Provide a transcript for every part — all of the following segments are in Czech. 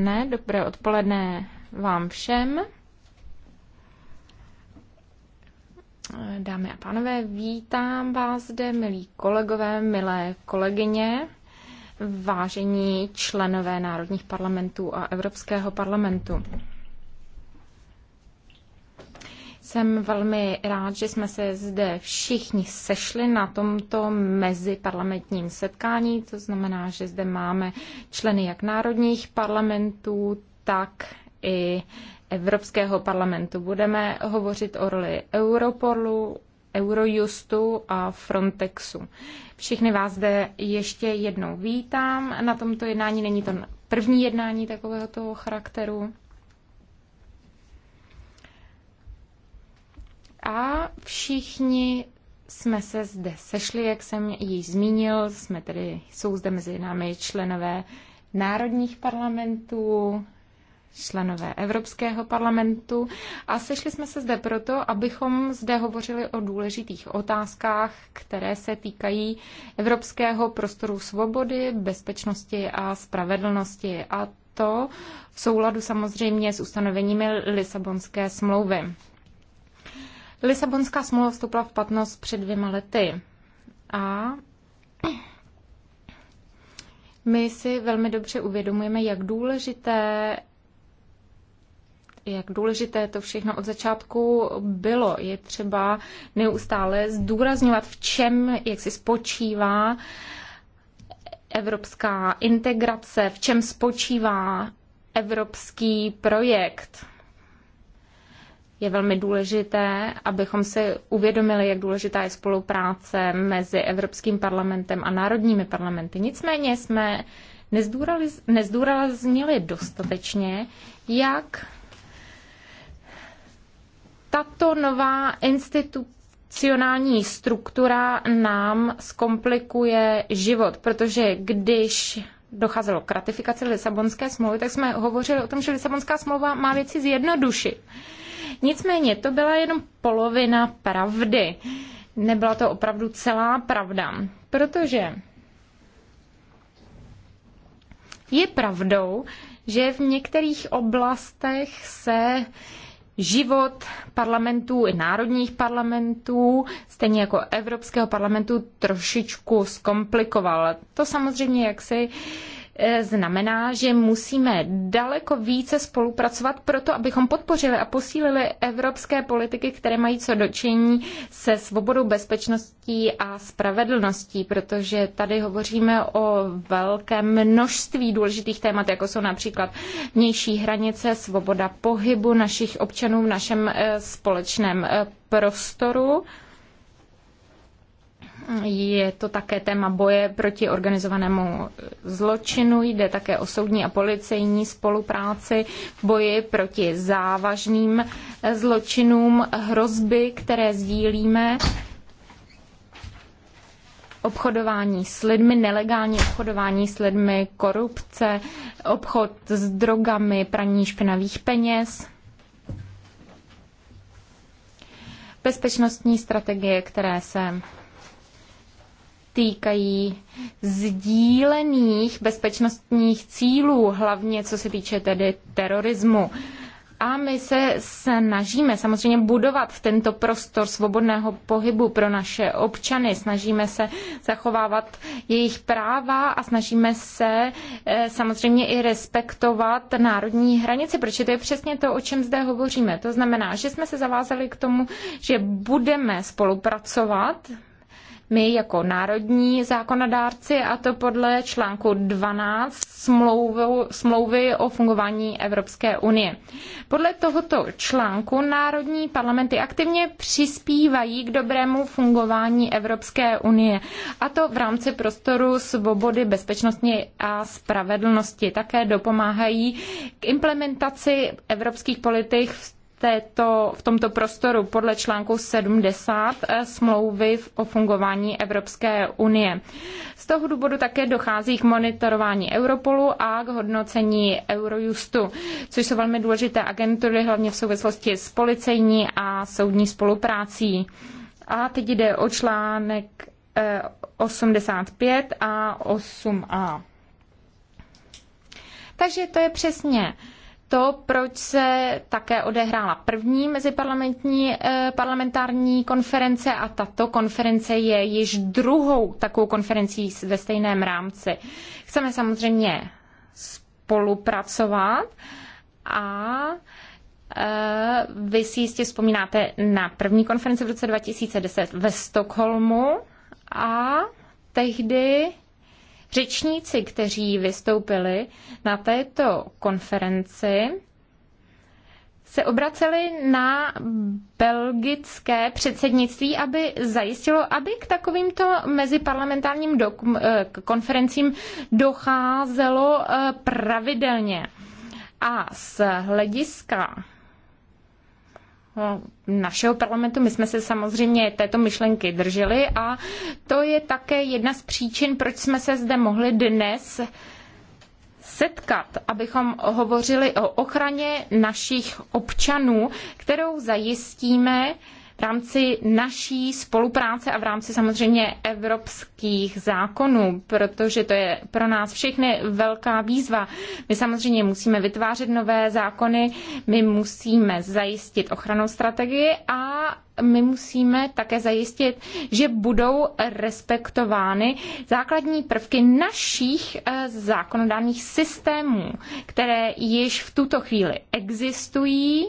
dne, dobré odpoledne vám všem. Dámy a pánové, vítám vás zde, milí kolegové, milé kolegyně, vážení členové národních parlamentů a Evropského parlamentu. Jsem velmi rád, že jsme se zde všichni sešli na tomto meziparlamentním setkání. To znamená, že zde máme členy jak národních parlamentů, tak i Evropského parlamentu. Budeme hovořit o roli Europolu, Eurojustu a Frontexu. Všichni vás zde ještě jednou vítám na tomto jednání. Není to první jednání toho charakteru. A všichni jsme se zde sešli, jak jsem již zmínil, jsme tedy, jsou zde mezi námi členové národních parlamentů, členové Evropského parlamentu a sešli jsme se zde proto, abychom zde hovořili o důležitých otázkách, které se týkají evropského prostoru svobody, bezpečnosti a spravedlnosti a to v souladu samozřejmě s ustanoveními Lisabonské smlouvy. Lisabonská smlouva vstoupila v platnost před dvěma lety a my si velmi dobře uvědomujeme, jak důležité jak důležité to všechno od začátku bylo. Je třeba neustále zdůrazňovat, v čem, jak si spočívá evropská integrace, v čem spočívá evropský projekt je velmi důležité, abychom si uvědomili, jak důležitá je spolupráce mezi Evropským parlamentem a národními parlamenty. Nicméně jsme nezdůraznili dostatečně, jak tato nová institucionální struktura nám zkomplikuje život, protože když docházelo k ratifikaci Lisabonské smlouvy, tak jsme hovořili o tom, že Lisabonská smlouva má věci zjednodušit. Nicméně to byla jenom polovina pravdy. Nebyla to opravdu celá pravda, protože je pravdou, že v některých oblastech se život parlamentů i národních parlamentů, stejně jako Evropského parlamentu, trošičku zkomplikoval. To samozřejmě jaksi E, znamená, že musíme daleko více spolupracovat proto, abychom podpořili a posílili evropské politiky, které mají co dočení se svobodou, bezpečností a spravedlností, protože tady hovoříme o velkém množství důležitých témat, jako jsou například vnější hranice, svoboda pohybu našich občanů v našem e, společném e, prostoru. Je to také téma boje proti organizovanému zločinu, jde také o soudní a policejní spolupráci v boji proti závažným zločinům, hrozby, které sdílíme, obchodování s lidmi, nelegální obchodování s lidmi, korupce, obchod s drogami, praní špinavých peněz. Bezpečnostní strategie, které se týkají sdílených bezpečnostních cílů, hlavně co se týče tedy terorismu. A my se snažíme samozřejmě budovat tento prostor svobodného pohybu pro naše občany, snažíme se zachovávat jejich práva a snažíme se eh, samozřejmě i respektovat národní hranice, protože to je přesně to, o čem zde hovoříme. To znamená, že jsme se zavázali k tomu, že budeme spolupracovat my jako národní zákonodárci, a to podle článku 12 smlouvy, smlouvy o fungování Evropské unie. Podle tohoto článku národní parlamenty aktivně přispívají k dobrému fungování Evropské unie, a to v rámci prostoru svobody, bezpečnosti a spravedlnosti. Také dopomáhají k implementaci evropských politik v této, v tomto prostoru podle článku 70 eh, smlouvy o fungování Evropské unie. Z toho důvodu také dochází k monitorování Europolu a k hodnocení Eurojustu, což jsou velmi důležité agentury, hlavně v souvislosti s policejní a soudní spoluprácí. A teď jde o článek 85 eh, a 8a. Takže to je přesně to, proč se také odehrála první meziparlamentní eh, parlamentární konference a tato konference je již druhou takovou konferencí ve stejném rámci. Chceme samozřejmě spolupracovat a eh, vy si jistě vzpomínáte na první konferenci v roce 2010 ve Stockholmu a tehdy Řečníci, kteří vystoupili na této konferenci, se obraceli na belgické předsednictví, aby zajistilo, aby k takovýmto meziparlamentárním eh, konferencím docházelo eh, pravidelně. A z hlediska Eh, našeho parlamentu. My jsme se samozřejmě této myšlenky drželi a to je také jedna z příčin, proč jsme se zde mohli dnes setkat, abychom hovořili o ochraně našich občanů, kterou zajistíme v rámci naší spolupráce a v rámci samozřejmě evropských zákonů, protože to je pro nás všechny velká výzva. My samozřejmě musíme vytvářet nové zákony, my musíme zajistit ochranou strategii a my musíme také zajistit, že budou respektovány základní prvky našich eh, zákonodárných systémů, které již v tuto chvíli existují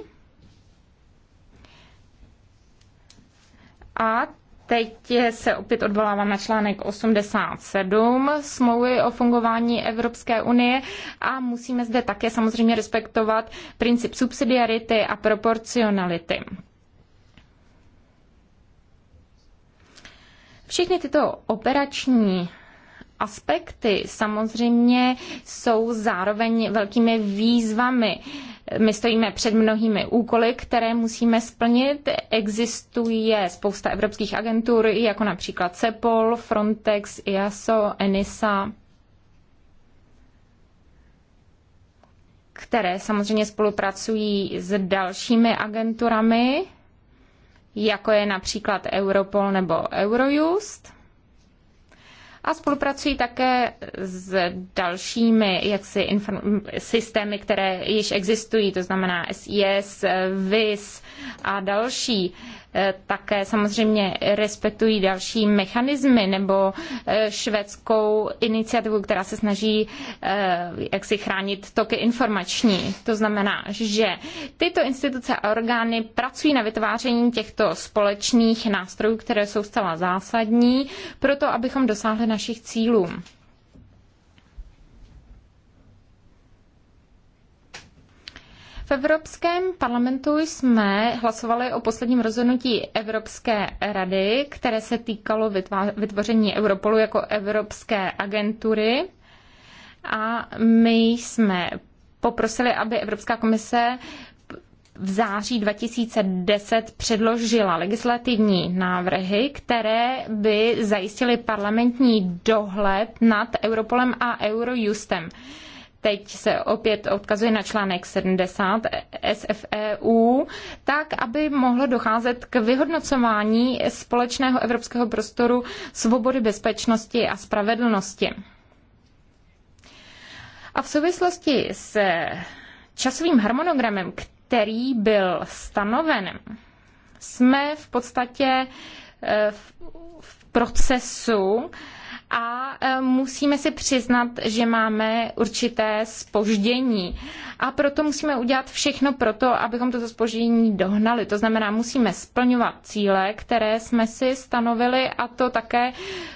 A teď se opět odvolávám na článek 87 smlouvy o fungování Evropské unie a musíme zde také samozřejmě respektovat princip subsidiarity a proporcionality. Všechny tyto operační aspekty samozřejmě jsou zároveň velkými výzvami. My stojíme před mnohými úkoly, které musíme splnit. Existuje spousta evropských agentur, jako například CEPOL, Frontex, IASO, ENISA, které samozřejmě spolupracují s dalšími agenturami, jako je například Europol nebo Eurojust a spolupracují také s dalšími jaksi systémy, které již existují, to znamená SIS, VIS a další. Eh, také samozřejmě respektují další mechanismy nebo eh, švédskou iniciativu, která se snaží eh, jak si chránit toky informační. To znamená, že tyto instituce a orgány pracují na vytváření těchto společných nástrojů, které jsou zcela zásadní, pro to, abychom dosáhli našich cílů. Evropském parlamentu jsme hlasovali o posledním rozhodnutí Evropské rady, které se týkalo vytvoření Europolu jako Evropské agentury. A my jsme poprosili, aby Evropská komise v září 2010 předložila legislativní návrhy, které by zajistily parlamentní dohled nad Europolem a Eurojustem teď se opět odkazuje na článek 70 SFEU, tak, aby mohlo docházet k vyhodnocování společného evropského prostoru svobody, bezpečnosti a spravedlnosti. A v souvislosti s časovým harmonogramem, který byl stanoven, jsme v podstatě eh, v procesu, a e, musíme si přiznat, že máme určité spoždění. A proto musíme udělat všechno pro to, abychom toto spoždění dohnali. To znamená, musíme splňovat cíle, které jsme si stanovili a to také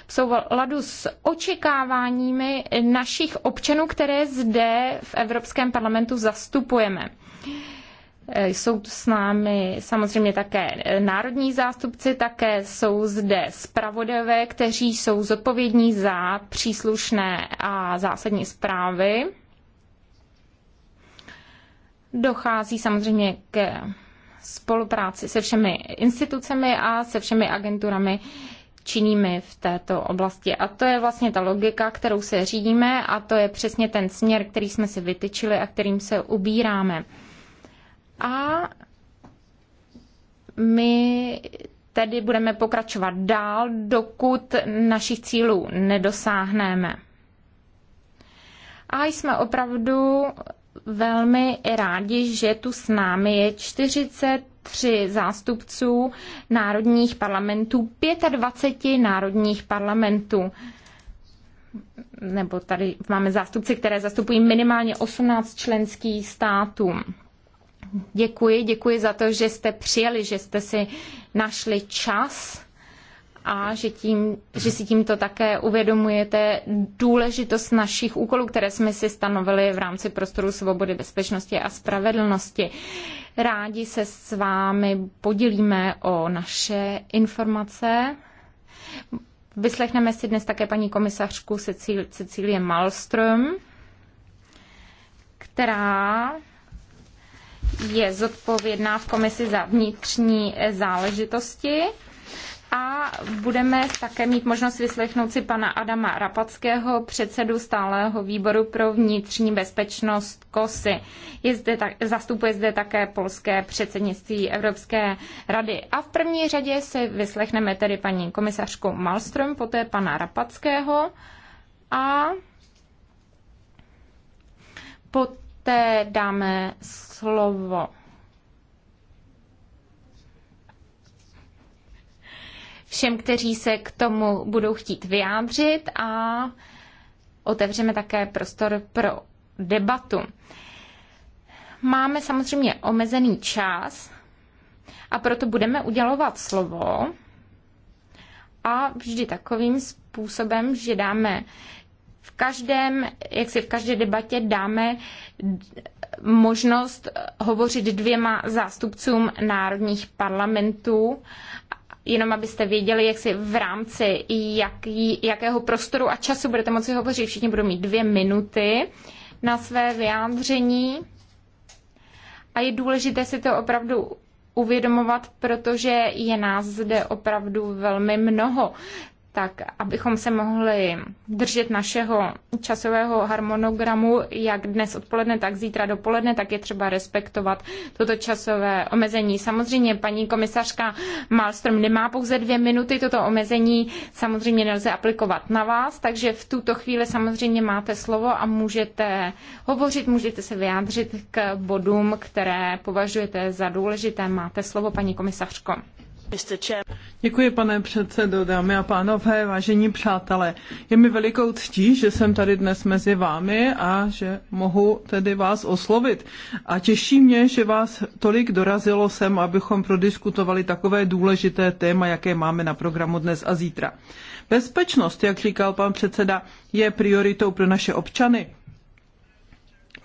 v souladu s očekáváními našich občanů, které zde v Evropském parlamentu zastupujeme. Eh, jsou s námi samozřejmě také eh, národní zástupci, také jsou zde zpravodajové, kteří jsou zodpovědní za příslušné a zásadní zprávy. Dochází samozřejmě k spolupráci se všemi institucemi a se všemi agenturami činnými v této oblasti. A to je vlastně ta logika, kterou se řídíme a to je přesně ten směr, který jsme si vytyčili a kterým se ubíráme. A my tedy budeme pokračovat dál, dokud našich cílů nedosáhneme. A jsme opravdu velmi rádi, že tu s námi je 43 zástupců národních parlamentů, 25 národních parlamentů. Nebo tady máme zástupci, které zastupují minimálně 18 členských států. Děkuji, děkuji za to, že jste přijeli, že jste si našli čas a že, tím, že si tímto také uvědomujete důležitost našich úkolů, které jsme si stanovili v rámci prostoru svobody, bezpečnosti a spravedlnosti. Rádi se s vámi podělíme o naše informace. Vyslechneme si dnes také paní komisařku Cecílie Malström, která je zodpovědná v komisi za vnitřní záležitosti a budeme také mít možnost vyslechnout si pana Adama Rapackého, předsedu stálého výboru pro vnitřní bezpečnost KOSY. Je zde tak, zastupuje zde také polské předsednictví Evropské rady. A v první řadě si vyslechneme tedy paní komisařku Malström, poté pana Rapackého a poté poté dáme slovo všem, kteří se k tomu budou chtít vyjádřit a otevřeme také prostor pro debatu. Máme samozřejmě omezený čas a proto budeme udělovat slovo a vždy takovým způsobem, že dáme v každém, jak si v každé debatě dáme možnost hovořit dvěma zástupcům národních parlamentů, jenom abyste věděli, jak si v rámci jaký, jakého prostoru a času budete moci hovořit. Všichni budou mít dvě minuty na své vyjádření. A je důležité si to opravdu uvědomovat, protože je nás zde opravdu velmi mnoho tak abychom se mohli držet našeho časového harmonogramu, jak dnes odpoledne, tak zítra dopoledne, tak je třeba respektovat toto časové omezení. Samozřejmě paní komisařka Malström nemá pouze dvě minuty, toto omezení samozřejmě nelze aplikovat na vás, takže v tuto chvíli samozřejmě máte slovo a můžete hovořit, můžete se vyjádřit k bodům, které považujete za důležité. Máte slovo, paní komisařko. Děkuji, pane předsedo, dámy a pánové, vážení přátelé. Je mi velikou ctí, že jsem tady dnes mezi vámi a že mohu tedy vás oslovit. A těší mě, že vás tolik dorazilo sem, abychom prodiskutovali takové důležité téma, jaké máme na programu dnes a zítra. Bezpečnost, jak říkal pan předseda, je prioritou pro naše občany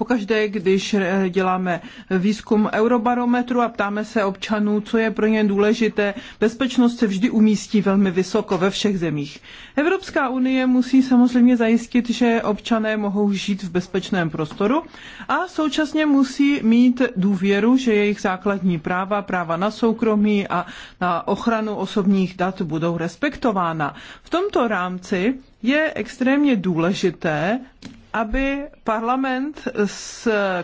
pokaždé, když eh, děláme eh, výzkum eurobarometru a ptáme se občanů, co je pro ně důležité, bezpečnost se vždy umístí velmi vysoko ve všech zemích. Evropská unie musí samozřejmě zajistit, že občané mohou žít v bezpečném prostoru a současně musí mít důvěru, že jejich základní práva, práva na soukromí a na ochranu osobních dat budou respektována. V tomto rámci je extrémně důležité aby parlament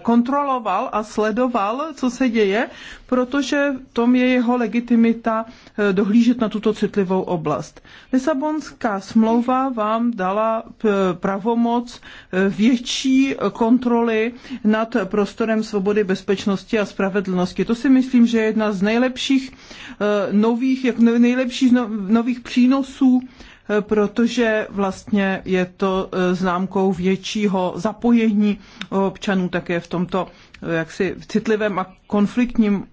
kontroloval a sledoval, co se děje, protože tom je jeho legitimita eh, dohlížet na tuto citlivou oblast. Lisabonská smlouva vám dala eh, pravomoc eh, větší kontroly nad prostorem svobody, bezpečnosti a spravedlnosti. To si myslím, že je jedna z nejlepších nových, jak nejlepších no- nových přínosů protože vlastně je to e, známkou většího zapojení občanů také v tomto e, jaksi citlivém a konfliktním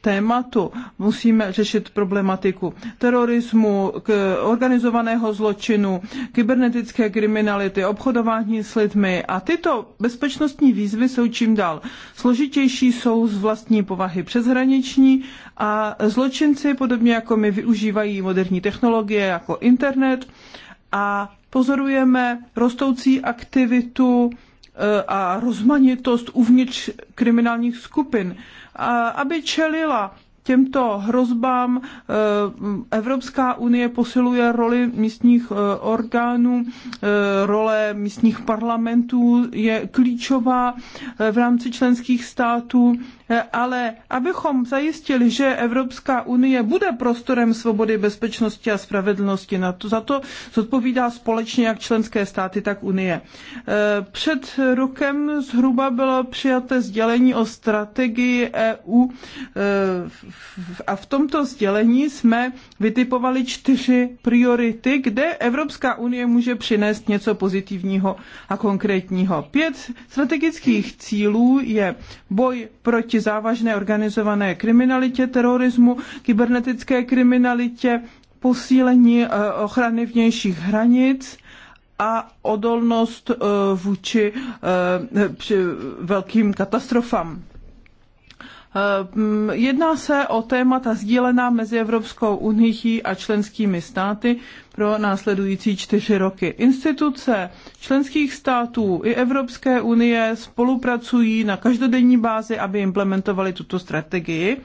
tématu. Musíme řešit problematiku terorismu, k organizovaného zločinu, kybernetické kriminality, obchodování s lidmi a tyto bezpečnostní výzvy jsou čím dál složitější, jsou z vlastní povahy přeshraniční a zločinci, podobně jako my, využívají moderní technologie jako internet a pozorujeme rostoucí aktivitu e, a rozmanitost uvnitř kriminálních skupin aby čelila těmto hrozbám e, Evropská unie posiluje roli místních e, orgánů, e, role místních parlamentů je klíčová v rámci členských států ale abychom zajistili, že Evropská unie bude prostorem svobody, bezpečnosti a spravedlnosti, na to, za to zodpovídá společně jak členské státy, tak unie. E, před rokem zhruba bylo přijaté sdělení o strategii EU e, a v tomto sdělení jsme vytipovali čtyři priority, kde Evropská unie může přinést něco pozitivního a konkrétního. Pět strategických cílů je boj proti proti závažné organizované kriminalitě, terorismu, kybernetické kriminalitě, posílení eh, ochrany vnějších hranic a odolnost eh, vůči eh, velkým katastrofám. Eh, mm, jedná se o témata sdílená mezi Evropskou unii a členskými státy pro následující čtyři roky. Instituce členských států i Evropské unie spolupracují na každodenní bázi, aby implementovali tuto strategii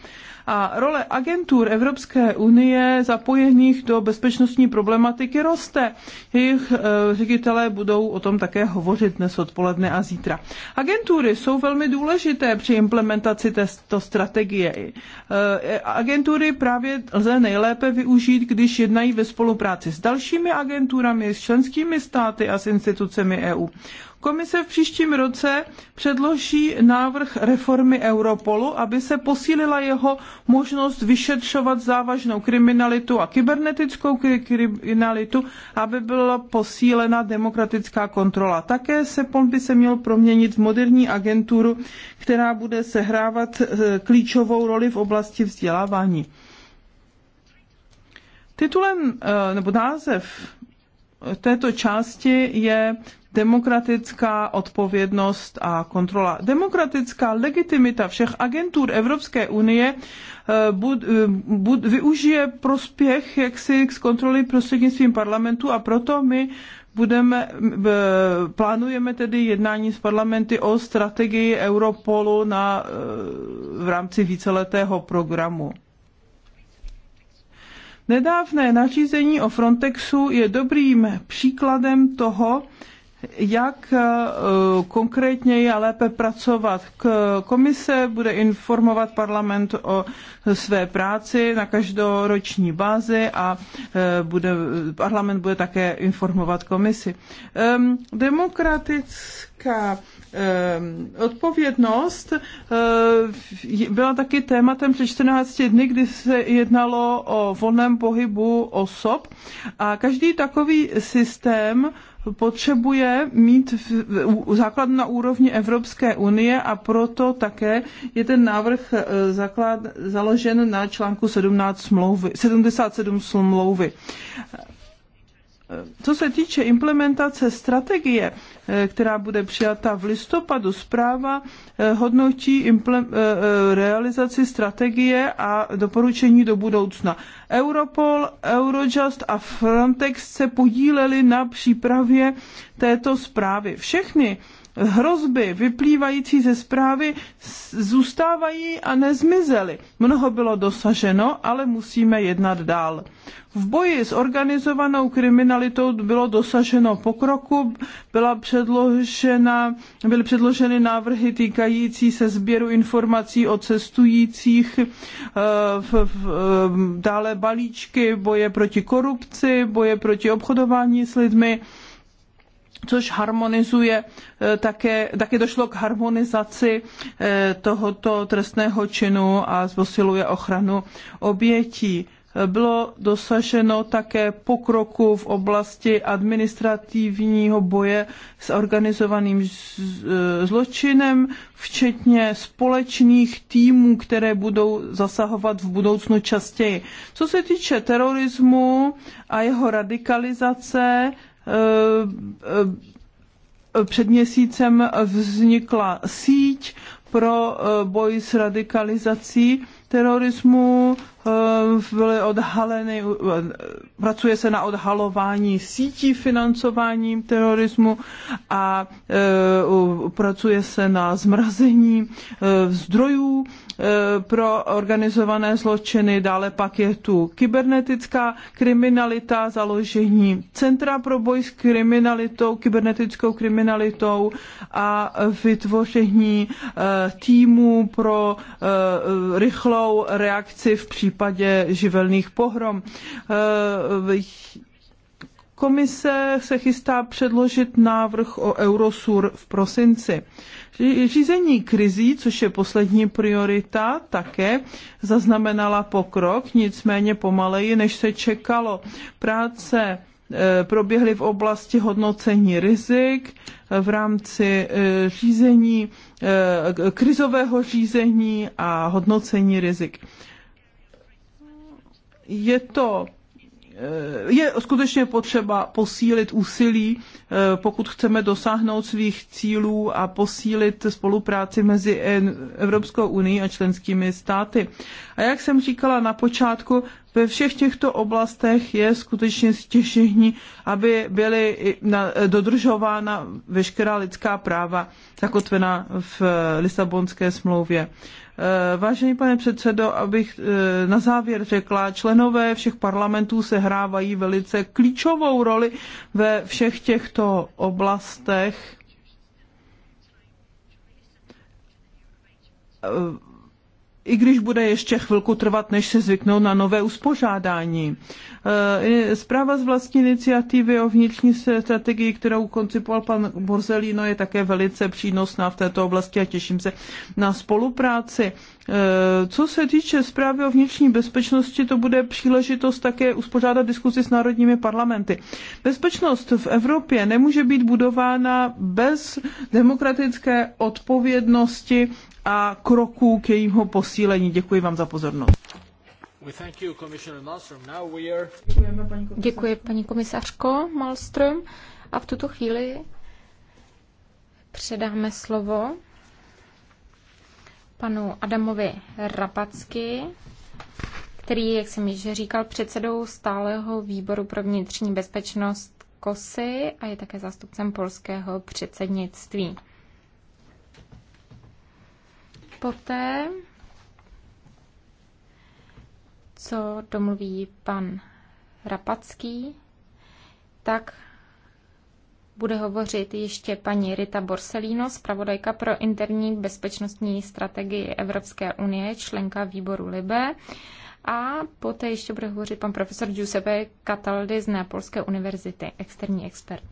a role agentur Evropské unie zapojených do bezpečnostní problematiky roste. Jejich eh, ředitelé budou o tom také hovořit dnes odpoledne a zítra. Agentury jsou velmi důležité při implementaci této strategie. Eh, agentury právě lze nejlépe využít, když jednají ve spolupráci s dalšími agenturami, s členskými státy a s institucemi EU. Komise v příštím roce předloží návrh reformy Europolu, aby se posílila jeho možnost vyšetřovat závažnou kriminalitu a kybernetickou kriminalitu, aby byla posílena demokratická kontrola. Také se by se měl proměnit v moderní agenturu, která bude sehrávat e, klíčovou roli v oblasti vzdělávání. Titulem e, nebo název e, této části je demokratická odpovědnost a kontrola. Demokratická legitimita všech agentur Evropské unie eh, bud, eh, bud, využije prospěch jaksi z kontroly prostřednictvím parlamentu a proto my budeme, eh, plánujeme tedy jednání s parlamenty o strategii Europolu na, v rámci víceletého programu. Nedávné nařízení o Frontexu je dobrým příkladem toho, jak eh, eh, konkrétněji a lépe pracovat. Komise bude informovat parlament o své práci na každoroční bázi a eh, bude, parlament bude také informovat komisi. Demokratická odpovědnost byla taky tématem před 14 dny, kdy se jednalo o volném pohybu osob a každý takový systém potřebuje mít základ na úrovni Evropské unie a proto také je ten návrh e, základ, založen na článku 17 smlouvy, 77 smlouvy co se týče implementace strategie, eh, která bude přijata v listopadu, zpráva eh, hodnotí eh, realizaci strategie a doporučení do budoucna. Europol, Eurojust a Frontex se podíleli na přípravě této zprávy. Všechny hrozby vyplývající ze zprávy zůstávají a nezmizely. Mnoho bylo dosaženo, ale musíme jednat dál. V boji s organizovanou kriminalitou bylo dosaženo pokroku, byla předložena, byly předloženy návrhy týkající se sběru informací o cestujících, eh, v, v, eh, dále balíčky boje proti korupci, boje proti obchodování s lidmi což harmonizuje eh, také, také došlo k harmonizaci eh, tohoto trestného činu a zposiluje ochranu obětí. Eh, bylo dosaženo také pokroku v oblasti administrativního boje s organizovaným zločinem, včetně společných týmů, které budou zasahovat v budoucnu častěji. Co se týče terorismu a jeho radikalizace, Eh, eh, před měsícem vznikla síť pro eh, boj s radikalizací terorismu Ehm, byly odhaleny, pracuje se na odhalování sítí financováním terorismu a eh, pracuje se na zmrazení eh, zdrojů eh, pro organizované zločiny, dále pak je tu kybernetická kriminalita, založení Centra pro boj s kriminalitou, kybernetickou kriminalitou a vytvoření týmu pro rychlou reakci v případě případě živelných pohrom. Eh, komise se chystá předložit návrh o Eurosur v prosinci. Řízení krizí, což je poslední priorita, také zaznamenala pokrok, nicméně pomaleji, než se čekalo. Práce eh, proběhly v oblasti hodnocení rizik eh, v rámci řízení, krizového řízení a hodnocení rizik je to eh, je skutečně potřeba posílit úsilí, eh, pokud chceme dosáhnout svých cílů a posílit spolupráci mezi Evropskou unii a členskými státy. A jak jsem říkala na počátku, ve všech těchto oblastech je skutečně stěžení, aby byly dodržována veškerá lidská práva zakotvená v eh, Lisabonské smlouvě. Eh, vážený pane předsedo, abych eh, na závěr řekla, členové všech parlamentů se hrávají velice klíčovou roli ve všech těchto oblastech. Eh, i když bude ještě chvilku trvat, než se zvyknou na nové uspořádání. Eh, zpráva z vlastní iniciativy o vnitřní strategii, kterou koncipoval pan Borzelino, je také velice přínosná v této oblasti a těším se na spolupráci. Eh, co se týče zprávy o vnitřní bezpečnosti, to bude příležitost také uspořádat diskuzi s národními parlamenty. Bezpečnost v Evropě nemůže být budována bez demokratické odpovědnosti a kroků k jejímu posílení. Děkuji vám za pozornost. Děkuji, paní komisařko Malmström. A v tuto chvíli předáme slovo panu Adamovi Rapacky, který, jak jsem již říkal, předsedou stáleho výboru pro vnitřní bezpečnost KOSY a je také zástupcem polského předsednictví poté, co domluví pan Rapacký, tak bude hovořit ještě paní Rita Borsellino, zpravodajka pro interní bezpečnostní strategii Evropské unie, členka výboru LIBE. A poté ještě bude hovořit pan profesor Giuseppe Cataldi z Neapolské univerzity, externí expert.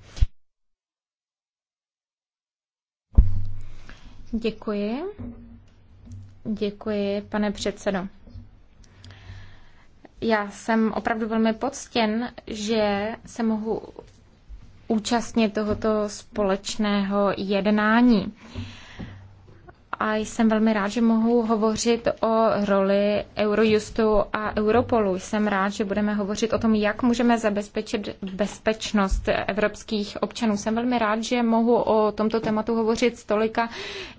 Děkuji. Děkuji, pane předsedo. Já jsem opravdu velmi poctěn, že se mohu účastnit tohoto společného jednání a jsem velmi rád, že mohu hovořit o roli Eurojustu a Europolu. Jsem rád, že budeme hovořit o tom, jak můžeme zabezpečit bezpečnost evropských občanů. Jsem velmi rád, že mohu o tomto tématu hovořit s tolika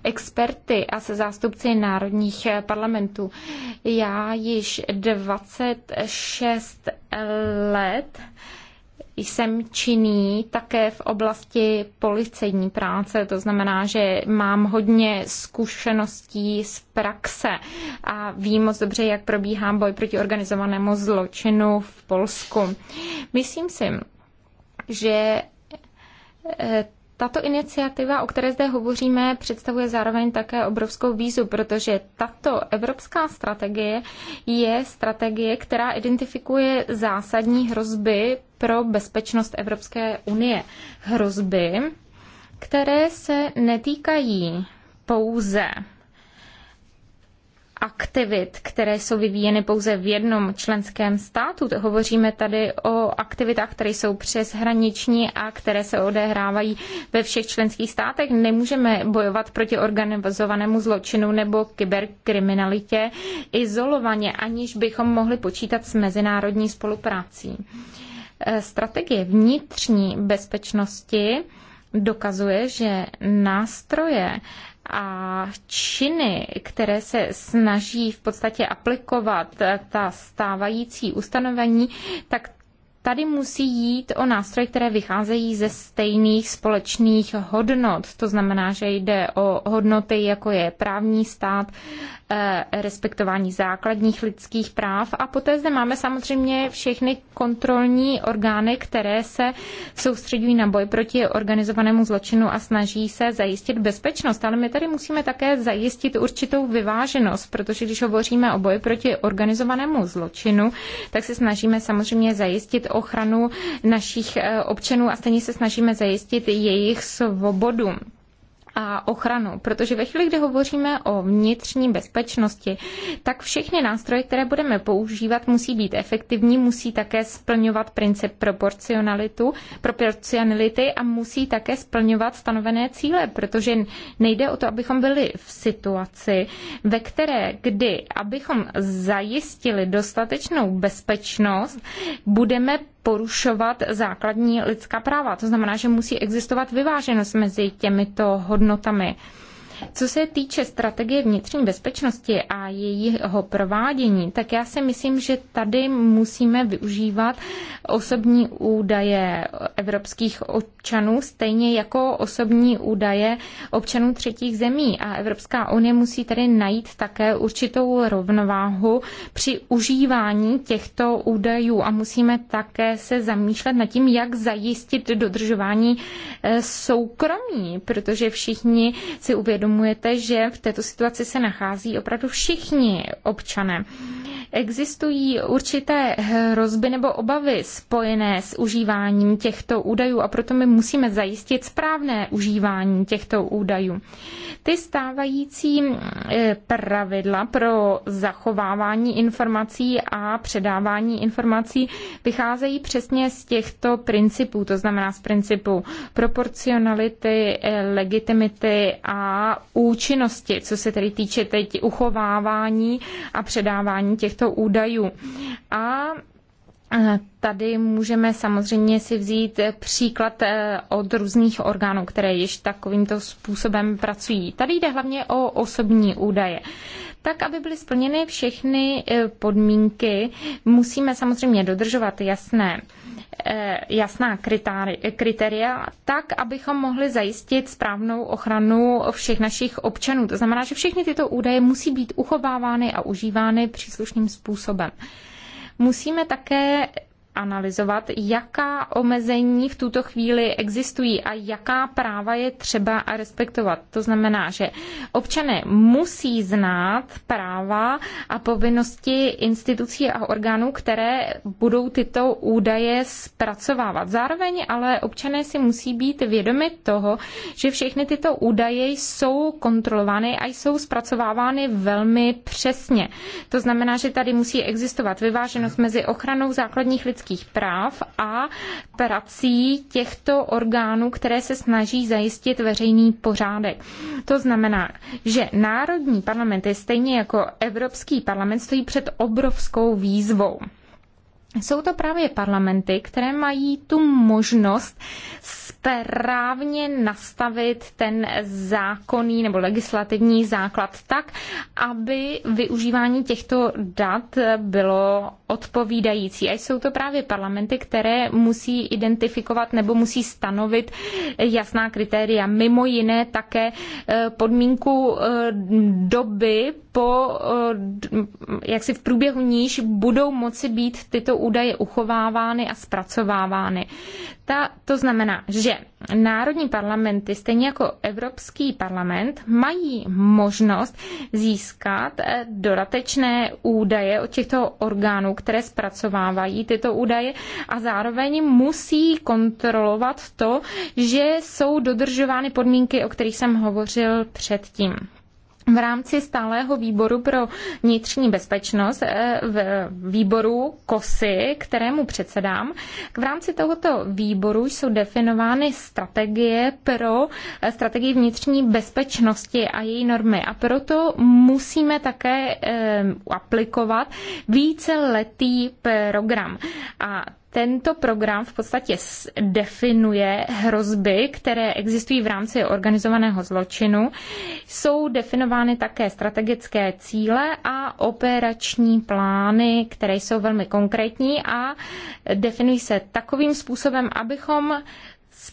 experty a se zástupci národních parlamentů. Já již 26 let jsem činný také v oblasti policejní práce, to znamená, že mám hodně zkušeností z praxe a vím moc dobře, jak probíhá boj proti organizovanému zločinu v Polsku. Myslím si, že eh, tato iniciativa, o které zde hovoříme, představuje zároveň také obrovskou výzu, protože tato evropská strategie je strategie, která identifikuje zásadní hrozby pro bezpečnost Evropské unie. Hrozby, které se netýkají pouze aktivit, které jsou vyvíjeny pouze v jednom členském státu. hovoříme tady o aktivitách, které jsou přeshraniční a které se odehrávají ve všech členských státech. Nemůžeme bojovat proti organizovanému zločinu nebo kyberkriminalitě izolovaně, aniž bychom mohli počítat s mezinárodní spoluprácí. Strategie vnitřní bezpečnosti dokazuje, že nástroje, a činy, které se snaží v podstatě aplikovat eh, ta stávající ustanovení, tak tady musí jít o nástroje, které vycházejí ze stejných společných hodnot. To znamená, že jde o hodnoty, jako je právní stát, Eh, respektování základních lidských práv. A poté zde máme samozřejmě všechny kontrolní orgány, které se soustředují na boj proti organizovanému zločinu a snaží se zajistit bezpečnost. Ale my tady musíme také zajistit určitou vyváženost, protože když hovoříme o boji proti organizovanému zločinu, tak se snažíme samozřejmě zajistit ochranu našich eh, občanů a stejně se snažíme zajistit jejich svobodu a ochranu, protože ve chvíli, kdy hovoříme o vnitřní bezpečnosti, tak všechny nástroje, které budeme používat, musí být efektivní, musí také splňovat princip proporcionalitu, proporcionality a musí také splňovat stanovené cíle, protože nejde o to, abychom byli v situaci, ve které, kdy, abychom zajistili dostatečnou bezpečnost, budeme porušovat základní lidská práva. To znamená, že musí existovat vyváženost mezi těmito hodnotami. Co se týče strategie vnitřní bezpečnosti a jejího provádění, tak já si myslím, že tady musíme využívat osobní údaje evropských občanů, stejně jako osobní údaje občanů třetích zemí. A Evropská unie musí tady najít také určitou rovnováhu při užívání těchto údajů a musíme také se zamýšlet nad tím, jak zajistit dodržování eh, soukromí, protože všichni si uvědomují, uvědomujete, že v této situaci se nachází opravdu všichni občané existují určité hrozby nebo obavy spojené s užíváním těchto údajů a proto my musíme zajistit správné užívání těchto údajů. Ty stávající e, pravidla pro zachovávání informací a předávání informací vycházejí přesně z těchto principů, to znamená z principu proporcionality, e, legitimity a účinnosti, co se tedy týče teď uchovávání a předávání těchto těchto údajů. A Tady můžeme samozřejmě si vzít příklad eh, od různých orgánů, které již takovýmto způsobem pracují. Tady jde hlavně o osobní údaje. Tak, aby byly splněny všechny eh, podmínky, musíme samozřejmě dodržovat jasné, eh, jasná kritéria, tak, abychom mohli zajistit správnou ochranu všech našich občanů. To znamená, že všechny tyto údaje musí být uchovávány a užívány příslušným způsobem musíme také analyzovat, jaká omezení v tuto chvíli existují a jaká práva je třeba respektovat. To znamená, že občané musí znát práva a povinnosti institucí a orgánů, které budou tyto údaje zpracovávat. Zároveň ale občané si musí být vědomi toho, že všechny tyto údaje jsou kontrolovány a jsou zpracovávány velmi přesně. To znamená, že tady musí existovat vyváženost mezi ochranou základních lidských lidských práv a prací těchto orgánů, které se snaží zajistit veřejný pořádek. To znamená, že národní parlamenty, stejně jako Evropský parlament, stojí před obrovskou výzvou. Jsou to právě parlamenty, které mají tu možnost správně nastavit ten zákonný nebo legislativní základ tak, aby využívání těchto dat bylo odpovídající. A jsou to právě parlamenty, které musí identifikovat nebo musí stanovit jasná kritéria. Mimo jiné také eh, podmínku eh, doby po, eh, jak si v průběhu níž budou moci být tyto údaje uchovávány a zpracovávány. Ta, to znamená, že národní parlamenty, stejně jako Evropský parlament, mají možnost získat eh, dodatečné údaje od těchto orgánů, které zpracovávají tyto údaje a zároveň musí kontrolovat to, že jsou dodržovány podmínky, o kterých jsem hovořil předtím v rámci stálého výboru pro vnitřní bezpečnost, eh, v výboru KOSY, kterému předsedám, v rámci tohoto výboru jsou definovány strategie pro eh, strategii vnitřní bezpečnosti a její normy. A proto musíme také eh, aplikovat víceletý program. A tento program v podstatě definuje hrozby, které existují v rámci organizovaného zločinu. Jsou definovány také strategické cíle a operační plány, které jsou velmi konkrétní a definují se takovým způsobem, abychom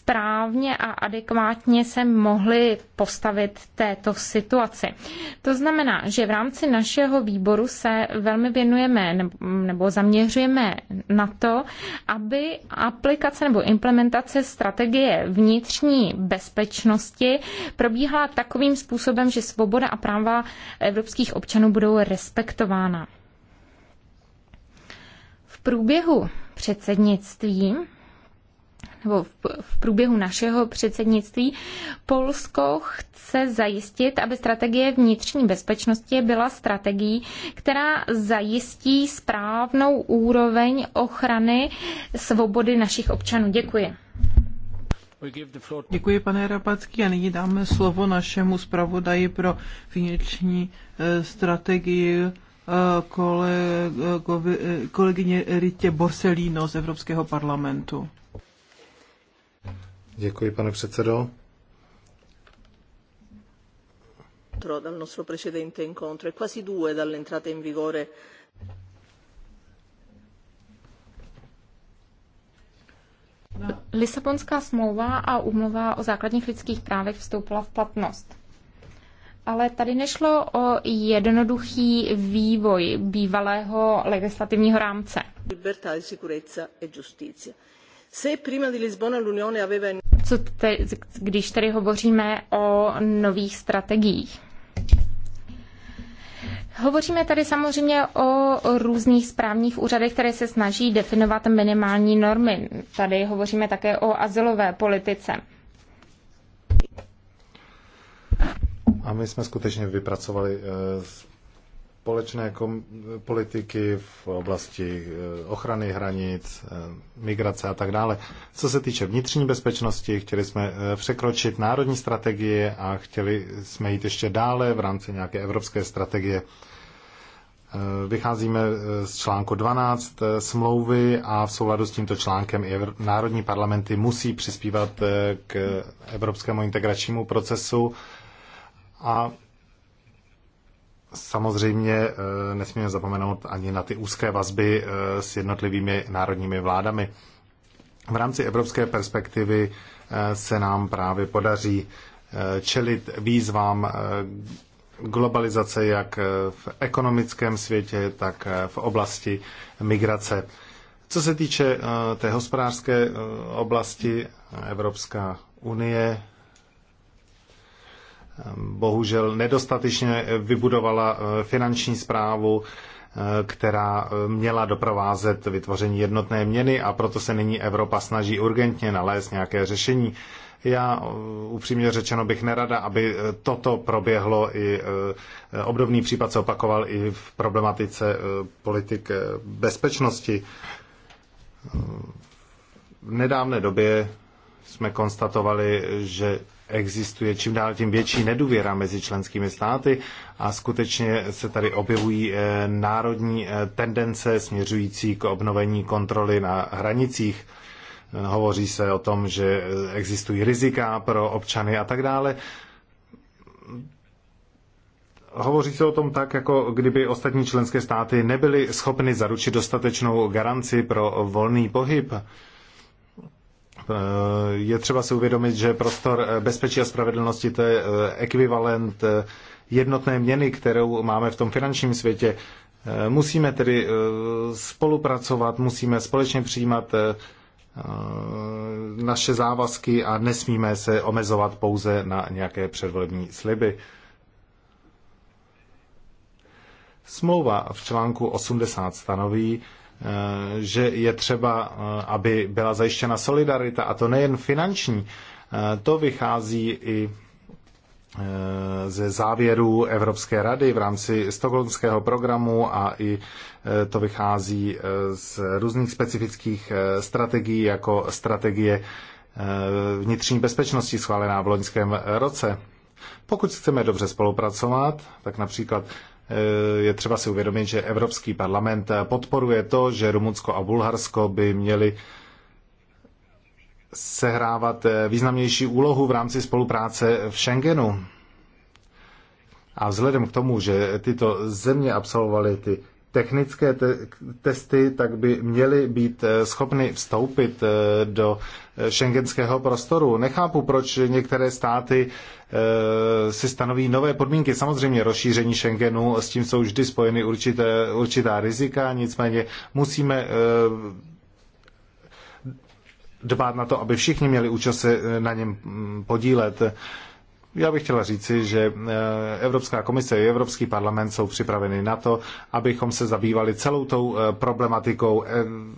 správně a adekvátně se mohli postavit této situaci. To znamená, že v rámci našeho výboru se velmi věnujeme nebo zaměřujeme na to, aby aplikace nebo implementace strategie vnitřní bezpečnosti probíhala takovým způsobem, že svoboda a práva evropských občanů budou respektována. V průběhu předsednictví nebo v průběhu našeho předsednictví Polsko chce zajistit, aby strategie vnitřní bezpečnosti byla strategií, která zajistí správnou úroveň ochrany svobody našich občanů. Děkuji. Děkuji, pane Rapacký, a nyní dáme slovo našemu zpravodaji pro vnitřní eh, strategii eh, eh, kolegyně Ritě Borselino z Evropského parlamentu. Děkuji, pane předsedo. dal nostro precedente incontro e quasi due dall'entrata in vigore. Lisabonská smlouva a úmluva o základních lidských právech vstoupila v platnost. Ale tady nešlo o jednoduchý vývoj bývalého legislativního rámce. Libertà, sicurezza e giustizia. Se prima di Lisbona l'Unione aveva co te, když tady hovoříme o nových strategiích. Hovoříme tady samozřejmě o různých správních úřadech, které se snaží definovat minimální normy. Tady hovoříme také o azylové politice. A my jsme skutečně vypracovali eh, společné politiky v oblasti eh, ochrany hranic, eh, migrace a tak dále. Co se týče vnitřní bezpečnosti, chtěli jsme eh, překročit národní strategie a chtěli jsme jít ještě dále v rámci nějaké evropské strategie. Vycházíme z článku 12 smlouvy a v souladu s tímto článkem i národní parlamenty musí přispívat k evropskému integračnímu procesu a Samozřejmě eh, nesmíme zapomenout ani na ty úzké vazby eh, s jednotlivými národními vládami. V rámci evropské perspektivy eh, se nám právě podaří čelit výzvám globalizace jak v ekonomickém světě, tak v oblasti migrace. Co se týče té hospodářské oblasti, Evropská unie bohužel nedostatečně vybudovala eh, finanční zprávu, eh, která eh, měla doprovázet vytvoření jednotné měny a proto se nyní Evropa snaží urgentně nalézt nějaké řešení. Já upřímně řečeno bych nerada, aby toto proběhlo i obdobný případ se opakoval i v problematice politik bezpečnosti. V nedávné době jsme konstatovali, že existuje čím dál tím větší nedůvěra mezi členskými státy a skutečně se tady objevují eh, národní eh, tendence směřující k obnovení kontroly na hranicích. Eh, hovoří se o tom, že existují rizika pro občany a tak dále hovoří se o tom tak, jako kdyby ostatní členské státy nebyly schopny zaručit dostatečnou garanci pro volný pohyb. Eh, je třeba si uvědomit, že prostor eh, bezpečí a spravedlnosti to je eh, ekvivalent jednotné měny, kterou máme v tom finančním světě. Musíme tedy spolupracovat, musíme společně přijímat naše závazky a nesmíme se omezovat pouze na nějaké předvolební sliby. Smlouva v článku 80 stanoví, Eh, že je třeba, eh, aby byla zajištěna solidarita, a to nejen finanční. Eh, to vychází i ze závěrů Evropské rady v rámci stokholmského programu a i to vychází z různých specifických strategií, jako strategie vnitřní bezpečnosti schválená v loňském roce. Pokud chceme dobře spolupracovat, tak například Eh, je třeba si uvědomit, že Evropský parlament podporuje to, že Rumunsko a Bulharsko by měli sehrávat eh, významnější úlohu v rámci spolupráce v Schengenu. A vzhledem k tomu, že tyto země absolvovaly ty technické te- testy, tak by měly být eh, schopny vstoupit eh, do šengenského eh, prostoru. Nechápu, proč některé státy si stanoví nové podmínky. Samozřejmě rozšíření Schengenu, s tím jsou vždy spojeny určité, určitá rizika, nicméně musíme dbát na to, aby všichni měli účast na něm mm, podílet. Já bych chtěla říci, že eh, Evropská komise i Evropský parlament jsou připraveny na to, abychom se zabývali celou tou eh, problematikou eh,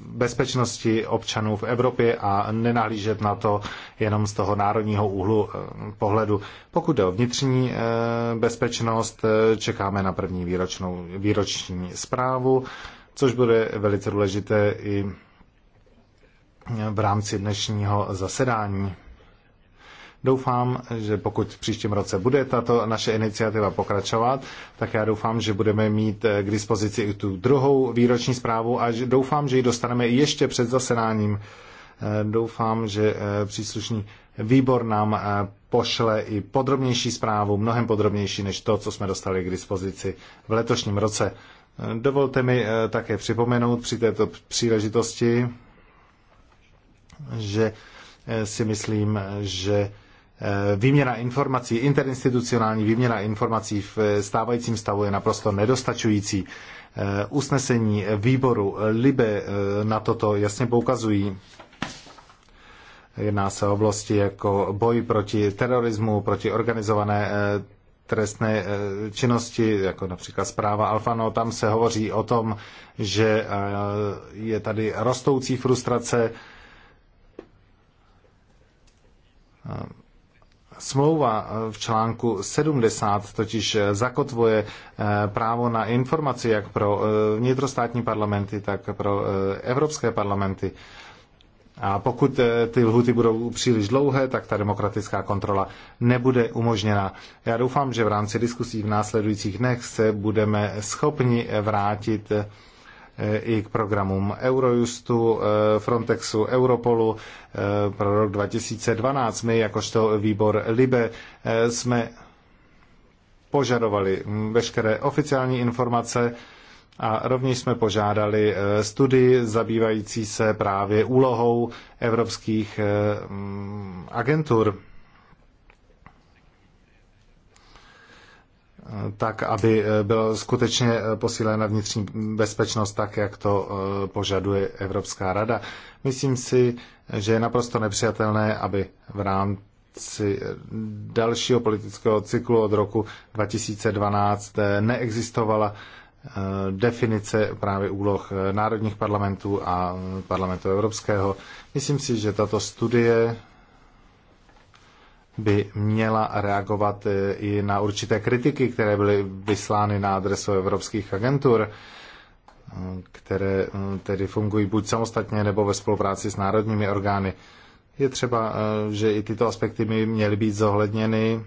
bezpečnosti občanů v Evropě a nenahlížet na to jenom z toho národního úhlu pohledu. Pokud jde o vnitřní bezpečnost, čekáme na první výročnou, výroční zprávu, což bude velice důležité i v rámci dnešního zasedání. Doufám, že pokud v příštím roce bude tato naše iniciativa pokračovat, tak já doufám, že budeme mít eh, k dispozici i tu druhou výroční zprávu a že doufám, že ji dostaneme ještě před zasedáním. Eh, doufám, že eh, příslušný výbor nám pošle i podrobnější zprávu, mnohem podrobnější než to, co jsme dostali k dispozici v letošním roce. Dovolte mi také připomenout při této příležitosti, že si myslím, že Eh, výměna informací, interinstitucionální výměna informací v stávajícím stavu je naprosto nedostačující. Eh, usnesení výboru LIBE eh, na toto jasně poukazují. Jedná se o oblasti jako boj proti terorismu, proti organizované trestné činnosti, jako například zpráva Alfano, tam se hovoří o tom, že je tady rostoucí frustrace Smlouva eh, v článku 70 totiž eh, zakotvuje eh, právo na informaci jak pro vnitrostátní parlamenty, tak pro evropské parlamenty. A pokud ty lhuty budou příliš dlouhé, tak ta demokratická kontrola nebude umožněna. Já doufám, že v rámci diskusí v následujících dnech se budeme schopni vrátit Eh, i k programům Eurojustu, eh, Frontexu, Europolu eh, pro rok 2012. My jakožto výbor LIBE jsme požadovali veškeré oficiální informace a rovněž jsme požádali studii zabývající se právě úlohou evropských agentur tak, aby eh, byla skutečně eh, posílena vnitřní bezpečnost tak, jak to eh, požaduje Evropská rada. Myslím si, že je naprosto nepřijatelné, aby v rámci dalšího politického cyklu od roku 2012 neexistovala definice právě úloh národních parlamentů a parlamentu evropského. Myslím si, že tato studie by měla reagovat eh, i na určité kritiky, které byly vyslány na adresu evropských agentur, eh, které eh, tedy fungují buď samostatně nebo ve spolupráci s národními orgány. Je třeba, že i tyto aspekty by měly být zohledněny,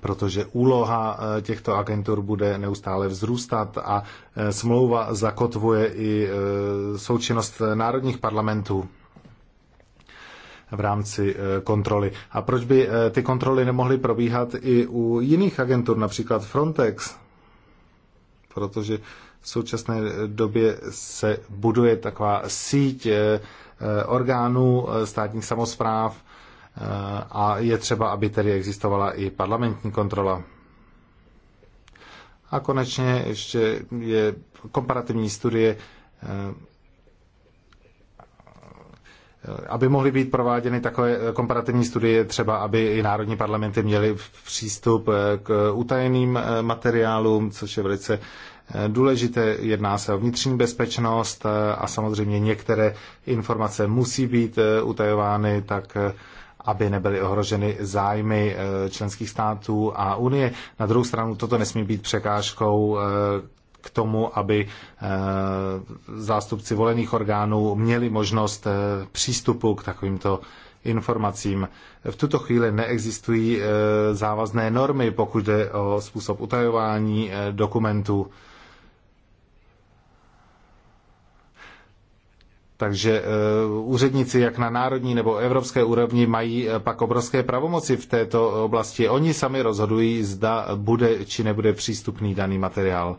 protože úloha těchto agentur bude neustále vzrůstat a smlouva zakotvuje i součinnost národních parlamentů v rámci eh, kontroly. A proč by eh, ty kontroly nemohly probíhat i u jiných agentur, například Frontex? Protože v současné eh, době se buduje taková síť orgánů státních samozpráv a je třeba, aby tedy existovala i parlamentní kontrola. A konečně ještě je komparativní studie aby mohly být prováděny takové eh, komparativní studie, třeba aby i národní parlamenty měly přístup eh, k utajeným eh, materiálům, což je velice důležité. Jedná se o vnitřní bezpečnost a samozřejmě některé informace musí být utajovány, tak aby nebyly ohroženy zájmy členských států a Unie. Na druhou stranu toto nesmí být překážkou k tomu, aby eh, zástupci volených orgánů měli možnost eh, přístupu k takovýmto informacím. V tuto chvíli neexistují eh, závazné normy, pokud jde o způsob utajování dokumentů. Takže úředníci jak na národní nebo evropské úrovni mají pak obrovské pravomoci v této oblasti. Oni sami rozhodují, zda bude či nebude přístupný daný materiál.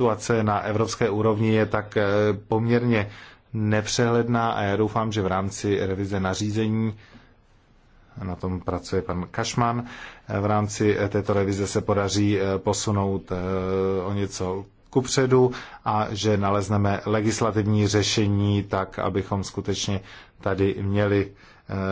situace na evropské úrovni je tak eh, poměrně nepřehledná a já doufám, že v rámci revize nařízení na tom pracuje pan Kašman. Eh, v rámci eh, této revize se podaří posunout o něco kupředu a že nalezneme legislativní řešení tak, abychom skutečně tady měli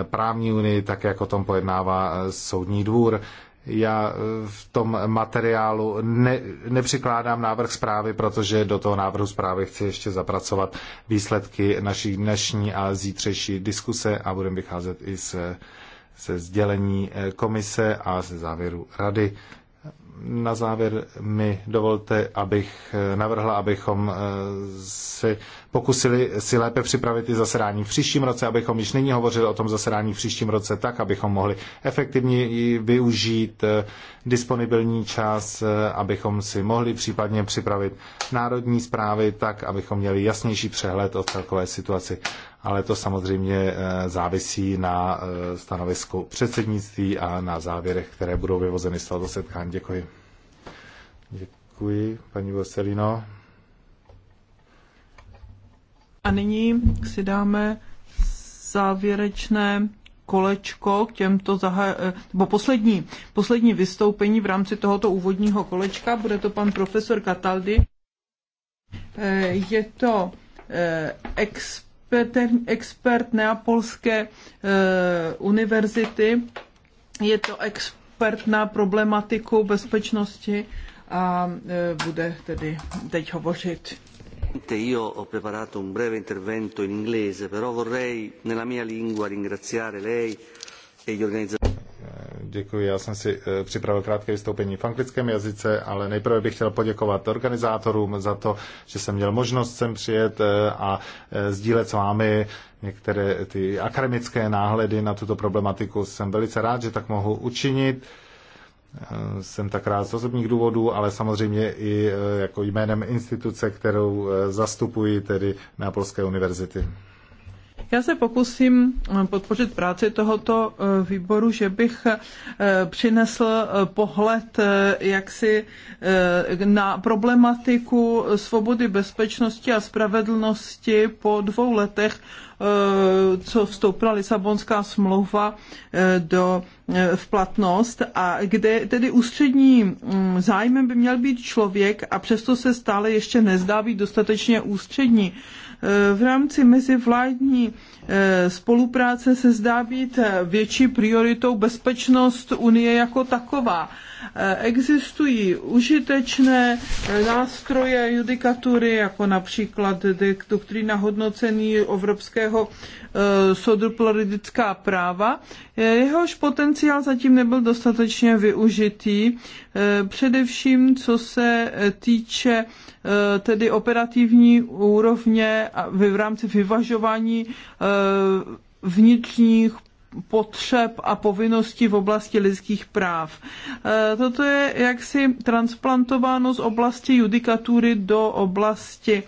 právní unii, tak jak o tom pojednává soudní dvůr. Já eh, v tom materiálu ne, nepřikládám návrh zprávy, protože do toho návrhu zprávy chci ještě zapracovat výsledky naší dnešní a zítřejší diskuse a budeme vycházet i se, se sdělení eh, komise a ze závěru rady na závěr mi dovolte, abych navrhla, abychom eh, si pokusili si lépe připravit i zasedání v příštím roce, abychom již nyní hovořili o tom zasedání v příštím roce tak, abychom mohli efektivně využít eh, disponibilní čas, eh, abychom si mohli případně připravit národní zprávy tak, abychom měli jasnější přehled o celkové situaci ale to samozřejmě eh, závisí na eh, stanovisku předsednictví a na závěrech, které budou vyvozeny z tohoto setkání. Děkuji. Děkuji, paní Veselino. A nyní si dáme závěrečné kolečko k těmto zaha- eh, nebo poslední, poslední vystoupení v rámci tohoto úvodního kolečka. Bude to pan profesor Cataldi. Je to expert expert Neapolské e, univerzity. Je to expert na problematiku bezpečnosti a e, bude tedy teď hovořit. Io ho preparato un breve intervento in inglese, però vorrei nella mia lingua ringraziare lei e gli organizzatori. Děkuji, já jsem si eh, připravil krátké vystoupení v anglickém jazyce, ale nejprve bych chtěl poděkovat organizátorům za to, že jsem měl možnost sem přijet eh, a eh, sdílet s vámi některé ty akademické náhledy na tuto problematiku. Jsem velice rád, že tak mohu učinit. Jsem tak rád z osobních důvodů, ale samozřejmě i jako jménem instituce, kterou zastupuji, tedy na Polské univerzity. Já se pokusím eh, podpořit práci tohoto eh, výboru, že bych eh, přinesl pohled jaksi na problematiku svobody, bezpečnosti a spravedlnosti po dvou letech, co vstoupila Lisabonská smlouva do v platnost a kde tedy ústřední mm, zájmem by měl být člověk a přesto se stále ještě nezdá být dostatečně ústřední Eh, v rámci mezivládní eh, spolupráce se zdá být eh, větší prioritou bezpečnost Unie jako taková. Existují užitečné eh, nástroje judikatury, jako například doktrína hodnocení Evropského eh, soudu pro práva. Eh, jehož potenciál zatím nebyl dostatečně využitý, především co se týče tedy operativní úrovně v rámci vyvažování vnitřních potřeb a povinností v oblasti lidských práv. E, toto je jaksi transplantováno z oblasti judikatury do oblasti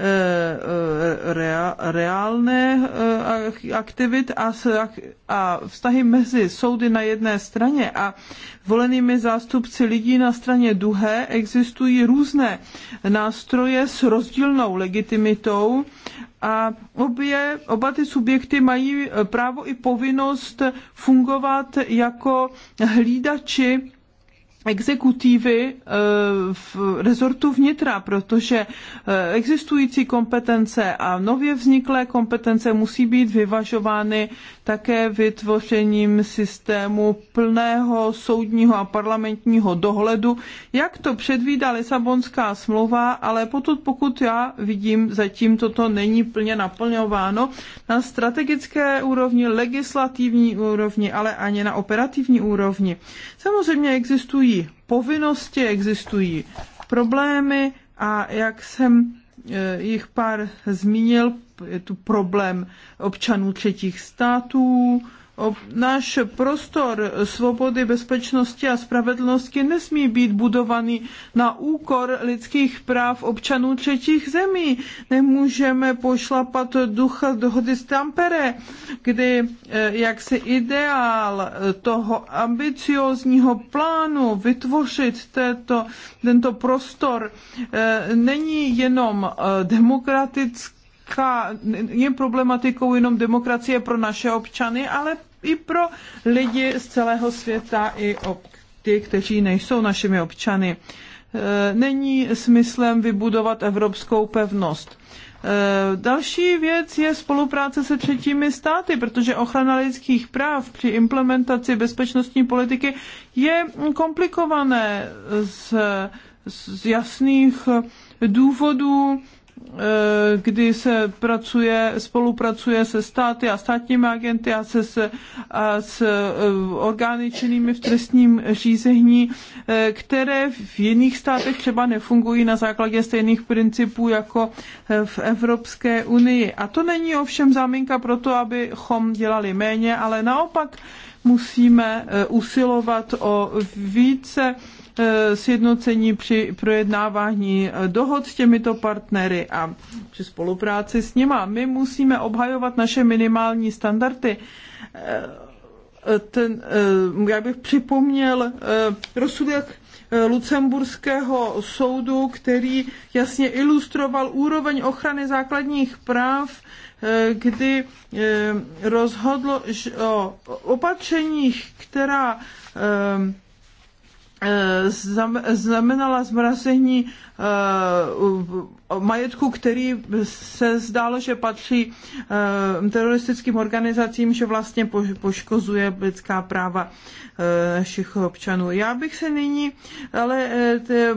Eh, eh, reálné eh, aktivit a, a vztahy mezi soudy na jedné straně a volenými zástupci lidí na straně druhé existují různé nástroje s rozdílnou legitimitou a obě, oba ty subjekty mají právo i povinnost fungovat jako hlídači exekutívy eh, v rezortu vnitra, protože eh, existující kompetence a nově vzniklé kompetence musí být vyvažovány také vytvořením systému plného soudního a parlamentního dohledu, jak to předvídá Lisabonská smlouva, ale potud, pokud já vidím, zatím toto není plně naplňováno na strategické úrovni, legislativní úrovni, ale ani na operativní úrovni. Samozřejmě existují existují povinnosti, existují problémy a jak jsem eh, jich pár zmínil, je tu problém občanů třetích států, náš prostor svobody, bezpečnosti a spravedlnosti nesmí být budovaný na úkor lidských práv občanů třetích zemí. Nemůžeme pošlapat ducha dohody z Tampere, kdy eh, jaksi ideál toho ambiciozního plánu vytvořit této, tento prostor eh, není jenom eh, demokratický je problematikou jenom demokracie pro naše občany, ale i pro lidi z celého světa, i o ty, kteří nejsou našimi občany. E, není smyslem vybudovat evropskou pevnost. E, další věc je spolupráce se třetími státy, protože ochrana lidských práv při implementaci bezpečnostní politiky je komplikované z, z jasných důvodů Eh, kdy se pracuje, spolupracuje se státy a státními agenty a se, se a s eh, orgány činnými v trestním řízení, eh, které v jiných státech třeba nefungují na základě stejných principů jako v Evropské unii. A to není ovšem záminka pro to, abychom dělali méně, ale naopak musíme usilovat o více Eh, sjednocení při projednávání eh, dohod s těmito partnery a při spolupráci s nima. My musíme obhajovat naše minimální standardy eh, ten, já bych připomněl rozsudek Lucemburského soudu, který jasně ilustroval úroveň ochrany základních práv, kdy rozhodlo o opatřeních, která Eh, znamenala zmrazení eh, majetku, který se zdálo, že patří eh, teroristickým organizacím, že vlastně poškozuje lidská práva eh, našich občanů. Já bych se nyní ale eh,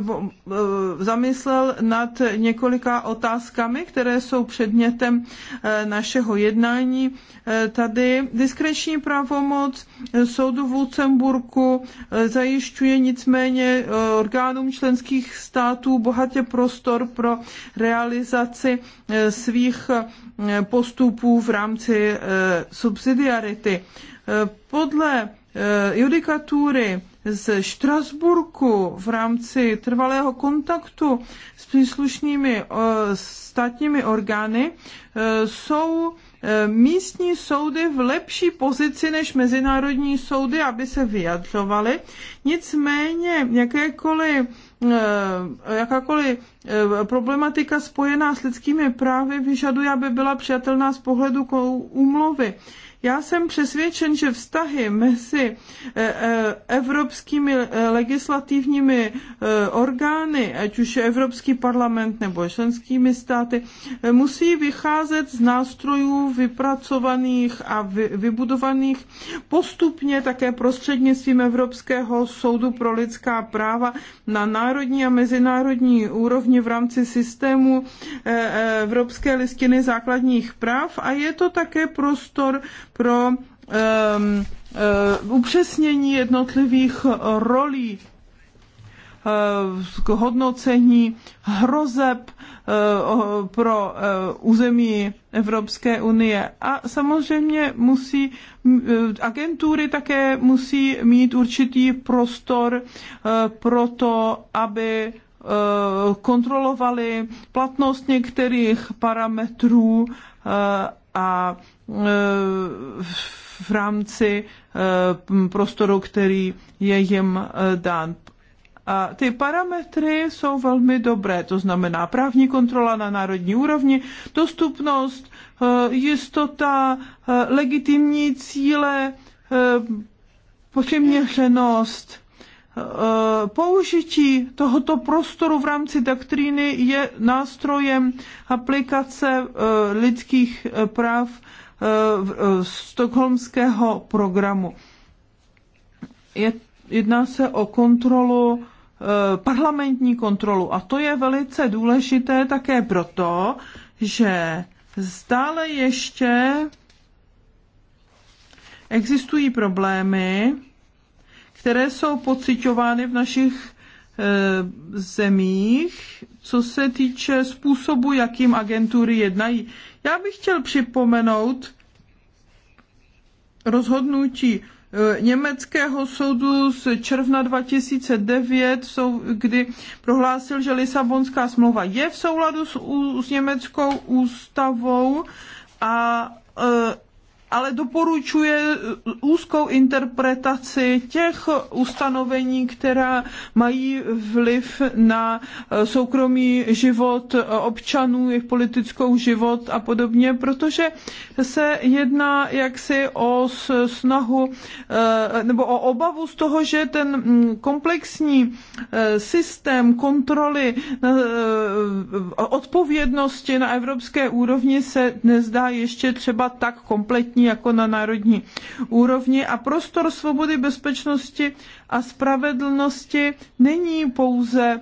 zamyslel nad několika otázkami, které jsou předmětem našeho jednání. Tady diskreční pravomoc soudu v Lucemburku zajišťuje nicméně orgánům členských států bohatě prostor pro realizaci eh, svých eh, postupů v rámci eh, subsidiarity. Podle judikatury z Štrasburku v rámci trvalého kontaktu s příslušnými státními orgány jsou místní soudy v lepší pozici než mezinárodní soudy, aby se vyjadřovaly. Nicméně jakékoliv Eh, jakákoliv eh, problematika spojená s lidskými právy vyžaduje, aby byla přijatelná z pohledu úmluvy. Já jsem přesvědčen, že vztahy mezi eh, eh, evropskými eh, legislativními orgány, ať už Evropský parlament nebo členskými státy, musí vycházet z nástrojů vypracovaných a vybudovaných postupně také prostřednictvím Evropského soudu pro lidská práva na národní a mezinárodní úrovni v rámci systému Evropské listiny základních práv a je to také prostor pro um, um, upřesnění jednotlivých rolí eh, k hodnocení hrozeb eh, pro území Evropské unie. A samozřejmě musí, agentury také musí mít určitý prostor pro to, aby kontrolovali platnost některých parametrů a eh, v rámci eh, prostoru, který je jim eh, dán. A ty parametry jsou velmi dobré, to znamená právní kontrola na národní úrovni, dostupnost, jistota, legitimní cíle, přiměřenost Eh, použití tohoto prostoru v rámci doktríny je nástrojem aplikace eh, lidských eh, práv stokholmského programu. jedná se o kontrolu, parlamentní kontrolu a to je velice důležité také proto, že stále ještě existují problémy, které jsou pocitovány v našich eh, zemích, co se týče způsobu, jakým agentury jednají. Já bych chtěl připomenout rozhodnutí eh, německého soudu z června 2009, kdy prohlásil, že Lisabonská smlouva je v souladu s, s německou ústavou a eh, ale doporučuje úzkou interpretaci těch ustanovení, která mají vliv na eh, soukromý život občanů, jejich politickou život a podobně, protože se jedná jaksi o snahu eh, nebo o obavu z toho, že ten mm, komplexní eh, systém kontroly odpovědnosti na evropské úrovni se nezdá ještě třeba tak kompletní jako na národní úrovni a prostor svobody, bezpečnosti a spravedlnosti není pouze e,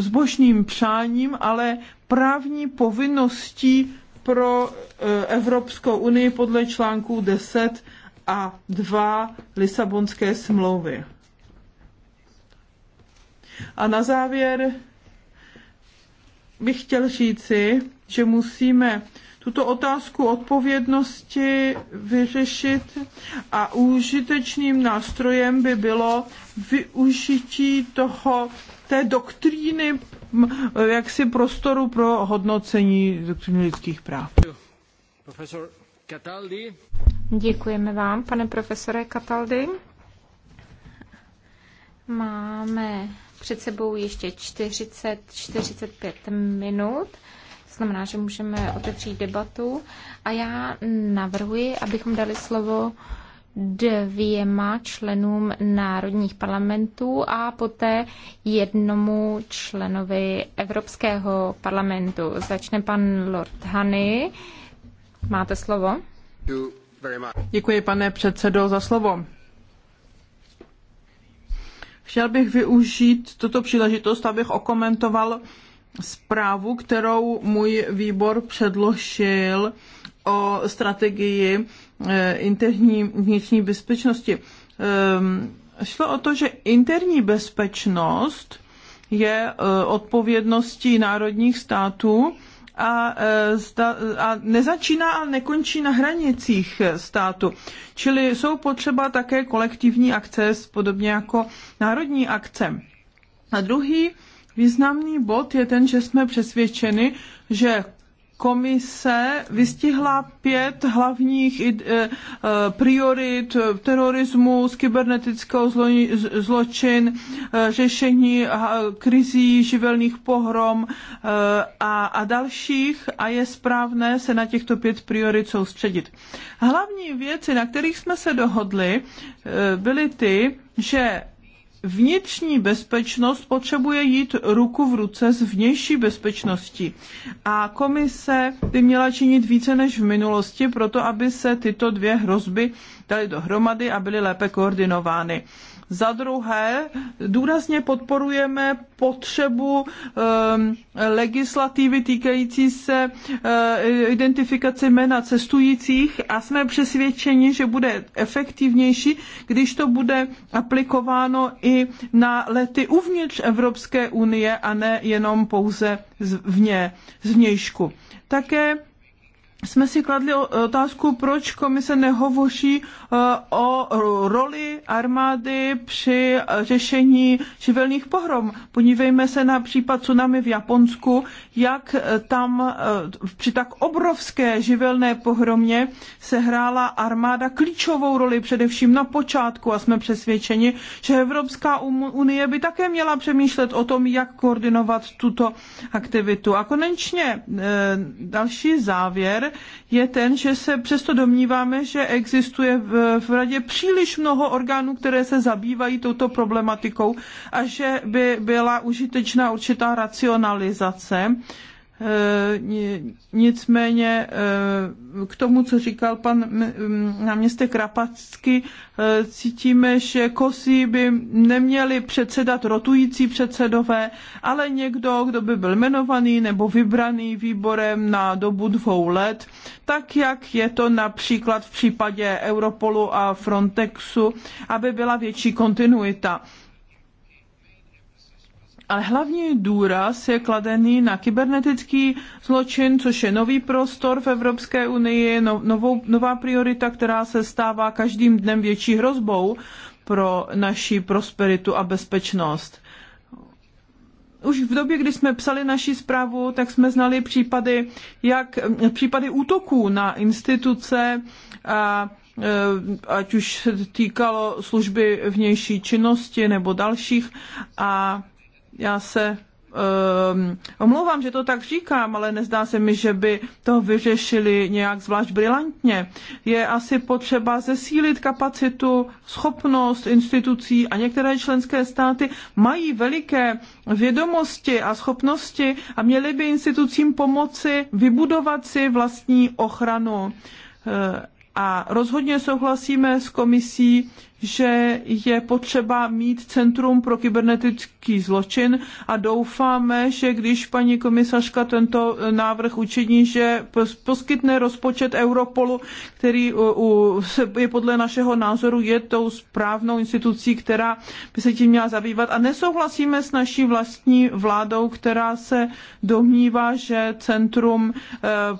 zbožným přáním, ale právní povinností pro e, Evropskou unii podle článků 10 a 2 Lisabonské smlouvy. A na závěr bych chtěl říci, že musíme tuto otázku odpovědnosti vyřešit a užitečným nástrojem by bylo využití toho, té doktríny jaksi prostoru pro hodnocení doktríny lidských práv. Profesor Cataldi. Děkujeme vám, pane profesore Cataldi. Máme před sebou ještě 40-45 minut znamená, že můžeme otevřít debatu a já navrhuji, abychom dali slovo dvěma členům národních parlamentů a poté jednomu členovi Evropského parlamentu. Začne pan Lord Hany. Máte slovo. Děkuji, pane předsedo, za slovo. Chtěl bych využít tuto příležitost, abych okomentoval zprávu, kterou můj výbor předložil o strategii eh, interní vnitřní bezpečnosti. Ehm, šlo o to, že interní bezpečnost je eh, odpovědností národních států a, eh, a nezačíná a nekončí na hranicích státu. Čili jsou potřeba také kolektivní akce, podobně jako národní akce. A druhý Významný bod je ten, že jsme přesvědčeni, že komise vystihla pět hlavních eh, eh, priorit terorismu, kybernetického zločin, eh, řešení krizí, živelných pohrom a, a dalších a je správné se na těchto pět priorit soustředit. Hlavní věci, na kterých jsme se dohodli, byly ty, že vnitřní bezpečnost potřebuje jít ruku v ruce s vnější bezpečností. A komise by měla činit více než v minulosti, proto aby se tyto dvě hrozby daly dohromady a byly lépe koordinovány. Za druhé, důrazně podporujeme potřebu ehm, legislativy týkající se eh, identifikace jména cestujících a jsme přesvědčeni, že bude efektivnější, když to bude aplikováno i na lety uvnitř Evropské unie a ne jenom pouze vně, zvnějšku. Také jsme si kladli otázku, proč komise nehovoří e, o roli armády při řešení živelných pohrom. Podívejme se na případ tsunami v Japonsku, jak e, tam e, při tak obrovské živelné pohromě se hrála armáda klíčovou roli především na počátku a jsme přesvědčeni, že Evropská unie by také měla přemýšlet o tom, jak koordinovat tuto aktivitu. A konečně další závěr je ten, že se přesto domníváme, že existuje v, v radě příliš mnoho orgánů, které se zabývají touto problematikou a že by byla užitečná určitá racionalizace Eh, nicméně eh, k tomu, co říkal pan náměstek Krapacky, eh, cítíme, že kosy by neměli předsedat rotující předsedové, ale někdo, kdo by byl jmenovaný nebo vybraný výborem na dobu dvou let, tak jak je to například v případě Europolu a Frontexu, aby byla větší kontinuita ale hlavní důraz je kladený na kybernetický zločin, což je nový prostor v Evropské unii, no, novou, nová priorita, která se stává každým dnem větší hrozbou pro naši prosperitu a bezpečnost. Už v době, kdy jsme psali naši zprávu, tak jsme znali případy, jak případy útoků na instituce a e, ať už se týkalo služby vnější činnosti nebo dalších. A já se um, omlouvám, že to tak říkám, ale nezdá se mi, že by to vyřešili nějak zvlášť brilantně. Je asi potřeba zesílit kapacitu, schopnost institucí a některé členské státy mají veliké vědomosti a schopnosti a měly by institucím pomoci vybudovat si vlastní ochranu. Eh, a rozhodně souhlasíme s komisí, že je potřeba mít Centrum pro kybernetický zločin a doufáme, že když paní komisařka tento eh, návrh učiní, že poskytne rozpočet Europolu, který je podle našeho názoru je tou správnou institucí, která by se tím měla zabývat. A nesouhlasíme s naší vlastní vládou, která se domnívá, že Centrum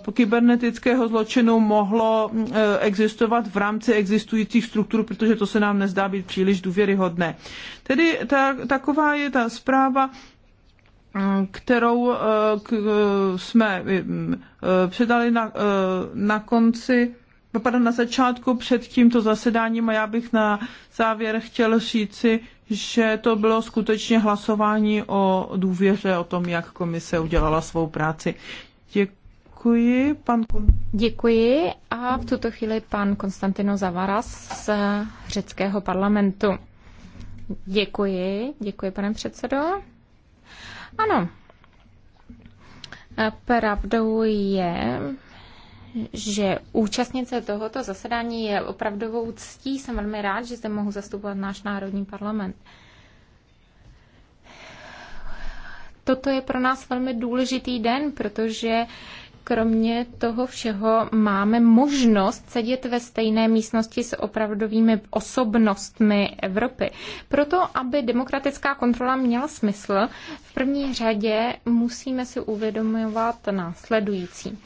eh, kybernetického zločinu mohlo eh, existovat v rámci existujících struktur, protože to se nám nám nezdá být příliš důvěryhodné. Tedy ta, taková je ta zpráva, kterou eh, k, jsme eh, předali na, eh, na konci na začátku před tímto zasedáním a já bych na závěr chtěl říci, že to bylo skutečně hlasování o důvěře, o tom, jak komise udělala svou práci. Děkuji. Děkuji, pan... Děkuji a v tuto chvíli pan Konstantino Zavaras z řeckého parlamentu. Děkuji, děkuji, pane předsedo. Ano, pravdou je, že účastnice tohoto zasedání je opravdovou ctí. Jsem velmi rád, že zde mohu zastupovat náš národní parlament. Toto je pro nás velmi důležitý den, protože kromě toho všeho máme možnost sedět ve stejné místnosti s opravdovými osobnostmi Evropy. Proto, aby demokratická kontrola měla smysl, v první řadě musíme si uvědomovat následující.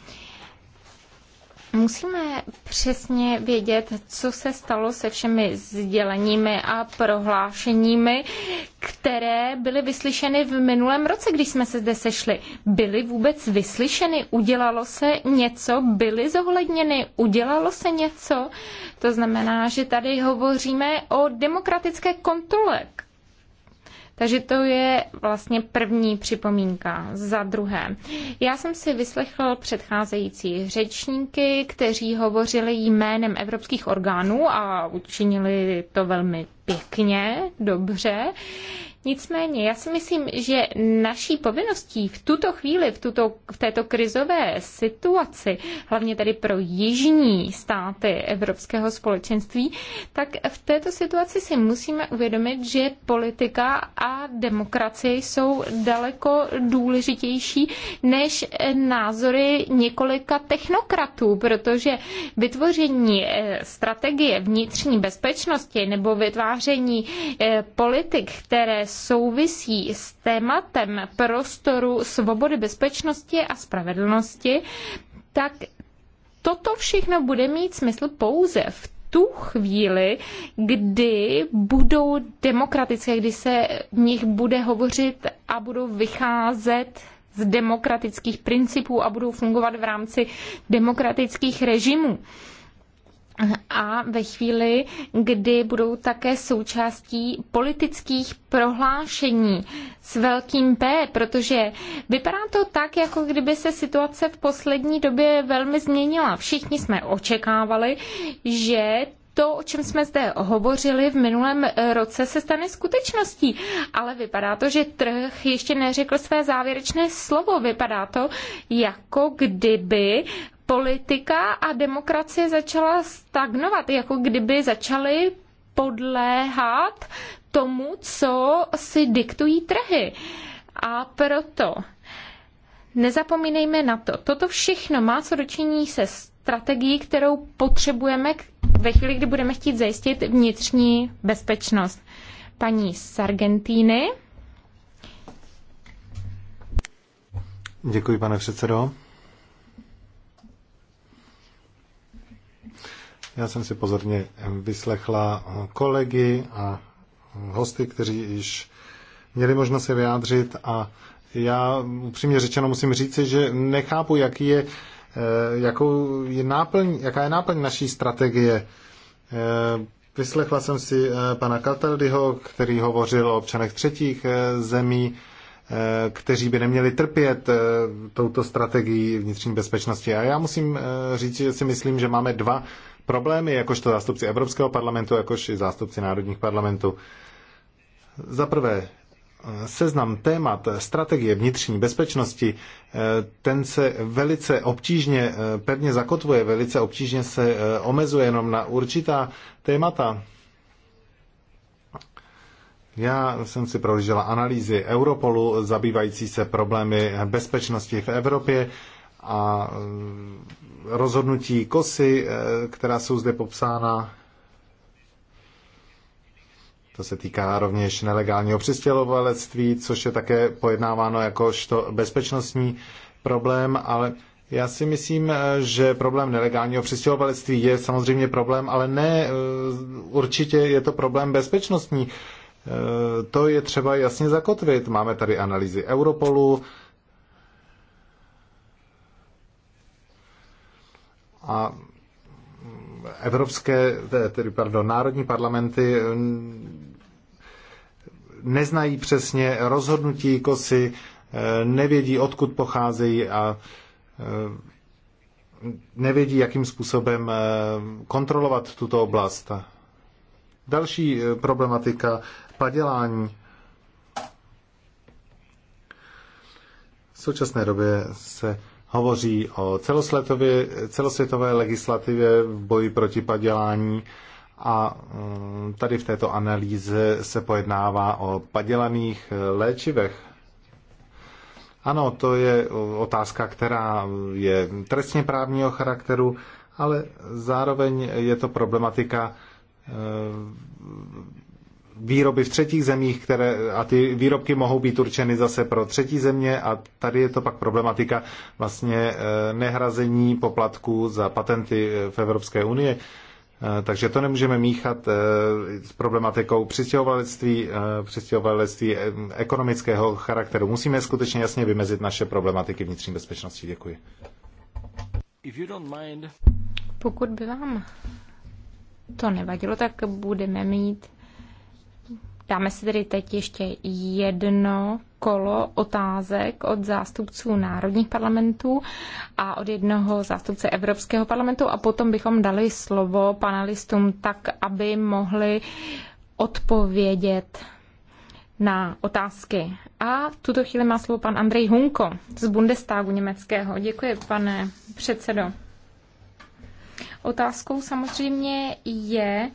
Musíme přesně vědět, co se stalo se všemi sděleními a prohlášeními, které byly vyslyšeny v minulém roce, když jsme se zde sešli. Byly vůbec vyslyšeny? Udělalo se něco? Byly zohledněny? Udělalo se něco? To znamená, že tady hovoříme o demokratické kontrole, takže to je vlastně první připomínka. Za druhé, já jsem si vyslechl předcházející řečníky, kteří hovořili jménem evropských orgánů a učinili to velmi pěkně, dobře. Nicméně, já si myslím, že naší povinností v tuto chvíli, v, tuto, v této krizové situaci, hlavně tedy pro jižní státy Evropského společenství, tak v této situaci si musíme uvědomit, že politika a demokracie jsou daleko důležitější než názory několika technokratů, protože vytvoření eh, strategie vnitřní bezpečnosti nebo vytváření eh, politik, které souvisí s tématem prostoru svobody, bezpečnosti a spravedlnosti, tak toto všechno bude mít smysl pouze v tu chvíli, kdy budou demokratické, kdy se v nich bude hovořit a budou vycházet z demokratických principů a budou fungovat v rámci demokratických režimů a ve chvíli, kdy budou také součástí politických prohlášení s velkým P, protože vypadá to tak, jako kdyby se situace v poslední době velmi změnila. Všichni jsme očekávali, že to, o čem jsme zde hovořili v minulém roce, se stane skutečností. Ale vypadá to, že trh ještě neřekl své závěrečné slovo. Vypadá to, jako kdyby politika a demokracie začala stagnovat, jako kdyby začaly podléhat tomu, co si diktují trhy. A proto nezapomínejme na to. Toto všechno má co dočinění se strategií, kterou potřebujeme ve chvíli, kdy budeme chtít zajistit vnitřní bezpečnost. Paní z Děkuji, pane předsedo. Já jsem si pozorně vyslechla kolegy a hosty, kteří již měli možnost se vyjádřit a já upřímně řečeno musím říci, že nechápu, jaký je, eh, jakou je náplň, jaká je náplň naší strategie. Eh, vyslechla jsem si eh, pana Kataldyho, který hovořil o občanech třetích zemí Eh, kteří by neměli trpět eh, touto strategií vnitřní bezpečnosti. A já musím eh, říct, že si myslím, že máme dva problémy, jakožto zástupci Evropského parlamentu, jakož i zástupci národních parlamentů. Za prvé, seznam témat strategie vnitřní bezpečnosti, ten se velice obtížně, pevně zakotvuje, velice obtížně se omezuje jenom na určitá témata. Já jsem si prohlížela analýzy Europolu zabývající se problémy bezpečnosti v Evropě a mm, rozhodnutí KOSY, e, která jsou zde popsána. To se týká rovněž nelegálního přistěhovalectví, což je také pojednáváno jakožto bezpečnostní problém, ale já si myslím, e, že problém nelegálního přistěhovalectví je samozřejmě problém, ale ne e, určitě je to problém bezpečnostní. Eh, to je třeba jasně zakotvit. Máme tady analýzy Europolu, a evropské, tedy pardon, národní parlamenty mm, neznají přesně rozhodnutí kosy, eh, nevědí, odkud pocházejí a eh, nevědí, jakým způsobem kontrolovat tuto oblast. Další problematika padělání. V současné době se hovoří o celosvětové, legislativě v boji proti padělání a mm, tady v této analýze se pojednává o padělaných eh, léčivech. Ano, to je eh, otázka, která je trestně právního charakteru, ale zároveň je to problematika eh, výroby v třetích zemích, které, a ty výrobky mohou být určeny zase pro třetí země a tady je to pak problematika vlastně eh, nehrazení poplatků za patenty eh, v Evropské unii. Eh, takže to nemůžeme míchat s problematikou přistěhovalectví, přistěhovalectví ekonomického charakteru. Musíme skutečně jasně vymezit naše problematiky vnitřní bezpečnosti. Děkuji. Pokud by vám to nevadilo, tak budeme mít Dáme si tedy teď ještě jedno kolo otázek od zástupců národních parlamentů a od jednoho zástupce Evropského parlamentu a potom bychom dali slovo panelistům tak, aby mohli odpovědět na otázky. A v tuto chvíli má slovo pan Andrej Hunko z Bundestagu německého. Děkuji, pane předsedo. Otázkou samozřejmě je,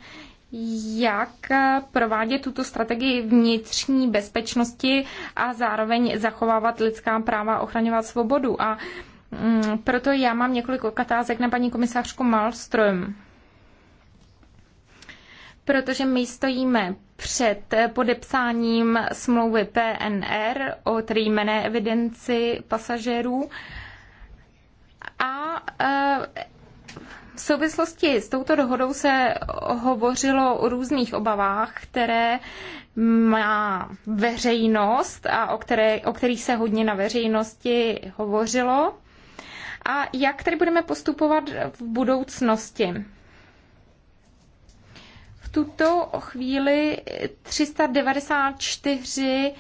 jak eh, provádět tuto strategii vnitřní bezpečnosti a zároveň zachovávat lidská práva, ochraňovat svobodu. A mm, proto já mám několik otázek na paní komisářku Malström protože my stojíme před podepsáním smlouvy PNR o trýmené evidenci pasažérů a eh, v souvislosti s touto dohodou se hovořilo o různých obavách, které má veřejnost a o, které, o kterých se hodně na veřejnosti hovořilo. A jak tedy budeme postupovat v budoucnosti? V tuto chvíli 394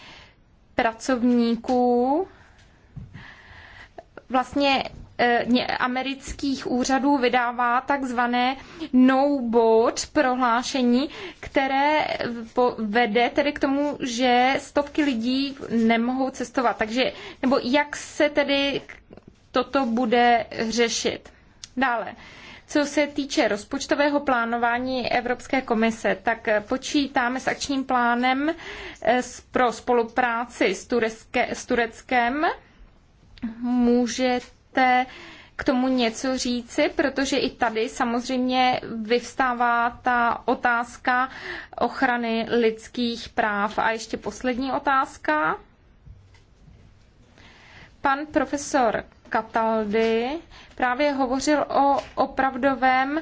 pracovníků vlastně Eh, amerických úřadů vydává takzvané no-board prohlášení, které vede tedy k tomu, že stovky lidí nemohou cestovat. Takže, nebo jak se tedy toto bude řešit? Dále. Co se týče rozpočtového plánování Evropské komise, tak počítáme s akčním plánem eh, pro spolupráci s, s Tureckem. Můžete chcete k tomu něco říci, protože i tady samozřejmě vyvstává ta otázka ochrany lidských práv. A ještě poslední otázka. Pan profesor Kataldy právě hovořil o opravdovém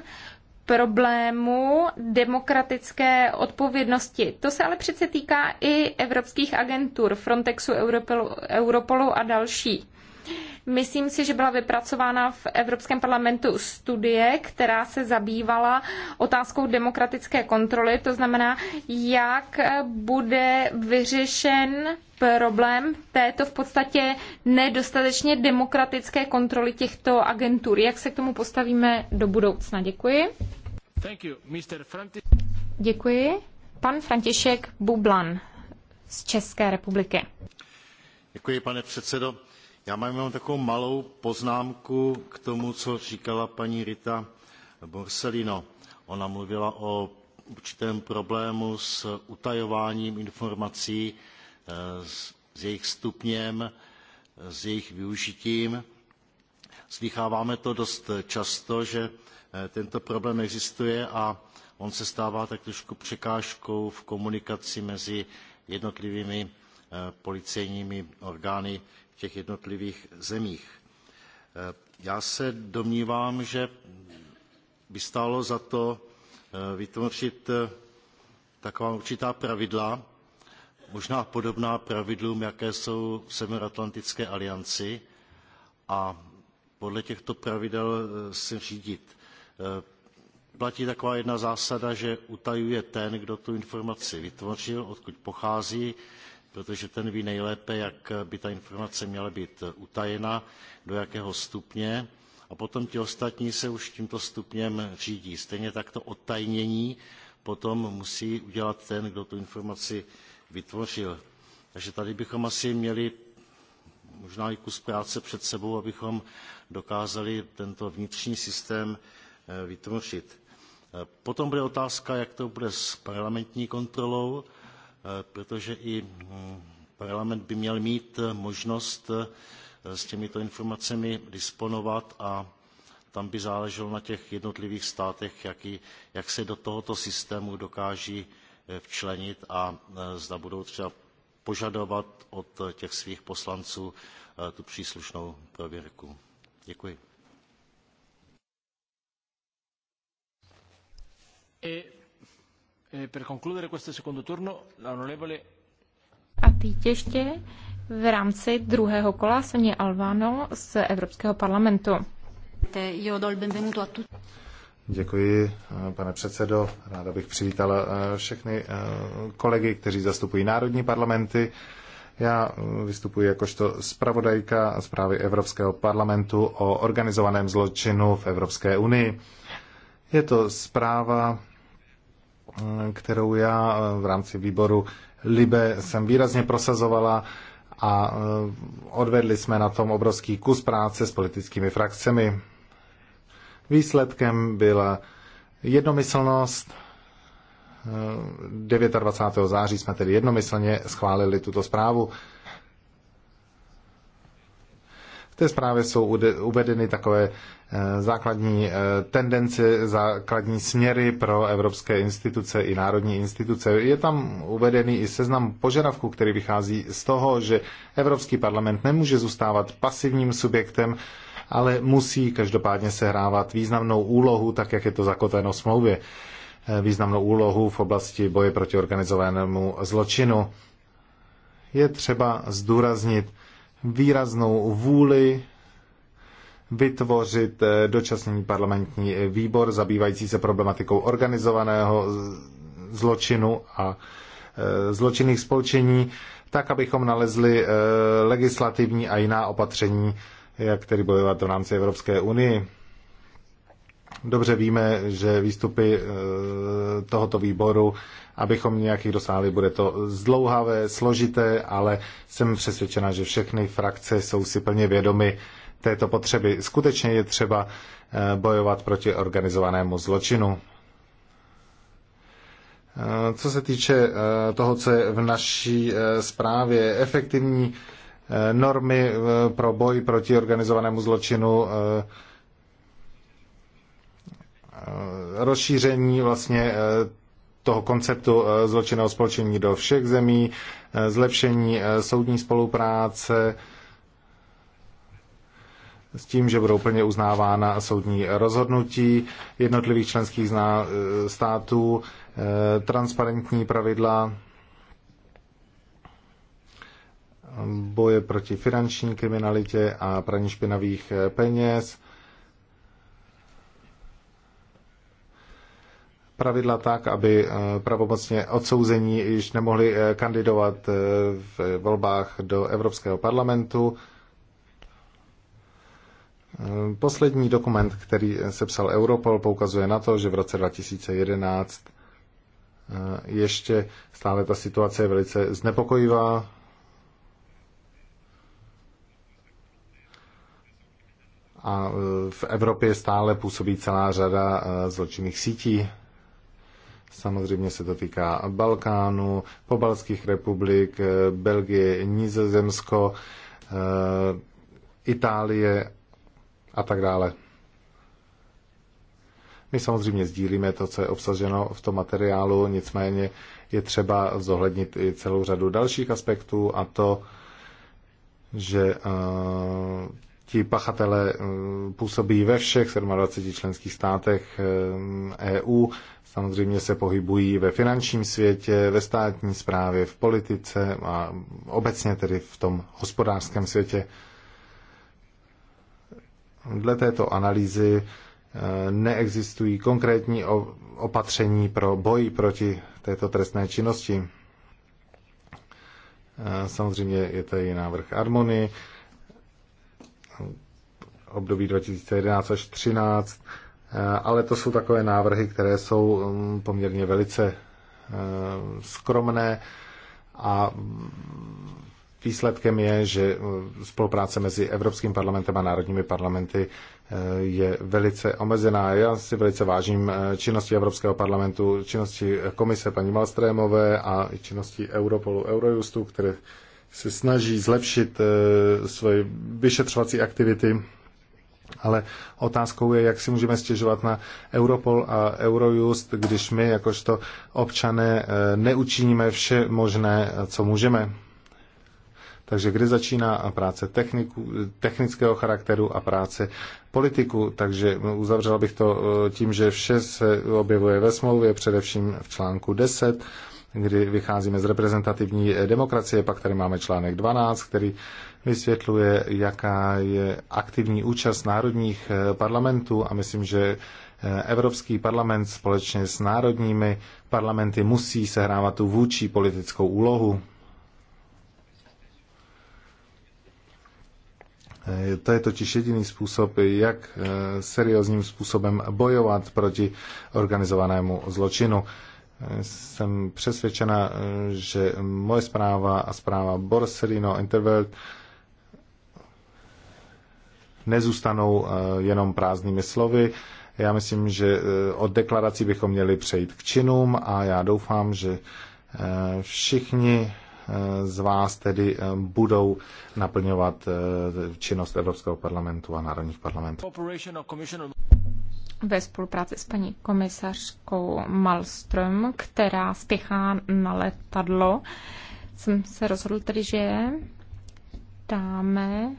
problému demokratické odpovědnosti. To se ale přece týká i evropských agentur, Frontexu, Europolu, Europolu a další. Myslím si, že byla vypracována v Evropském parlamentu studie, která se zabývala otázkou demokratické kontroly, to znamená, jak bude vyřešen problém této v podstatě nedostatečně demokratické kontroly těchto agentur. Jak se k tomu postavíme do budoucna? Děkuji. You, Děkuji. Pan František Bublan z České republiky. Děkuji, pane předsedo já mám jenom takovou malou poznámku k tomu, co říkala paní Rita Borsellino. Ona mluvila o určitém problému s utajováním informací, eh, s jejich stupněm, eh, s jejich využitím. Slycháváme to dost často, že eh, tento problém existuje a on se stává tak trošku překážkou v komunikaci mezi jednotlivými policejními orgány těch jednotlivých zemích. Eh, já se domnívám, že by stálo za to eh, vytvořit eh, taková určitá pravidla, možná podobná pravidlům, jaké jsou v Severoatlantické alianci a podle těchto pravidel se řídit. Platí taková jedna zásada, že utajuje ten, kdo tu informaci vytvořil, odkud pochází, protože ten ví nejlépe, jak by ta informace měla být utajena, do jakého stupně a potom ti ostatní se už tímto stupněm řídí. Stejně tak to odtajnění potom musí udělat ten, kdo tu informaci vytvořil. Takže tady bychom asi měli možná i kus práce před sebou, abychom dokázali tento vnitřní systém eh, vytvořit. Eh, potom bude otázka, jak to bude s parlamentní kontrolou. Eh, protože i mm, parlament by měl mít eh, možnost eh, s těmito informacemi disponovat a tam by záleželo na těch jednotlivých státech, jak, i, jak se do tohoto systému dokáží včlenit a zda budou třeba požadovat od těch svých poslanců tu příslušnou prověrku. Děkuji. I... Eh, per concludere questo secondo turno, l'onorevole... A teď ještě v rámci druhého kola Sonia Alvano z Evropského parlamentu. Děkuji, eh, pane předsedo. Ráda bych přivítala eh, všechny kolegy, kteří zastupují národní parlamenty. Já vystupuji jakožto zpravodajka zprávy Evropského parlamentu o organizovaném zločinu v Evropské unii. Je to zpráva, Eh, kterou já eh, v rámci výboru Libe jsem výrazně prosazovala a eh, odvedli jsme na tom obrovský kus práce s politickými frakcemi. Výsledkem byla jednomyslnost. 29. září jsme tedy jednomyslně schválili tuto zprávu té zprávě jsou uvedeny takové eh, základní eh, tendence, základní směry pro evropské instituce i národní instituce. Je tam uvedený i seznam požadavků, který vychází z toho, že Evropský parlament nemůže zůstávat pasivním subjektem, ale musí každopádně sehrávat významnou úlohu, tak jak je to zakotveno v smlouvě eh, významnou úlohu v oblasti boje proti organizovanému zločinu. Je třeba zdůraznit výraznou vůli vytvořit eh, dočasný parlamentní výbor zabývající se problematikou organizovaného zločinu a eh, zločinných spolčení, tak, abychom nalezli eh, legislativní a jiná opatření, jak tedy bojovat v rámci Evropské unie. Dobře víme, že výstupy eh, tohoto výboru, abychom nějakých dosáhli, bude to zdlouhavé, složité, ale jsem přesvědčena, že všechny frakce jsou si plně vědomy této potřeby. Skutečně je třeba eh, bojovat proti organizovanému zločinu. Eh, co se týče toho, co je v naší zprávě, efektivní normy pro boj proti organizovanému zločinu, Eh, rozšíření vlastně eh, toho konceptu eh, zločinného spolčení do všech zemí, zlepšení soudní spolupráce s tím, že budou plně uznávána soudní rozhodnutí jednotlivých členských států, transparentní pravidla boje proti finanční kriminalitě a praní špinavých peněz, pravidla tak, aby eh, pravomocně odsouzení již nemohli eh, kandidovat eh, v volbách do Evropského parlamentu. Poslední dokument, který sepsal Europol, poukazuje na to, že v roce 2011 ještě stále ta situace je velice znepokojivá. A v Evropě stále působí celá řada zločinných sítí. Samozřejmě se to týká Balkánu, pobalských republik, eh, Belgie, Nizozemsko, eh, Itálie a tak dále. My samozřejmě sdílíme to, co je obsaženo v tom materiálu, nicméně je třeba zohlednit i celou řadu dalších aspektů a to, že eh, ti pachatele eh, působí ve všech 27 členských státech EU. Eh, e samozřejmě se pohybují ve finančním světě, ve státní správě, v politice a obecně tedy v tom hospodářském světě. Dle této analýzy eh, neexistují konkrétní opatření pro boj proti této trestné činnosti. Samozřejmě je tady návrh Harmonie, období 2011 až 2013, eh, ale to jsou takové návrhy, které jsou mm, poměrně velice eh, skromné a mm, výsledkem je, že mm, spolupráce mezi Evropským parlamentem a národními parlamenty eh, je velice omezená. Já si velice vážím činnosti Evropského parlamentu, činnosti komise paní Malstrémové a činnosti Europolu, Eurojustu, které se snaží zlepšit eh, svoje vyšetřovací aktivity, ale otázkou je, jak si můžeme stěžovat na Europol a Eurojust, když my, jakožto občané, eh, neučiníme vše možné, co můžeme. Takže kdy začíná práce techniku, technického charakteru a práce politiku. Takže uzavřela bych to eh, tím, že vše se objevuje ve smlouvě, především v článku 10 kdy vycházíme z reprezentativní demokracie. Pak tady máme článek 12, který vysvětluje, jaká je aktivní účast národních eh, parlamentů a myslím, že eh, Evropský parlament společně s národními parlamenty musí sehrávat tu vůči politickou úlohu. Eh, to je totiž jediný způsob, jak seriózním způsobem bojovat proti organizovanému zločinu. Jsem přesvědčena, že moje zpráva a zpráva Borsellino Intervelt nezůstanou eh, jenom prázdnými slovy. Já myslím, že eh, od deklarací bychom měli přejít k činům a já doufám, že eh, všichni z vás tedy budou naplňovat činnost Evropského parlamentu a národních parlamentů ve spolupráci s paní komisařkou Malström, která spěchá na letadlo, jsem se rozhodl tedy, že dáme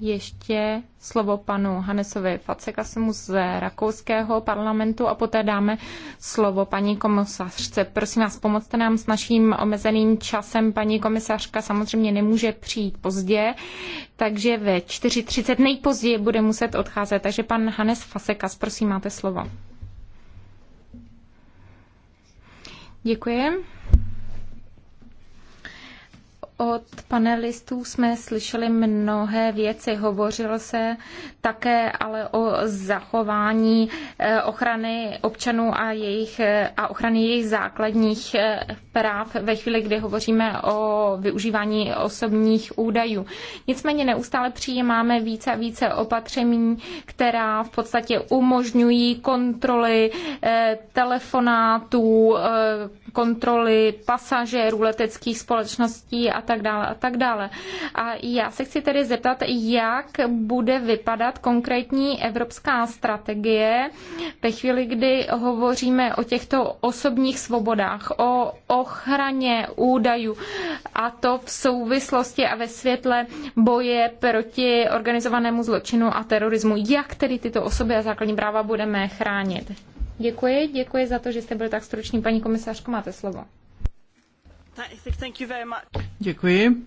ještě slovo panu Hanesovi Facekasemu z rakouského parlamentu a poté dáme slovo paní komisařce. Prosím vás, pomocte nám s naším omezeným časem. Paní komisařka samozřejmě nemůže přijít pozdě, takže ve 4.30 nejpozději bude muset odcházet. Takže pan Hanes Fasekas, prosím, máte slovo. Děkuji. Od panelistů jsme slyšeli mnohé věci. Hovořilo se také ale o zachování eh, ochrany občanů a, jejich, eh, a ochrany jejich základních eh, práv ve chvíli, kdy hovoříme o využívání osobních údajů. Nicméně neustále přijímáme více a více opatření, která v podstatě umožňují kontroly telefonátů, kontroly pasažérů, leteckých společností a tak dále a tak dále. A já se chci tedy zeptat, jak bude vypadat konkrétní evropská strategie ve chvíli, kdy hovoříme o těchto osobních svobodách, o ochraně údajů a to v souvislosti a ve světle boje proti organizovanému zločinu a terorismu. Jak tedy tyto osoby a základní práva budeme chránit? Děkuji, děkuji za to, že jste byl tak struční. Paní komisářko, máte slovo. Děkuji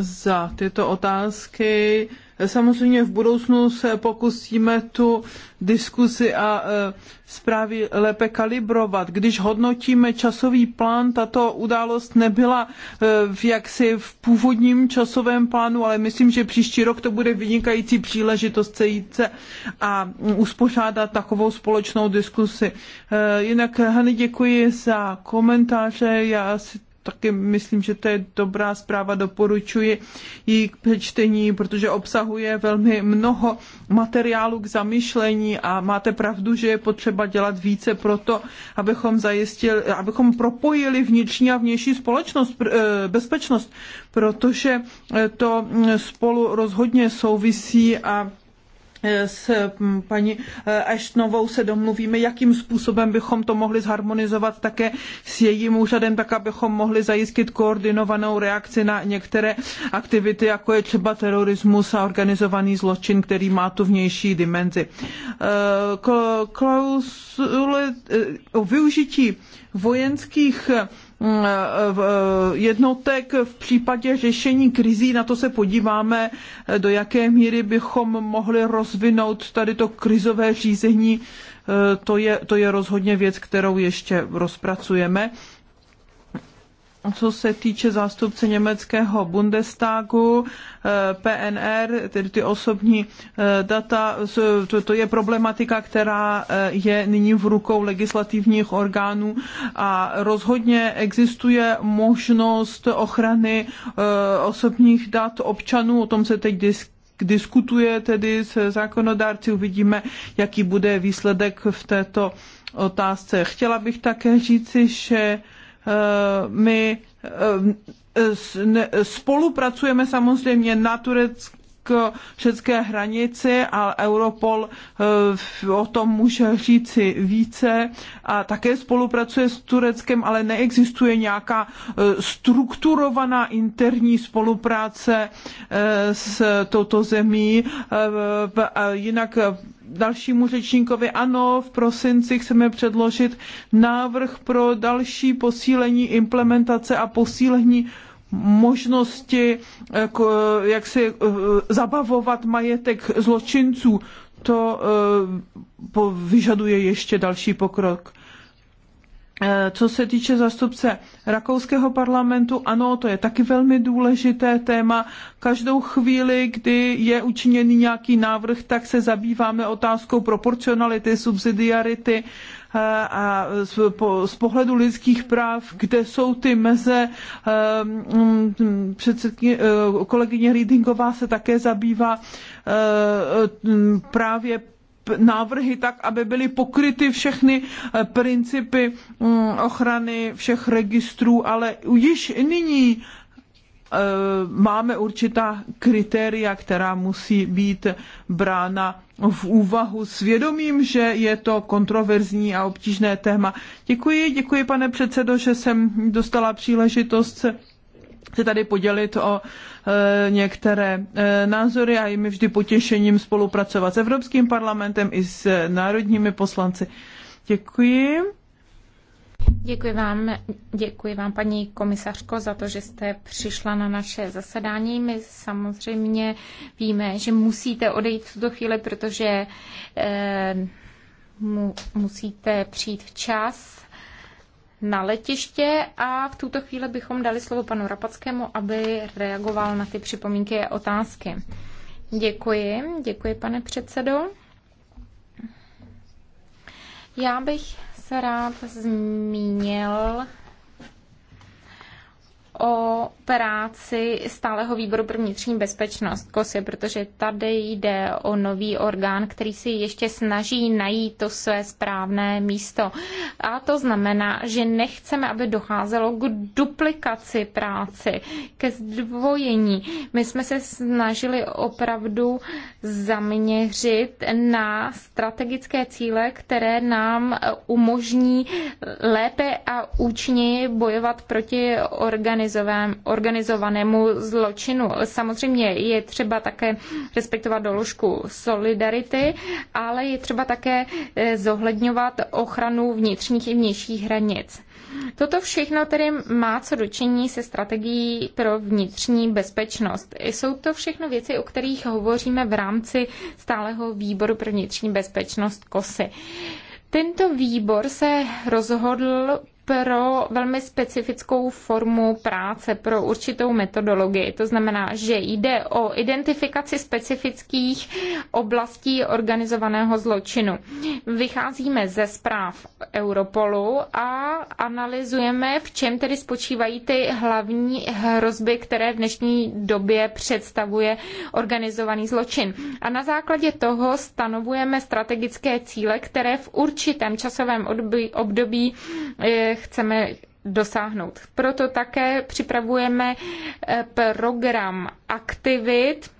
za tyto otázky. Samozřejmě v budoucnu se pokusíme tu diskuzi a e, zprávy lépe kalibrovat. Když hodnotíme časový plán, tato událost nebyla e, v jaksi v původním časovém plánu, ale myslím, že příští rok to bude vynikající příležitost sejít se a uspořádat takovou společnou diskusi. E, jinak, Hany, děkuji za komentáře. Já si taky myslím, že to je dobrá zpráva, doporučuji ji k přečtení, protože obsahuje velmi mnoho materiálu k zamyšlení a máte pravdu, že je potřeba dělat více pro to, abychom zajistili, abychom propojili vnitřní a vnější společnost, eh, bezpečnost, protože eh, to mm, spolu rozhodně souvisí a Eh, s mm, paní eh, Ashtonovou se domluvíme, jakým způsobem bychom to mohli zharmonizovat také s jejím úřadem, tak abychom mohli zajistit koordinovanou reakci na některé aktivity, jako je třeba terorismus a organizovaný zločin, který má tu vnější dimenzi. Eh, Klausule o využití vojenských Eh, jednotek v případě řešení krizí. Na to se podíváme, eh, do jaké míry bychom mohli rozvinout tady to krizové řízení. Eh, to je, to je rozhodně věc, kterou ještě rozpracujeme co se týče zástupce německého Bundestagu, eh, PNR, tedy ty osobní eh, data, to je problematika, která eh, je nyní v rukou legislativních orgánů a rozhodně existuje možnost ochrany osobních dat občanů, o tom se teď diskutuje diskutuje tedy s zákonodárci, uvidíme, jaký bude výsledek v této otázce. Chtěla bych také říci, že Eh, my eh, spolupracujeme samozřejmě na k české hranici a Europol eh, o tom může říci více a také spolupracuje s Tureckem, ale neexistuje nějaká strukturovaná interní spolupráce s touto zemí. Jinak dalšímu řečníkovi. Ano, v prosinci chceme předložit návrh pro další posílení implementace a posílení možnosti eh, jak si eh, zabavovat majetek zločinců. To eh, vyžaduje ještě další pokrok. Eh, co se týče zastupce rakouského parlamentu, ano, to je taky velmi důležité téma. Každou chvíli, kdy je učiněný nějaký návrh, tak se zabýváme otázkou proporcionality, subsidiarity eh, a z pohledu lidských práv, kde jsou ty meze. Eh, mm, kolegyně Rýdingová se také zabývá právě návrhy tak, aby byly pokryty všechny eh, principy mm, ochrany všech registrů, ale již nyní eh, máme určitá kritéria, která musí být brána v úvahu s vědomím, že je to kontroverzní a obtížné téma. Děkuji, děkuji pane předsedo, že jsem dostala příležitost se se tady podělit o e, některé e, názory a je mi vždy potěšením spolupracovat s Evropským parlamentem i s národními poslanci. Děkuji. Děkuji vám, děkuji vám, paní komisařko, za to, že jste přišla na naše zasedání. My samozřejmě víme, že musíte odejít v tuto chvíli, protože e, mu, musíte přijít včas na letiště a v tuto chvíli bychom dali slovo panu Rapackému, aby reagoval na ty připomínky a otázky. Děkuji, děkuji pane předsedo. Já bych se rád zmínil o práci stáleho výboru pro vnitřní bezpečnost KOSY, protože tady jde o nový orgán, který si ještě snaží najít to své správné místo. A to znamená, že nechceme, aby docházelo k duplikaci práci, ke zdvojení. My jsme se snažili opravdu zaměřit na strategické cíle, které nám umožní lépe a účinněji bojovat proti organizaci organizovanému zločinu. Samozřejmě je třeba také respektovat doložku solidarity, ale je třeba také eh, zohledňovat ochranu vnitřních i vnějších hranic. Toto všechno tedy má co dočinění se strategií pro vnitřní bezpečnost. Jsou to všechno věci, o kterých hovoříme v rámci stáleho výboru pro vnitřní bezpečnost KOSY. Tento výbor se rozhodl pro velmi specifickou formu práce, pro určitou metodologii. To znamená, že jde o identifikaci specifických oblastí organizovaného zločinu. Vycházíme ze zpráv Europolu a analyzujeme, v čem tedy spočívají ty hlavní hrozby, které v dnešní době představuje organizovaný zločin. A na základě toho stanovujeme strategické cíle, které v určitém časovém období eh, chceme dosáhnout. Proto také připravujeme eh, program aktivit,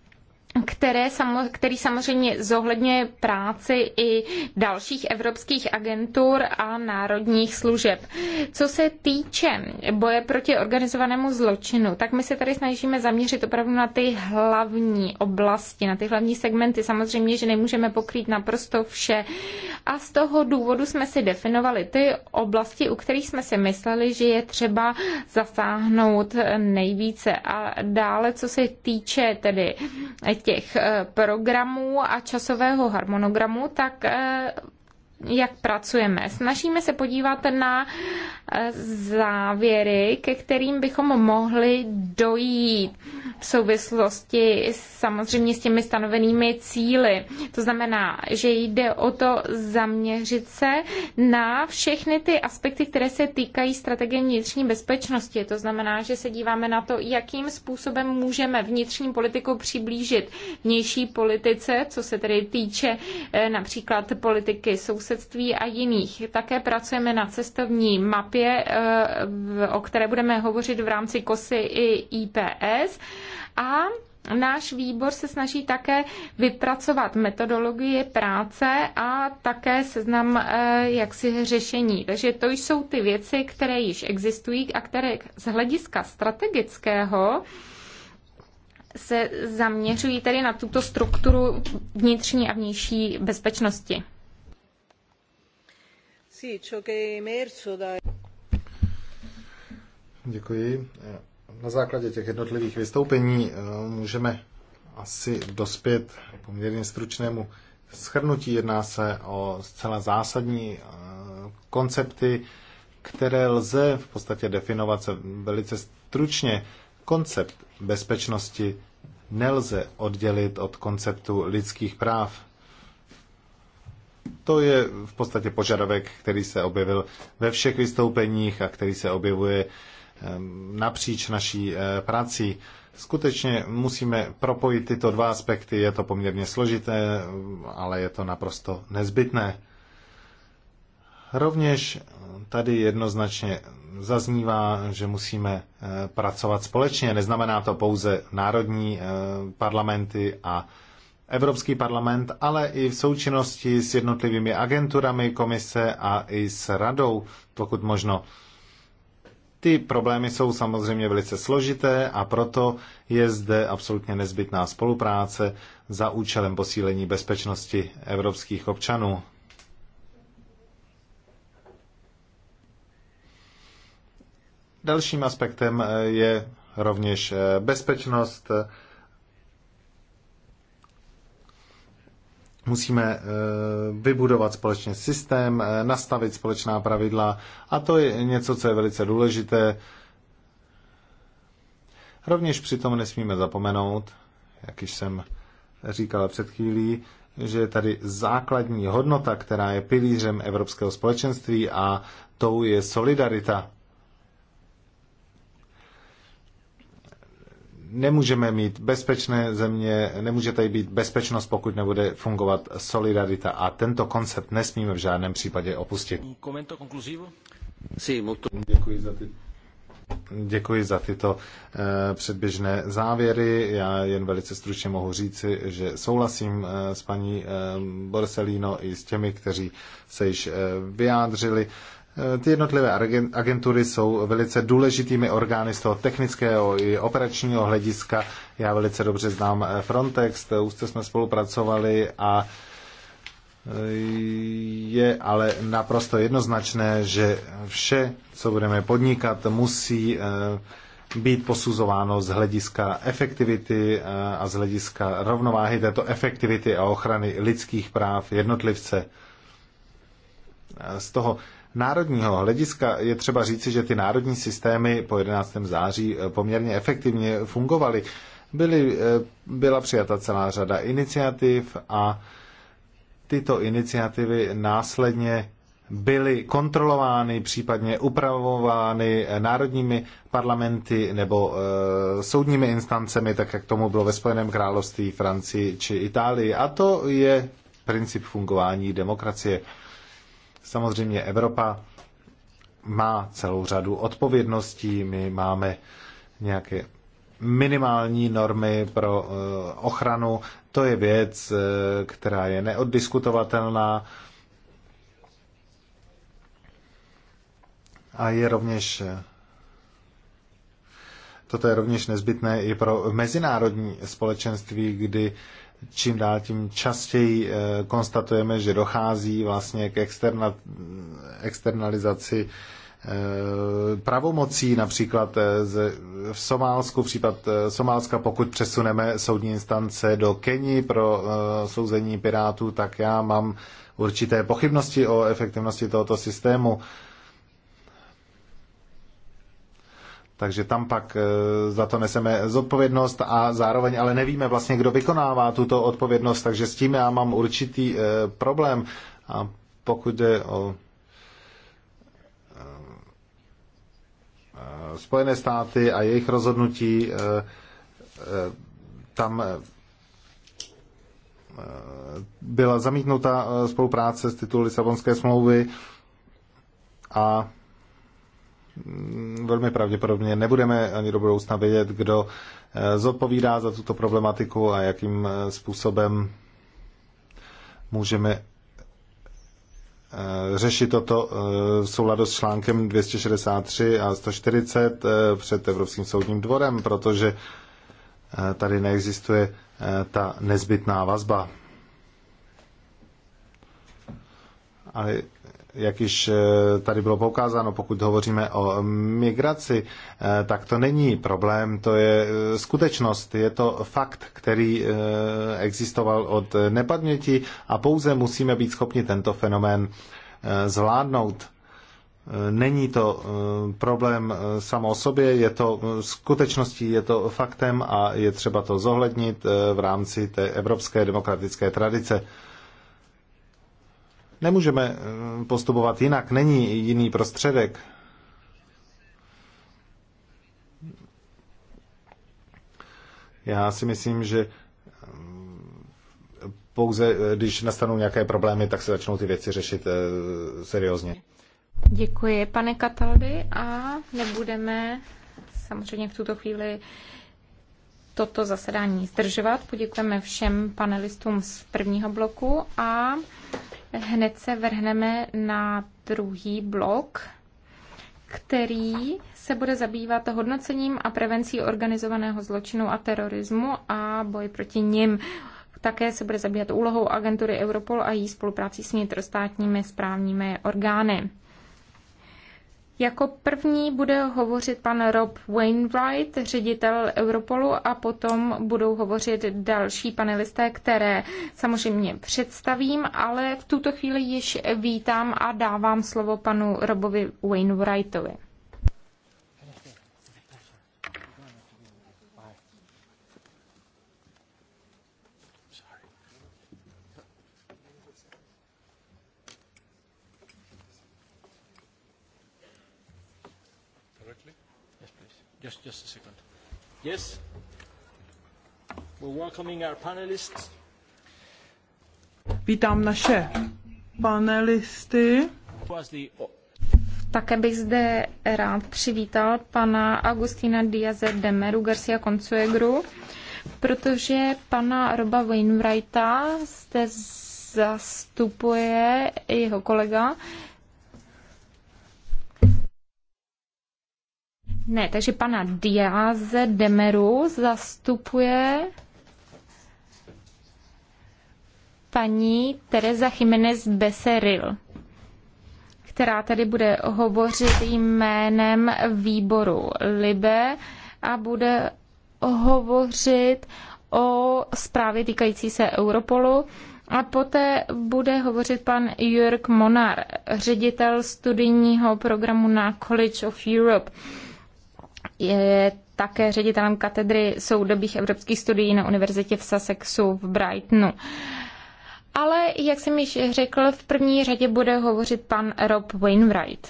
které, který samozřejmě zohledňuje práci i dalších evropských agentur a národních služeb. Co se týče boje proti organizovanému zločinu, tak my se tady snažíme zaměřit opravdu na ty hlavní oblasti, na ty hlavní segmenty. Samozřejmě, že nemůžeme pokrýt naprosto vše. A z toho důvodu jsme si definovali ty oblasti, u kterých jsme si mysleli, že je třeba zasáhnout nejvíce. A dále, co se týče tedy těch eh, programů a časového harmonogramu, tak eh, jak pracujeme. Snažíme se podívat na eh, závěry, ke kterým bychom mohli dojít v souvislosti samozřejmě s těmi stanovenými cíly. To znamená, že jde o to zaměřit se na všechny ty aspekty, které se týkají strategie vnitřní bezpečnosti. To znamená, že se díváme na to, jakým způsobem můžeme vnitřní politiku přiblížit vnější politice, co se tedy týče eh, například politiky sousedství sousedství a jiných. Také pracujeme na cestovní mapě, eh, o které budeme hovořit v rámci KOSY i IPS. A Náš výbor se snaží také vypracovat metodologii práce a také seznam eh, jaksi řešení. Takže to jsou ty věci, které již existují a které z hlediska strategického se zaměřují tedy na tuto strukturu vnitřní a vnější bezpečnosti. Děkuji. Na základě těch jednotlivých vystoupení eh, můžeme asi dospět poměrně stručnému shrnutí. Jedná se o zcela zásadní eh, koncepty, které lze v podstatě definovat se velice stručně. Koncept bezpečnosti nelze oddělit od konceptu lidských práv. To je v podstatě požadavek, který se objevil ve všech vystoupeních a který se objevuje ehm, napříč naší eh, prací. Skutečně musíme propojit tyto dva aspekty, je to poměrně složité, ale je to naprosto nezbytné. Rovněž tady jednoznačně zaznívá, že musíme eh, pracovat společně. Neznamená to pouze národní eh, parlamenty a Evropský parlament, ale i v součinnosti s jednotlivými agenturami komise a i s radou, pokud možno. Ty problémy jsou samozřejmě velice složité a proto je zde absolutně nezbytná spolupráce za účelem posílení bezpečnosti evropských občanů. Dalším aspektem je rovněž bezpečnost Musíme eh, vybudovat společně systém, eh, nastavit společná pravidla a to je něco, co je velice důležité. Rovněž přitom nesmíme zapomenout, jak již jsem říkal před chvílí, že je tady základní hodnota, která je pilířem Evropského společenství a tou je solidarita. nemůžeme mít bezpečné země, nemůže tady být bezpečnost, pokud nebude fungovat solidarita a tento koncept nesmíme v žádném případě opustit. Děkuji za ty Děkuji za tyto eh, předběžné závěry. Já jen velice stručně mohu říci, že souhlasím eh, s paní eh, Borselino i s těmi, kteří se již vyjádřili. Ty jednotlivé agentury jsou velice důležitými orgány z toho technického i operačního hlediska. Já velice dobře znám eh, Frontex, úzce eh, jsme spolupracovali a eh, je ale naprosto jednoznačné, že vše, co budeme podnikat, musí být posuzováno z hlediska efektivity a z hlediska rovnováhy této efektivity a ochrany lidských práv jednotlivce. Z toho národního hlediska je třeba říci, že ty národní systémy po 11. září eh, poměrně efektivně fungovaly. Byly, eh, byla přijata celá řada iniciativ a tyto iniciativy následně byly kontrolovány, případně upravovány národními parlamenty nebo e, soudními instancemi, tak jak tomu bylo ve Spojeném království, Francii či Itálii. A to je princip fungování demokracie. Samozřejmě Evropa má celou řadu odpovědností, my máme nějaké minimální normy pro eh, ochranu. To je věc, eh, která je neoddiskutovatelná. A je rovněž eh, Toto je rovněž nezbytné i pro mezinárodní společenství, kdy čím dál tím častěji eh, konstatujeme, že dochází vlastně k externa, externalizaci eh, pravomocí, například eh, v Somálsku, případ Somálska, pokud přesuneme soudní instance do Keni pro souzení pirátů, tak já mám určité pochybnosti o efektivnosti tohoto systému. Takže tam pak e, za to neseme zodpovědnost a zároveň ale nevíme vlastně, kdo vykonává tuto odpovědnost, takže s tím já mám určitý e, problém. A pokud jde o e, Spojené státy a jejich rozhodnutí, tam byla zamítnuta spolupráce z titulu Lisabonské smlouvy a Mm, velmi pravděpodobně nebudeme ani do budoucna vědět, kdo eh, zodpovídá za tuto problematiku a jakým eh, způsobem můžeme eh, řešit toto v souladu s článkem 263 a 140 před Evropským soudním dvorem, protože tady neexistuje ta nezbytná vazba. Ale jak již eh, tady bylo poukázáno, pokud hovoříme o migraci, eh, tak to není problém, to je eh, skutečnost, je to fakt, který existoval od nepadměti a pouze musíme být schopni tento fenomén zvládnout. Není to problém samo o sobě, je to skutečností, je to faktem a je třeba to zohlednit v rámci té evropské demokratické tradice. Nemůžeme eh, postupovat jinak, není jiný prostředek. Já si myslím, že eh, pouze eh, když nastanou nějaké problémy, tak se začnou ty věci řešit seriózně. Děkuji, pane Kataldy, a nebudeme samozřejmě v tuto chvíli toto zasedání zdržovat. Poděkujeme všem panelistům z prvního bloku a hned se vrhneme na druhý blok, který se bude zabývat hodnocením a prevencí organizovaného zločinu a terorismu a boj proti nim. Také se bude zabývat úlohou agentury Europol a její spolupráci s vnitrostátními správními orgány. Jako první bude hovořit pan Rob Wainwright, ředitel Europolu, a potom budou hovořit další panelisté, které samozřejmě představím, ale v tuto chvíli již vítám a dávám slovo panu Robovi Wainwrightovi. Just, just a second. Yes? We're welcoming our panelists. Vítám naše panelisty. Také bych zde rád přivítal pana Agustína Diaze Demeru Garcia Consuegru, protože pana Roba Wainwrighta zde zastupuje jeho kolega, Ne, takže pana Diáze Demeru zastupuje paní Teresa Jiménez Beseril, která tady bude hovořit jménem výboru Libe a bude hovořit o zprávě týkající se Europolu. A poté bude hovořit pan Jörg Monar, ředitel studijního programu na College of Europe je také ředitelem katedry soudobých evropských studií na univerzitě v Sussexu v Brightonu. Ale, jak jsem již řekl, v první řadě bude hovořit pan Rob Wainwright.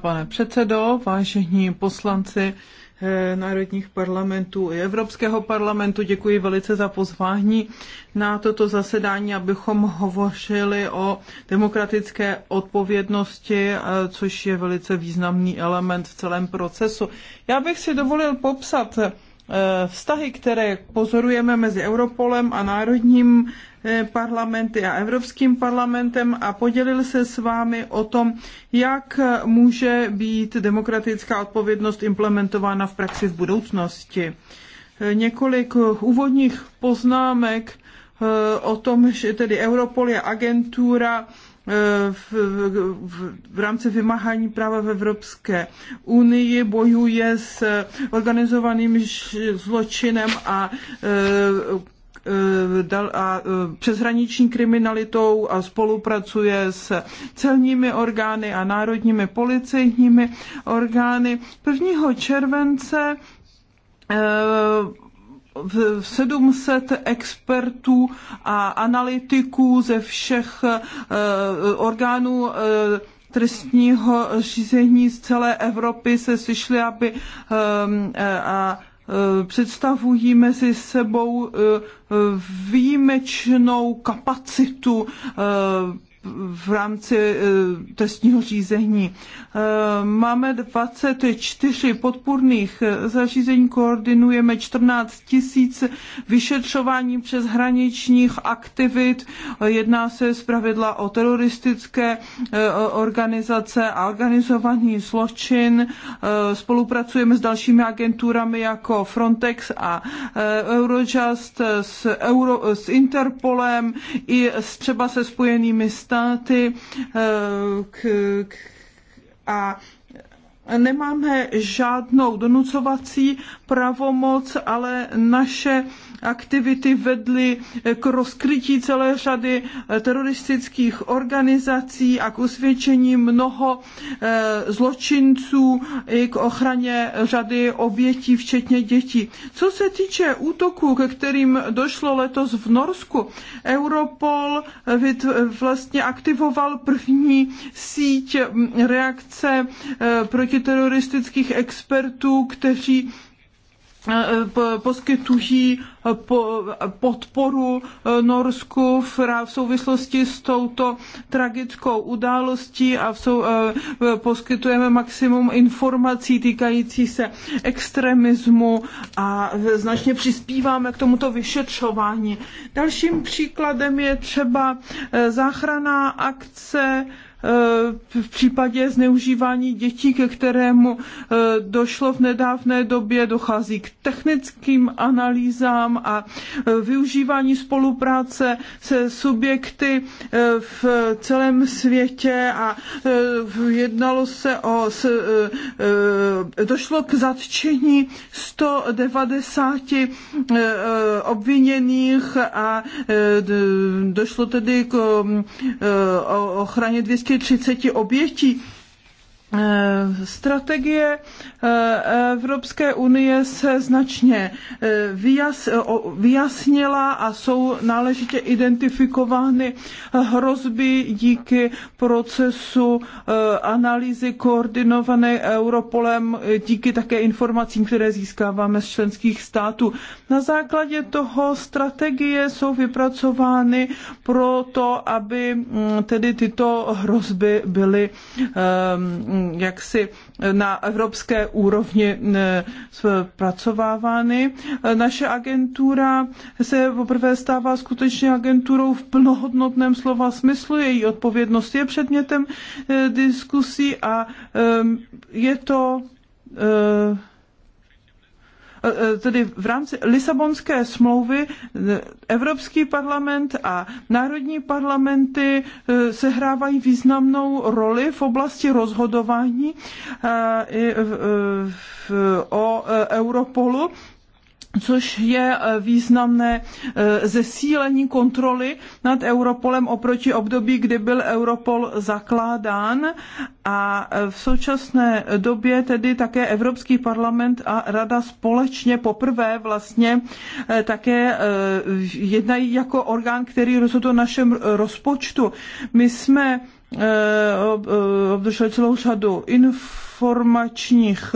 Pane předsedo, vážení poslanci, Eh, národních parlamentů i Evropského parlamentu. Děkuji velice za pozvání na toto zasedání, abychom hovořili o demokratické odpovědnosti, eh, což je velice významný element v celém procesu. Já bych si dovolil popsat Eh, vztahy, které pozorujeme mezi Europolem a národním eh, parlamenty a Evropským parlamentem a podělil se s vámi o tom, jak eh, může být demokratická odpovědnost implementována v praxi v budoucnosti. Několik úvodních poznámek o tom, že tedy Europol je agentura, v, v, v rámci vymáhání práva v Evropské unii bojuje s organizovaným zločinem a e, e, a e, přeshraniční kriminalitou a spolupracuje s celními orgány a národními policejními orgány. 1. července 700 expertů a analytiků ze všech eh, orgánů eh, trestního řízení z celé Evropy se slyšeli, aby ehm, eh, a představují mezi sebou výjimečnou kapacitu v rámci e, trestního řízení. E, máme 24 podpůrných e, zařízení, koordinujeme 14 tisíc vyšetřování přes hraničních aktivit. Jedná se pravidla o teroristické organizace a organizovaný zločin. Spolupracujeme s dalšími agenturami jako Frontex a Eurojust, s, Euro, s Interpolem i třeba se spojenými státy státy eh, k, k, a nemáme žádnou donucovací pravomoc, ale naše aktivity vedly eh, k rozkrytí celé řady eh, teroristických organizací a k usvědčení mnoho eh, zločinců i k ochraně řady obětí, včetně dětí. Co se týče útoků, ke kterým došlo letos v Norsku, Europol vlastně aktivoval první síť mm, reakce protiteroristických expertů, kteří poskytují podporu eh, Norsku v souvislosti s touto tragickou událostí a eh, poskytujeme maximum informací týkající se extremismu a značně přispíváme k tomuto vyšetřování. Dalším příkladem je třeba eh, záchranná akce Eh, v případě zneužívání dětí, ke kterému eh, došlo v nedávné době, dochází k technickým analýzám a eh, využívání spolupráce se subjekty v celém světě a jednalo se o, došlo k zatčení 190 obviněných a došlo tedy k mm, ochraně 200 30 obětí Eh, strategie eh, Evropské unie se značně eh, vyjasnila a jsou náležitě identifikovány hrozby díky procesu analýzy koordinované Europolem, díky také informacím, které získáváme z členských států. Na základě toho strategie jsou vypracovány pro to, aby mm, tedy tyto hrozby byly jaksi na evropské úrovni zpracovávány. Eh, eh, naše agentura se poprvé stává skutečně agenturou v plnohodnotném slova smyslu. Její odpovědnost je předmětem eh, diskusí a ehm, je to Eh, tedy v rámci Lisabonské smlouvy eh, Evropský parlament a národní parlamenty eh, sehrávají významnou roli v oblasti rozhodování o Europolu což je eh, významné eh, zesílení kontroly nad Europolem oproti období, kdy byl Europol zakládán a eh, v současné době tedy také Evropský parlament a rada společně poprvé vlastně také jednají jako orgán, který rozhodl o našem rozpočtu. My jsme obdrželi celou řadu informačních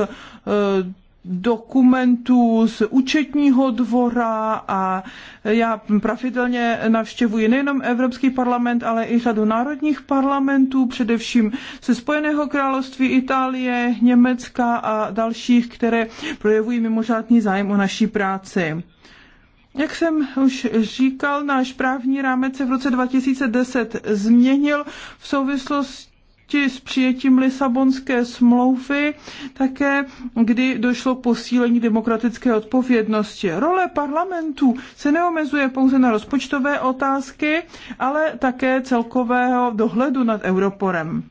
dokumentů z účetního dvora a já pravidelně navštěvuji nejenom Evropský parlament, ale i řadu národních parlamentů, především ze Spojeného království, Itálie, Německa a dalších, které projevují mimořádný zájem o naší práci. Jak jsem už říkal, náš právní rámec se v roce 2010 změnil v souvislosti souvislosti s přijetím Lisabonské smlouvy také, kdy došlo k posílení demokratické odpovědnosti. Role parlamentu se neomezuje pouze na rozpočtové otázky, ale také celkového dohledu nad Europorem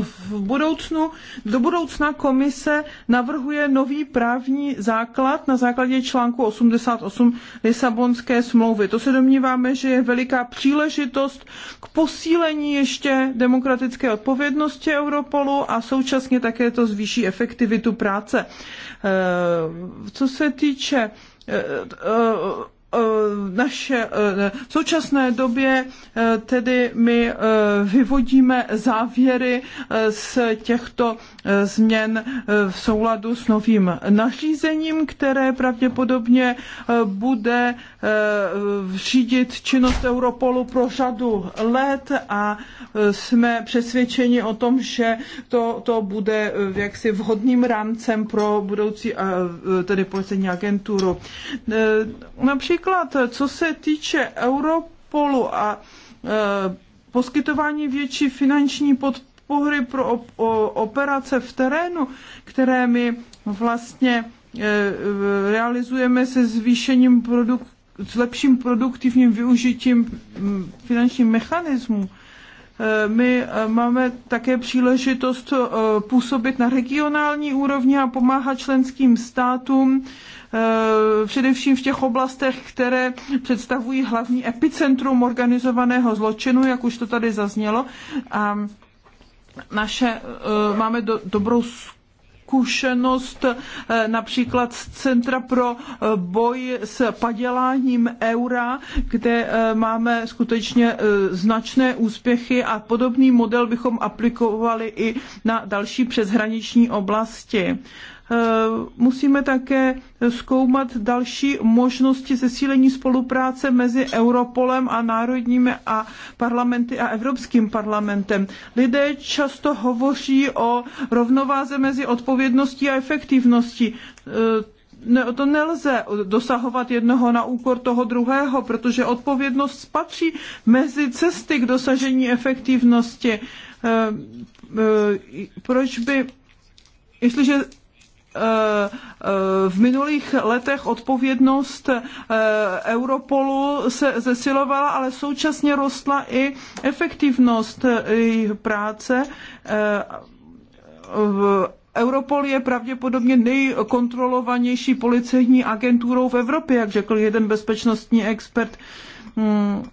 v budoucnu, do budoucna komise navrhuje nový právní základ na základě článku 88 Lisabonské smlouvy. To se domníváme, že je veliká příležitost k posílení ještě demokratické odpovědnosti Europolu a současně také to zvýší efektivitu práce. Eh, co se týče eh, eh, Eh, naše, eh, v současné době eh, tedy my vyvodíme závěry z těchto změn v souladu s novým nařízením, které pravděpodobně bude Eh, řídit činnost Europolu pro řadu let a eh, jsme přesvědčeni o tom, že to, to bude eh, jaksi vhodným rámcem pro budoucí tedy policejní agenturu. Například, co se týče Europolu a poskytování větší finanční podpory pro operace v terénu, které my vlastně realizujeme se zvýšením produkt s lepším produktivním využitím mm, finančních mechanismů. E, my e, máme také příležitost e, působit na regionální úrovni a pomáhat členským státům, především v těch oblastech, které představují hlavní epicentrum organizovaného zločinu, jak už to tady zaznělo. A naše, máme do, dobrou zkušenost eh, například z Centra pro eh, boj s paděláním eura, kde eh, máme skutečně značné úspěchy a podobný model bychom aplikovali i na další přeshraniční oblasti. Eh, musíme také zkoumat další možnosti zesílení spolupráce mezi Europolem a národními a parlamenty a Evropským parlamentem. Lidé často hovoří o rovnováze mezi odpovědností a efektivností eh, ne, to nelze dosahovat jednoho na úkor toho druhého, protože odpovědnost spatří mezi cesty k dosažení efektivnosti. E, e, proč by, jestliže Eh, eh, v minulých letech odpovědnost eh, Europolu se zesilovala, ale současně rostla i efektivnost jejich práce. Europol je pravděpodobně nejkontrolovanější policejní agenturou v Evropě, jak řekl jeden bezpečnostní expert. Hmm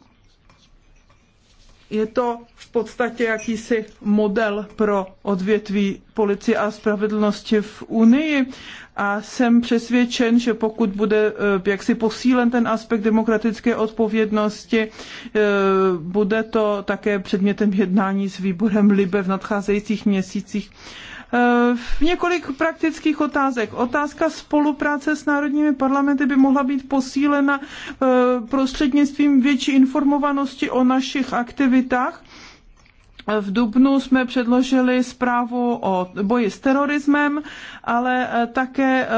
je to v podstatě jakýsi model pro odvětví policie a spravedlnosti v Unii a jsem přesvědčen, že pokud bude eh, jaksi posílen ten aspekt demokratické odpovědnosti, eh, bude to také předmětem jednání s výborem LIBE v nadcházejících měsících. Eh, několik praktických otázek. Otázka spolupráce s národními parlamenty by mohla být posílena eh, prostřednictvím větší informovanosti o našich aktivitách. V Dubnu jsme předložili zprávu o boji s terorismem, ale eh, také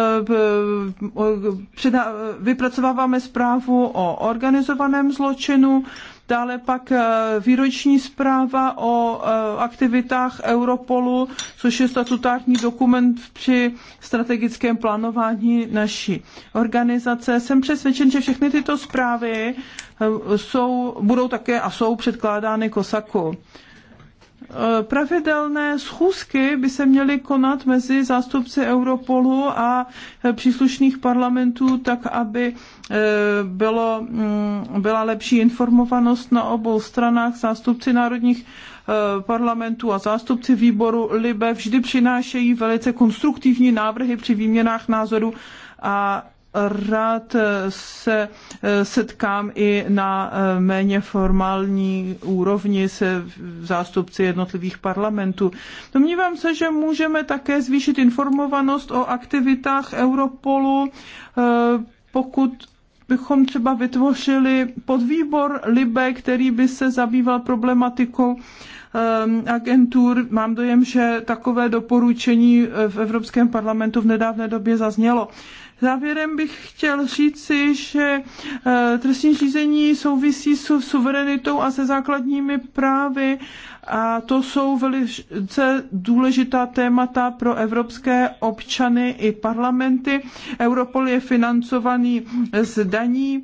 vypracováváme zprávu o organizovaném zločinu Dále pak eh, výroční zpráva o eh, aktivitách Europolu, což je statutární dokument při strategickém plánování naší organizace. Jsem přesvědčen, že všechny tyto zprávy eh, jsou, budou také a jsou předkládány COSACu. Eh, pravidelné schůzky by se měly konat mezi zástupci Europolu a eh, příslušných parlamentů, tak aby eh, bylo, mm, byla lepší informovanost na obou stranách. Zástupci národních parlamentů a zástupci výboru LIBE vždy přinášejí velice konstruktivní návrhy při výměnách názorů a rád eh, se eh, setkám i na eh, méně formální úrovni se zástupci jednotlivých parlamentů. Domnívám se, že můžeme také zvýšit informovanost o aktivitách Europolu, pokud bychom třeba vytvořili podvýbor LIBE, který by se zabýval problematikou agentur. Mám dojem, že takové doporučení v Evropském parlamentu v nedávné době zaznělo. Závěrem bych chtěl říci, že eh, trestní řízení souvisí s suverenitou a se základními právy a to jsou velice důležitá témata pro evropské občany i parlamenty. Europol je financovaný z daní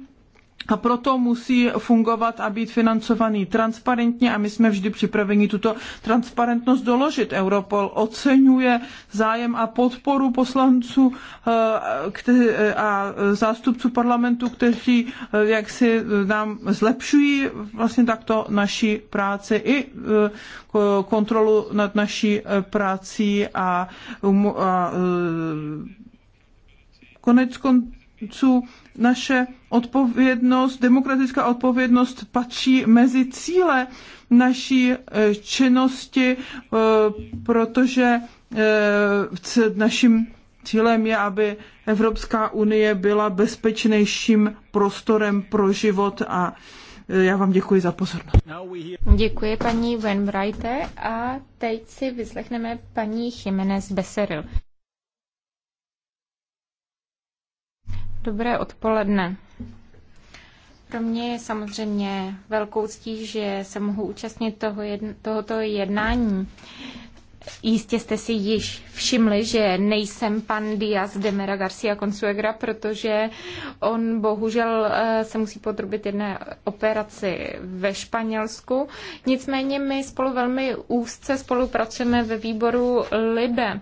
a proto musí fungovat a být financovaný transparentně a my jsme vždy připraveni tuto transparentnost doložit. Europol oceňuje zájem a podporu poslanců eh, eh, a zástupců parlamentu, kteří eh, jak si nám zlepšují vlastně takto naši práci i kontrolu nad naší prací a, a konec konců naše odpovědnost, demokratická odpovědnost patří mezi cíle naší e, činnosti, e, protože e, naším cílem je, aby Evropská unie byla bezpečnějším prostorem pro život a já vám děkuji za pozornost. Děkuji paní Wenbrajte a teď si vyslechneme paní Jiménez Beseril. Dobré odpoledne. Pro mě je samozřejmě velkou ctí, že se mohu účastnit toho jedn- tohoto jednání. Jistě jste si již všimli, že nejsem pan Díaz de Mera Garcia Consuegra, protože on bohužel eh, se musí podrobit jedné operaci ve Španělsku. Nicméně my spolu velmi úzce spolupracujeme ve výboru LIBE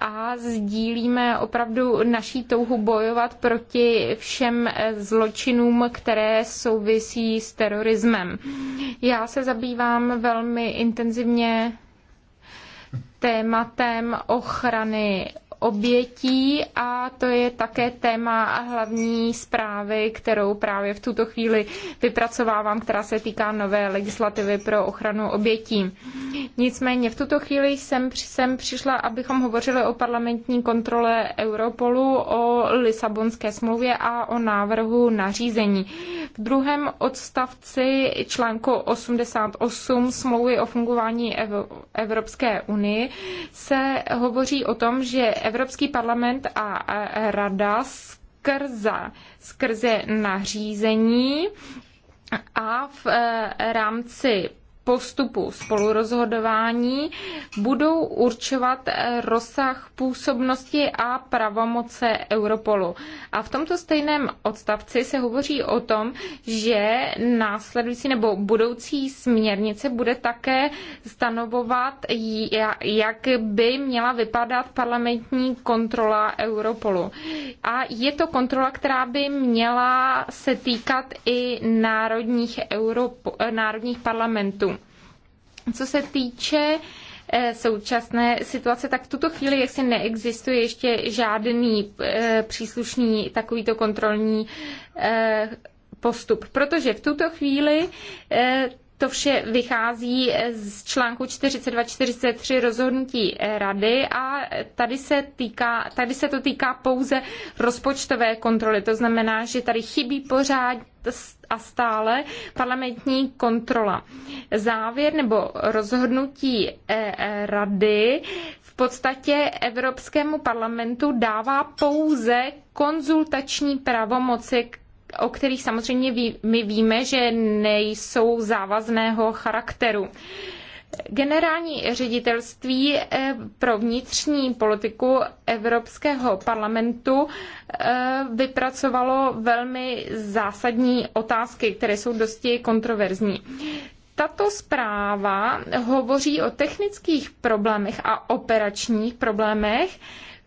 a sdílíme opravdu naší touhu bojovat proti všem eh, zločinům, které souvisí s terorismem. Já se zabývám velmi intenzivně tématem ochrany obětí a to je také téma a hlavní zprávy, kterou právě v tuto chvíli vypracovávám, která se týká nové legislativy pro ochranu obětí. Nicméně v tuto chvíli jsem, jsem přišla, abychom hovořili o parlamentní kontrole Europolu, o Lisabonské smlouvě a o návrhu nařízení. V druhém odstavci článku 88 smlouvy o fungování Evropské unie se hovoří o tom, že Evropský parlament a rada skrze, skrze nařízení a v e, rámci postupu spolurozhodování budou určovat eh, rozsah působnosti a pravomoce Europolu. A v tomto stejném odstavci se hovoří o tom, že následující nebo budoucí směrnice bude také stanovovat, jak by měla vypadat parlamentní kontrola Europolu. A je to kontrola, která by měla se týkat i národních, Europo, eh, národních parlamentů. Co se týče eh, současné situace, tak v tuto chvíli jaksi neexistuje ještě žádný eh, příslušný takovýto kontrolní eh, postup, protože v tuto chvíli to vše vychází z článku 42-43 rozhodnutí rady a tady se, týká, tady se to týká pouze rozpočtové kontroly. To znamená, že tady chybí pořád a stále parlamentní kontrola. Závěr nebo rozhodnutí eh, rady v podstatě Evropskému parlamentu dává pouze konzultační pravomoci o kterých samozřejmě my víme, že nejsou závazného charakteru. Generální ředitelství eh, pro vnitřní politiku Evropského parlamentu eh, vypracovalo velmi zásadní otázky, které jsou dosti kontroverzní. Tato zpráva hovoří o technických problémech a operačních problémech,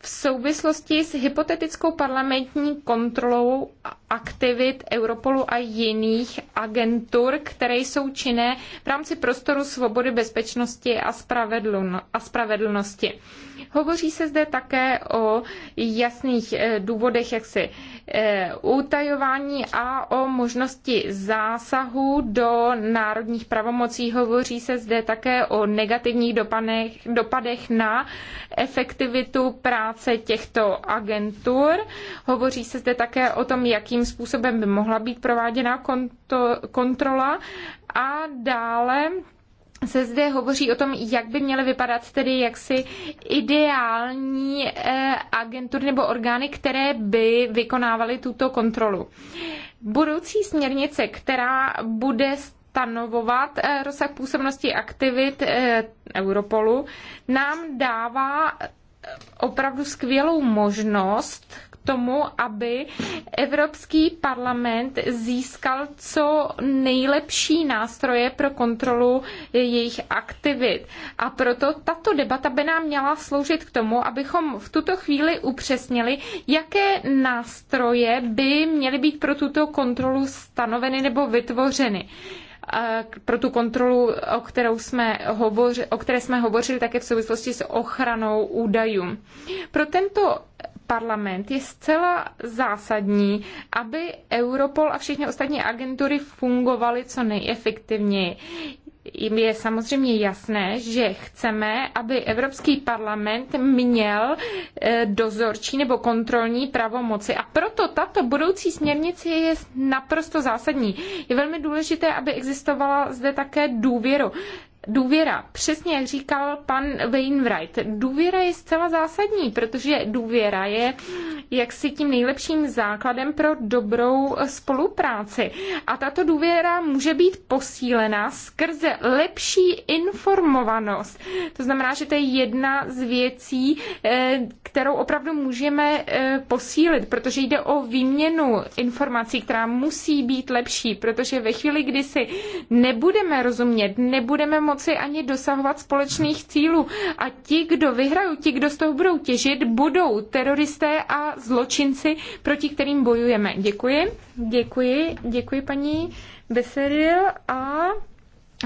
v souvislosti s hypotetickou parlamentní kontrolou aktivit Europolu a jiných agentur, které jsou činné v rámci prostoru svobody, bezpečnosti a spravedlnosti. Hovoří se zde také o jasných eh, důvodech jaksi eh, utajování a o možnosti zásahu do národních pravomocí. Hovoří se zde také o negativních dopadech, dopadech na efektivitu práce těchto agentur. Hovoří se zde také o tom, jakým způsobem by mohla být prováděna kontrola a dále se zde hovoří o tom, jak by měly vypadat tedy jaksi ideální eh, agentury nebo orgány, které by vykonávaly tuto kontrolu. Budoucí směrnice, která bude stanovovat eh, rozsah působnosti aktivit eh, Europolu, nám dává opravdu skvělou možnost tomu, aby Evropský parlament získal co nejlepší nástroje pro kontrolu jejich aktivit. A proto tato debata by nám měla sloužit k tomu, abychom v tuto chvíli upřesnili, jaké nástroje by měly být pro tuto kontrolu stanoveny nebo vytvořeny pro tu kontrolu, o, kterou jsme hovoři, o které jsme hovořili také v souvislosti s ochranou údajů. Pro tento parlament, je zcela zásadní, aby Europol a všechny ostatní agentury fungovaly co nejefektivněji. Je samozřejmě jasné, že chceme, aby Evropský parlament měl eh, dozorčí nebo kontrolní pravomoci. A proto tato budoucí směrnice je naprosto zásadní. Je velmi důležité, aby existovala zde také důvěru, důvěra. Přesně jak říkal pan Wainwright, důvěra je zcela zásadní, protože důvěra je jaksi tím nejlepším základem pro dobrou spolupráci. A tato důvěra může být posílena skrze lepší informovanost. To znamená, že to je jedna z věcí, eh, kterou opravdu můžeme eh, posílit, protože jde o výměnu informací, která musí být lepší, protože ve chvíli, kdy si nebudeme rozumět, nebudeme moc moci ani dosahovat společných cílů. A ti, kdo vyhrají, ti, kdo z toho budou těžit, budou teroristé a zločinci, proti kterým bojujeme. Děkuji. Děkuji. Děkuji paní Beseril a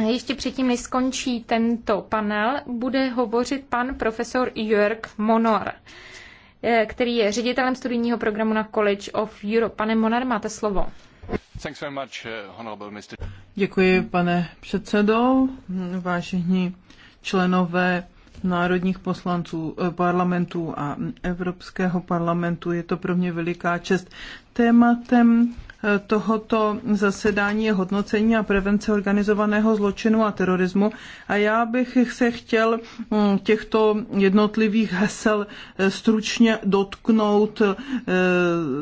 ještě předtím, než skončí tento panel, bude hovořit pan profesor Jörg Monor, eh, který je ředitelem studijního programu na College of Europe. Pane Monar, máte slovo. Uh, Děkuji, pane předsedo, vážení členové národních poslanců eh, parlamentů a Evropského parlamentu. Je to pro mě veliká čest. Tématem tohoto zasedání je hodnocení a prevence organizovaného zločinu a terorismu. A já bych se chtěl mm, těchto jednotlivých hesel e, stručně dotknout. E,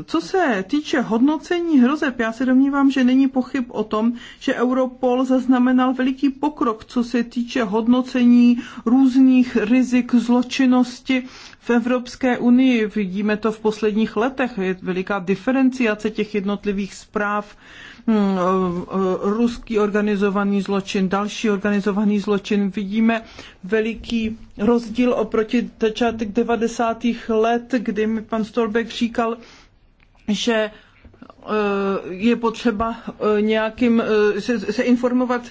co se týče hodnocení hrozeb, já se domnívám, že není pochyb o tom, že Europol zaznamenal veliký pokrok, co se týče hodnocení různých rizik zločinnosti v Evropské unii. Vidíme to v posledních letech. Je veliká diferenciace těch jednotlivých zpráv. Hmm, eh, eh, ruský organizovaný zločin, další organizovaný zločin. Vidíme veliký rozdíl oproti začátek 90. let, kdy mi pan Stolbek říkal, že Eh, je potřeba eh, nějakým eh, se, se informovat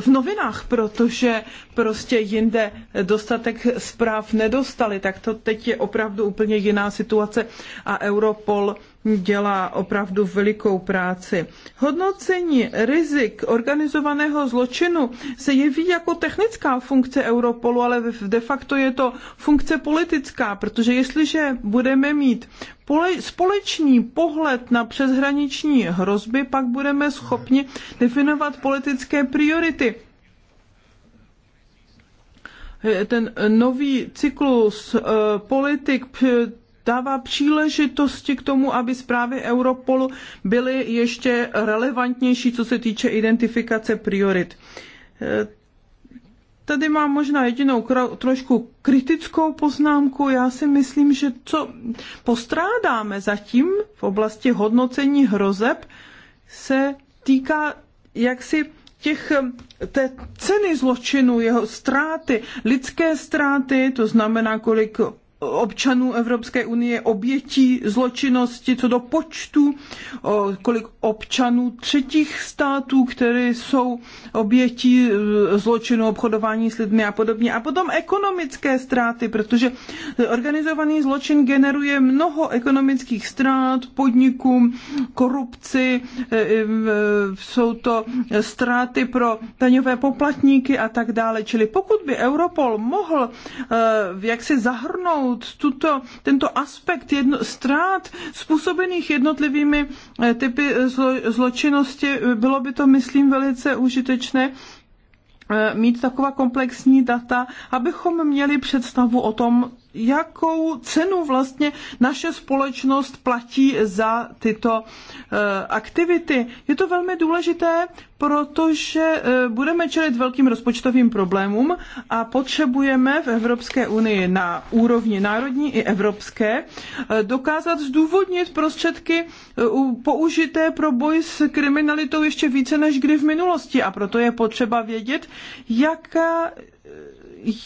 v novinách, protože prostě jinde dostatek zpráv nedostali. Tak to teď je opravdu úplně jiná situace a Europol dělá opravdu velikou práci. Hodnocení rizik organizovaného zločinu se jeví jako technická funkce Europolu, ale de facto je to funkce politická, protože jestliže budeme mít společný pohled na přeshraniční hrozby, pak budeme schopni definovat politické priority ten nový cyklus eh, politik eh, dává příležitosti k tomu, aby zprávy Europolu byly ještě relevantnější, co se týče identifikace priorit. Eh, tady mám možná jedinou trošku kritickou poznámku. Já si myslím, že co postrádáme zatím v oblasti hodnocení hrozeb, se týká jaksi těch, eh, té ceny zločinu, jeho ztráty, lidské ztráty, to znamená, kolik občanů Evropské unie obětí zločinnosti, co do počtu, kolik občanů třetích států, které jsou obětí e, zločinu, obchodování s lidmi a podobně. A potom ekonomické ztráty, protože organizovaný zločin generuje mnoho ekonomických ztrát podnikům, korupci, e, e, jsou to ztráty pro daňové poplatníky a tak dále. Čili pokud by Europol mohl jak si zahrnout vypíchnout tuto, tento aspekt jedno, strát způsobených jednotlivými eh, typy eh, zlo, zločinnosti. Bylo by to, myslím, velice užitečné eh, mít taková komplexní data, abychom měli představu o tom, jakou cenu vlastně naše společnost platí za tyto eh, aktivity. Je to velmi důležité, protože eh, budeme čelit velkým rozpočtovým problémům a potřebujeme v Evropské unii na úrovni národní i evropské eh, dokázat zdůvodnit prostředky použité pro boj s kriminalitou ještě více než kdy v minulosti a proto je potřeba vědět, jaká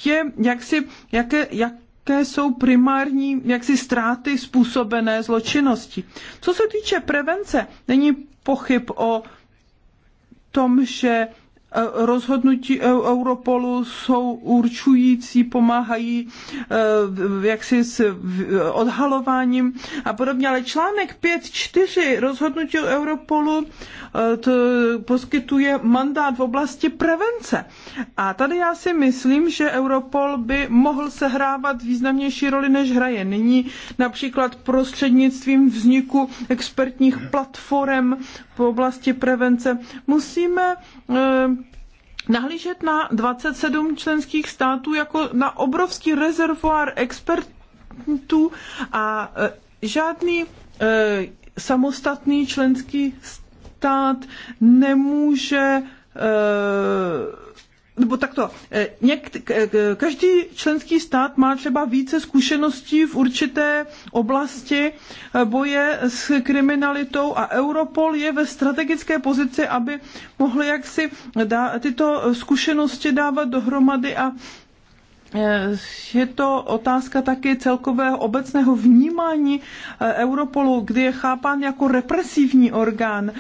je, jak si, jaké, jak jaké jsou primární jaksi ztráty způsobené zločinností. Co se týče prevence, není pochyb o tom, že E, rozhodnutí e, Europolu jsou určující, pomáhají e, jaksi s odhalováním a podobně, ale článek 5.4 rozhodnutí Europolu to poskytuje mandát v oblasti prevence. A tady já si myslím, že Europol by mohl sehrávat významnější roli, než hraje nyní, například prostřednictvím vzniku expertních platform v oblasti prevence. Musíme eh, nahlížet na 27 členských států jako na obrovský rezervoár expertů a eh, žádný eh, samostatný členský stát nemůže nebo takto, eh, něk, každý členský stát má třeba více zkušeností v určité oblasti eh, boje s kriminalitou a Europol je ve strategické pozici, aby mohli jaksi dá, tyto zkušenosti dávat dohromady a eh, je to otázka taky celkového obecného vnímání Europolu, kdy je chápán jako represivní orgán.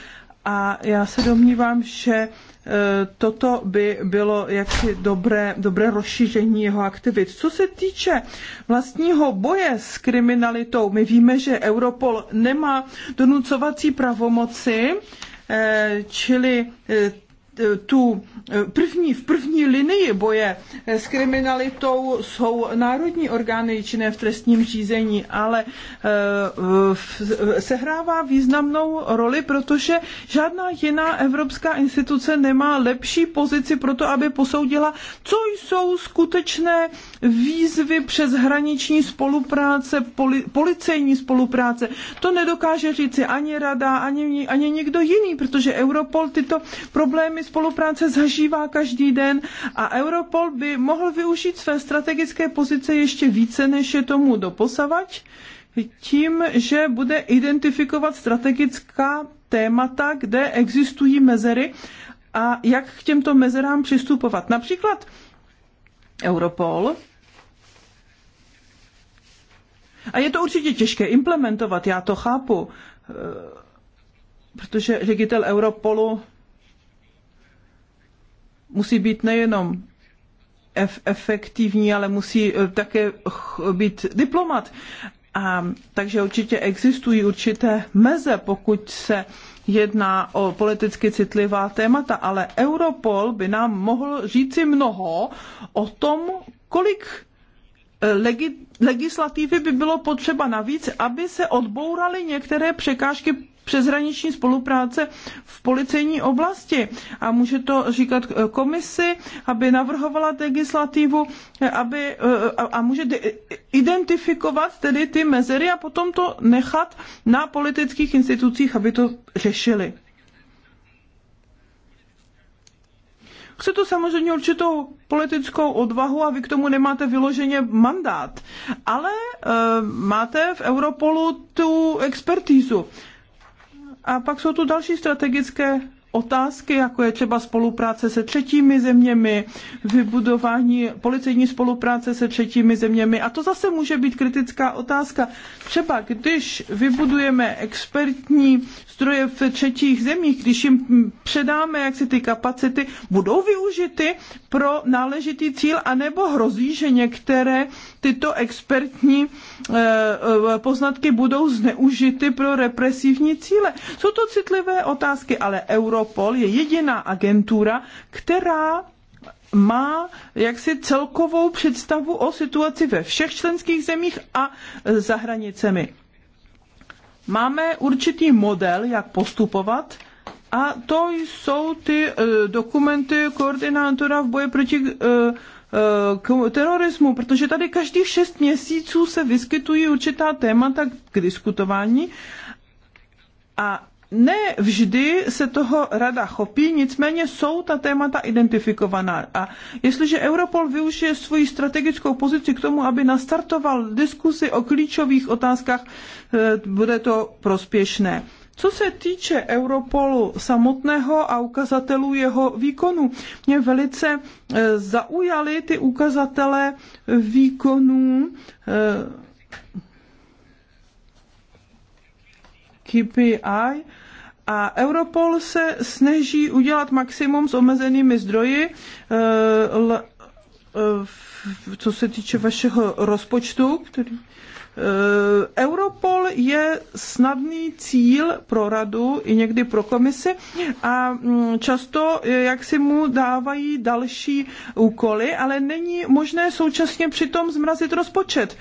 A já se domnívám, že Eh, toto by bylo jaksi dobré, dobré rozšíření jeho aktivit. Co se týče vlastního boje s kriminalitou, my víme, že Europol nemá donucovací pravomoci, eh, čili eh, tu e, první, v první linii boje e, s kriminalitou jsou národní orgány činné v trestním řízení, ale e, sehrává významnou roli, protože žádná jiná evropská instituce nemá lepší pozici pro to, aby posoudila, co jsou skutečné výzvy přes hraniční spolupráce, poli, policejní spolupráce. To nedokáže říci ani rada, ani, ani nikdo jiný, protože Europol tyto problémy spolupráce zažívá každý den a Europol by mohl využít své strategické pozice ještě více, než je tomu doposavať, tím, že bude identifikovat strategická témata, kde existují mezery a jak k těmto mezerám přistupovat. Například Europol a je to určitě těžké implementovat, já to chápu, eh, protože ředitel Europolu musí být nejenom efektivní, ale musí eh, také být diplomat. A, takže určitě existují určité meze, pokud se jedná o politicky citlivá témata, ale Europol by nám mohl říci mnoho o tom, kolik eh, legi, legislativy by bylo potřeba navíc, aby se odbouraly některé překážky přeshraniční spolupráce v policejní oblasti. A může to říkat eh, komisi, aby navrhovala legislativu, eh, aby, eh, a, může identifikovat tedy ty mezery a potom to nechat na politických institucích, aby to řešili. Chce to samozřejmě určitou politickou odvahu a vy k tomu nemáte vyloženě mandát, ale e, máte v Europolu tu expertízu. A pak jsou tu další strategické otázky, jako je třeba spolupráce se třetími zeměmi, vybudování policejní spolupráce se třetími zeměmi. A to zase může být kritická otázka. Třeba když vybudujeme expertní stroje v třetích zemích, když jim předáme jak si ty kapacity, budou využity pro náležitý cíl, anebo hrozí, že některé tyto expertní eh, eh, poznatky budou zneužity pro represivní cíle. Jsou to citlivé otázky, ale euro Europol je jediná agentura, která má jaksi celkovou představu o situaci ve všech členských zemích a za hranicemi. Máme určitý model, jak postupovat, a to jsou ty e, dokumenty koordinátora v boji proti e, k terorismu, protože tady každých šest měsíců se vyskytují určitá témata k diskutování a ne vždy se toho rada chopí, nicméně jsou ta témata identifikovaná. A jestliže Europol využije svoji strategickou pozici k tomu, aby nastartoval diskusy o klíčových otázkách, eh, bude to prospěšné. Co se týče Europolu samotného a ukazatelů jeho výkonu, mě velice eh, zaujaly ty ukazatele výkonů eh, KPI a Europol se snaží udělat maximum s omezenými zdroji, eh, eh, co se týče vašeho rozpočtu, který eh, Europol je snadný cíl pro radu i někdy pro komisi a mm, často jak si mu dávají další úkoly, ale není možné současně přitom zmrazit rozpočet.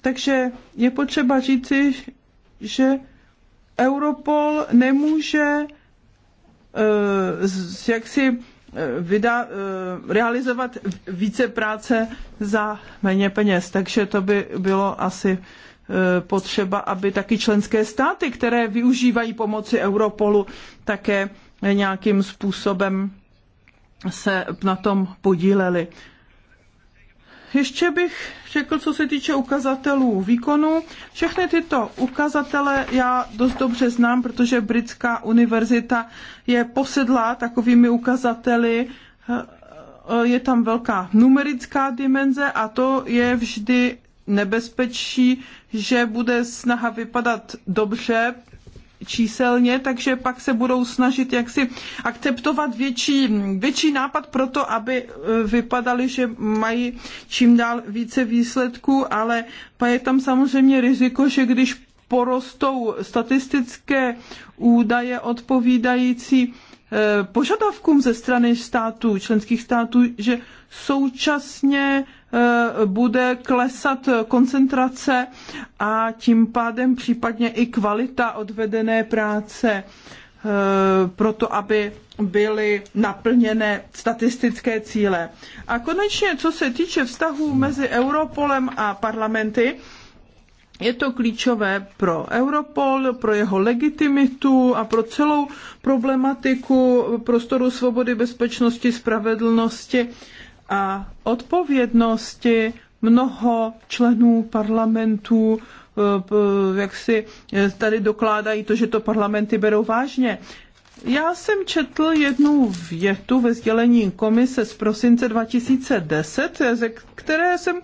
Takže je potřeba říci, že Europol nemůže eh, jak si eh, vydá, eh, realizovat více práce za méně peněz. Takže to by bylo asi potřeba, aby taky členské státy, které využívají pomoci Europolu, také nějakým způsobem se na tom podíleli. Ještě bych řekl, co se týče ukazatelů výkonu. Všechny tyto ukazatele já dost dobře znám, protože Britská univerzita je posedlá takovými ukazateli. Eh, je tam velká numerická dimenze a to je vždy nebezpečí, že bude snaha vypadat dobře číselně, takže pak se budou snažit jaksi akceptovat větší, větší nápad pro to, aby e, vypadali, že mají čím dál více výsledků, ale pak je tam samozřejmě riziko, že když porostou statistické údaje odpovídající e, požadavkům ze strany států, členských států, že současně Eh, bude klesat koncentrace a tím pádem případně i kvalita odvedené práce eh, proto, aby byly naplněné statistické cíle. A konečně, co se týče vztahů mezi Europolem a parlamenty, je to klíčové pro Europol, pro jeho legitimitu a pro celou problematiku prostoru svobody, bezpečnosti, spravedlnosti a odpovědnosti mnoho členů parlamentů eh, jak si eh, tady dokládají to, že to parlamenty berou vážně. Já jsem četl jednu větu ve sdělení komise z prosince 2010, ze které jsem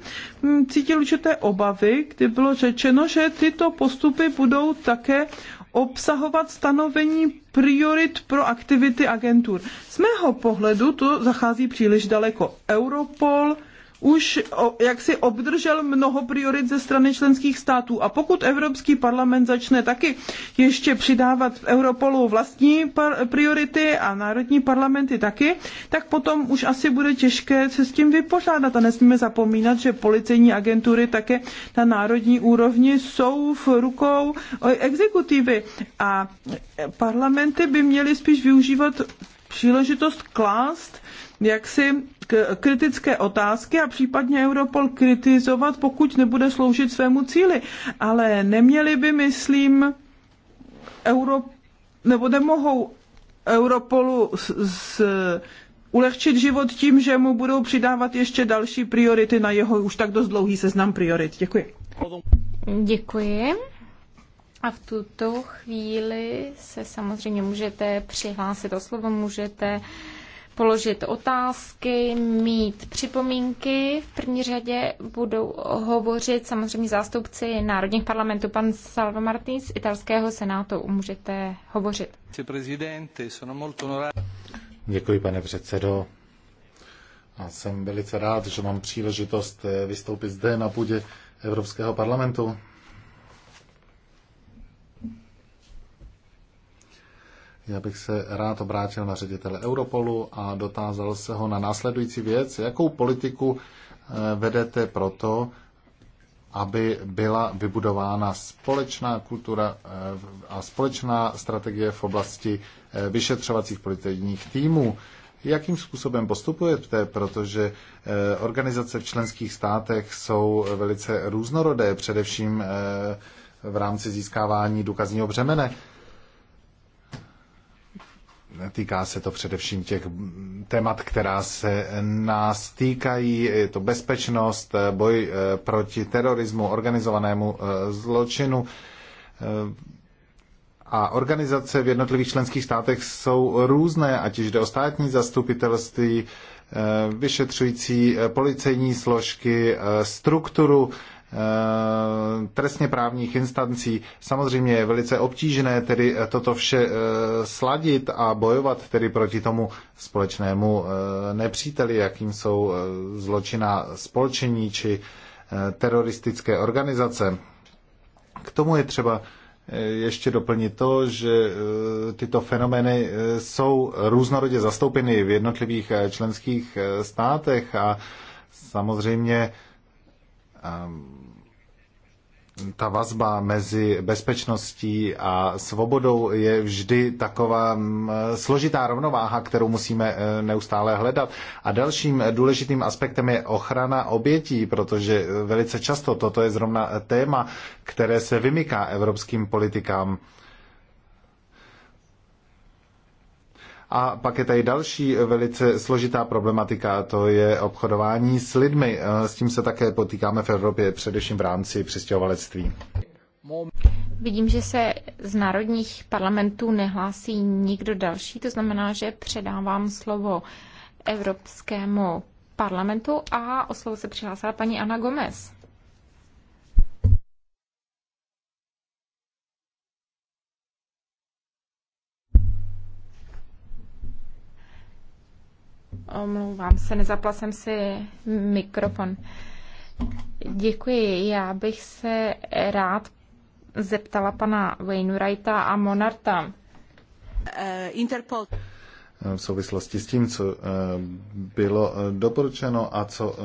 hm, cítil určité obavy, kdy bylo řečeno, že tyto postupy budou také obsahovat stanovení priorit pro aktivity agentur. Z mého pohledu to zachází příliš daleko. Europol, už jaksi obdržel mnoho priorit ze strany členských států. A pokud Evropský parlament začne taky ještě přidávat Europolu vlastní priority a národní parlamenty taky, tak potom už asi bude těžké se s tím vypořádat. A nesmíme zapomínat, že policejní agentury také na národní úrovni jsou v rukou exekutivy. A parlamenty by měly spíš využívat příležitost klást jaksi kritické otázky a případně Europol kritizovat, pokud nebude sloužit svému cíli. Ale neměli by, myslím, Euro, nebo nemohou Europolu s, s, ulehčit život tím, že mu budou přidávat ještě další priority na jeho už tak dost dlouhý seznam priorit. Děkuji. Děkuji. A v tuto chvíli se samozřejmě můžete přihlásit o slovo, můžete uh, položit otázky, mít připomínky. V první řadě budou hovořit samozřejmě zástupci národních parlamentů. Pan Salvo Martín z italského senátu, můžete hovořit. Děkuji, pane předsedo. A jsem velice rád, že mám příležitost eh, vystoupit zde na půdě Evropského parlamentu. Já bych se rád obrátil na ředitele Europolu a dotázal se ho na následující věc. Jakou politiku eh, vedete proto, aby byla vybudována společná kultura eh, a společná strategie v oblasti eh, vyšetřovacích policejních týmů? Jakým způsobem postupujete, protože organizace v členských státech jsou velice různorodé, především v rámci získávání důkazního břemene. Týká se to především těch témat, která se nás týkají. Je to bezpečnost, boj eh, proti terorismu, organizovanému eh, zločinu. Eh, a organizace v jednotlivých členských státech jsou různé, ať už jde o státní zastupitelství, vyšetřující policejní složky, strukturu Eh, trestně právních instancí. Samozřejmě je velice obtížné tedy eh, toto vše eh, sladit a bojovat tedy proti tomu společnému nepříteli, jakým jsou zločina spolčení či teroristické organizace. K tomu je třeba ještě doplnit to, že tyto fenomény jsou různorodě zastoupeny v jednotlivých členských státech a samozřejmě ehm, ta vazba mezi bezpečností a svobodou je vždy taková mm, složitá rovnováha, kterou musíme eh, neustále hledat. A dalším důležitým aspektem je ochrana obětí, protože eh, velice často toto je zrovna eh, téma, které se vymyká evropským politikám. A pak je tady další velice složitá problematika, to je obchodování s lidmi. E, s tím se také potýkáme v Evropě, především v rámci přistěhovalectví. Vidím, že se z národních parlamentů nehlásí nikdo další, to znamená, že předávám slovo Evropskému parlamentu a o slovo se přihlásila paní Ana Gomez. Omlouvám se, nezapla jsem si mikrofon. Děkuji. Já bych se rád zeptala pana Wainwrighta a Monarta. Eh, Interpol. Eh, v souvislosti s tím, co eh, bylo doporučeno a co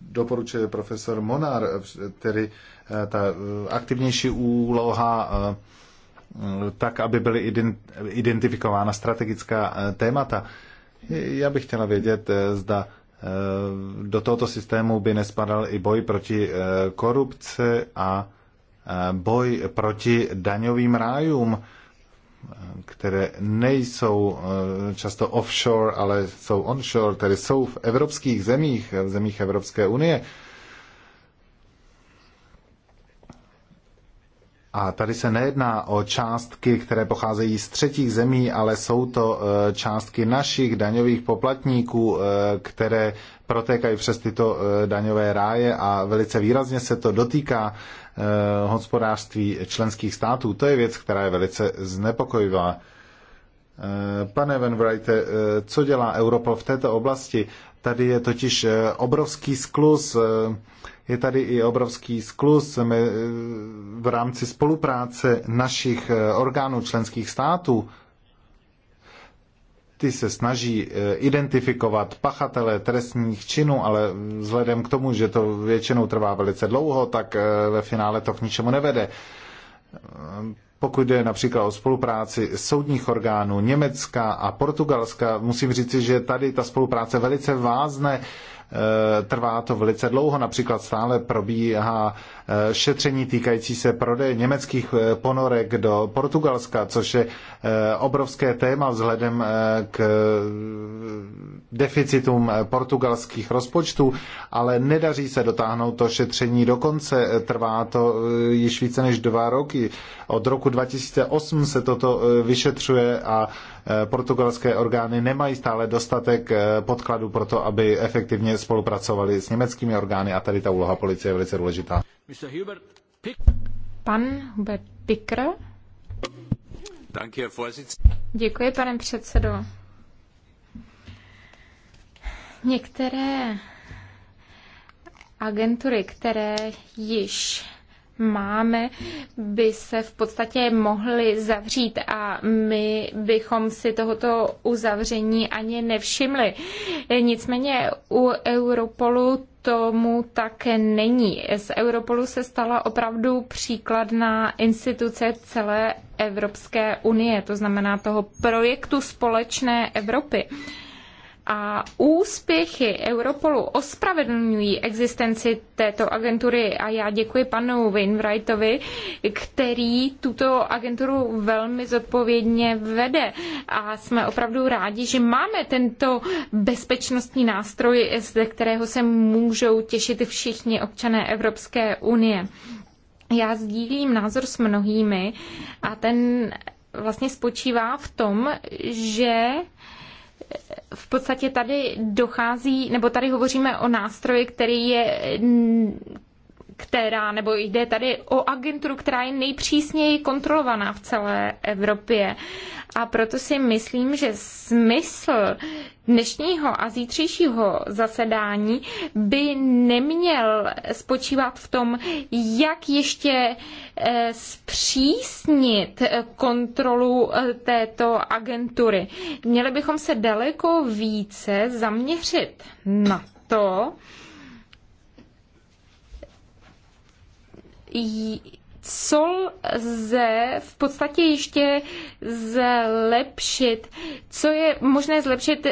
doporučuje profesor Monar, tedy ta aktivnější úloha tak, aby byly identifikována strategická témata. Já bych chtěla vědět, eh, zda eh, do tohoto systému by nespadal i boj proti eh, korupci a boj proti daňovým rájům, které nejsou často offshore, ale jsou onshore, tedy jsou v evropských zemích, v zemích Evropské unie. A tady se nejedná o částky, které pocházejí z třetích zemí, ale jsou to e, částky našich daňových poplatníků, e, které protékají přes tyto e, daňové ráje a velice výrazně se to dotýká hospodářství členských států. To je věc, která je velice znepokojivá. Pane Van Vrijte, co dělá Europol v této oblasti? Tady je totiž obrovský sklus je tady i obrovský sklus eh, v rámci spolupráce našich eh, orgánů členských států. Ty se snaží eh, identifikovat pachatele trestních činů, ale vzhledem k tomu, že to většinou trvá velice dlouho, tak ve finále to k ničemu nevede. Pokud jde například o spolupráci soudních orgánů Německa a Portugalska, musím říci, že tady ta spolupráce velice vázne. Eh, trvá to velice dlouho, například stále probíhá eh, šetření týkající se prodeje německých eh, ponorek do Portugalska, což je obrovské téma vzhledem k deficitům portugalských rozpočtů, ale nedaří se dotáhnout to šetření do konce. Trvá to již více než dva roky. Od roku 2008 se toto vyšetřuje a Eh, portugalské orgány nemají stále dostatek eh, podkladů pro to, aby efektivně spolupracovali s německými orgány a tady ta úloha policie je velice důležitá. Pan Hubert Picker. Děkuji, pane předsedo. Některé agentury, které již máme, by se v podstatě mohly zavřít a my bychom si tohoto uzavření ani nevšimli. Nicméně u Europolu tomu tak není. Z Europolu se stala opravdu příkladná instituce celé Evropské unie, to znamená toho projektu společné Evropy a úspěchy Europolu ospravedlňují existenci této agentury a já děkuji panu Wainwrightovi, který tuto agenturu velmi zodpovědně vede a jsme opravdu rádi, že máme tento bezpečnostní nástroj, ze kterého se můžou těšit všichni občané Evropské unie. Já sdílím názor s mnohými a ten vlastně spočívá v tom, že v podstatě tady dochází, nebo tady hovoříme o nástroji, který je která, nebo jde tady o agenturu, která je nejpřísněji kontrolovaná v celé Evropě. A proto si myslím, že smysl dnešního a zítřejšího zasedání by neměl spočívat v tom, jak ještě eh, zpřísnit kontrolu eh, této agentury. Měli bychom se daleko více zaměřit na to, co lze v podstatě ještě zlepšit, co je možné zlepšit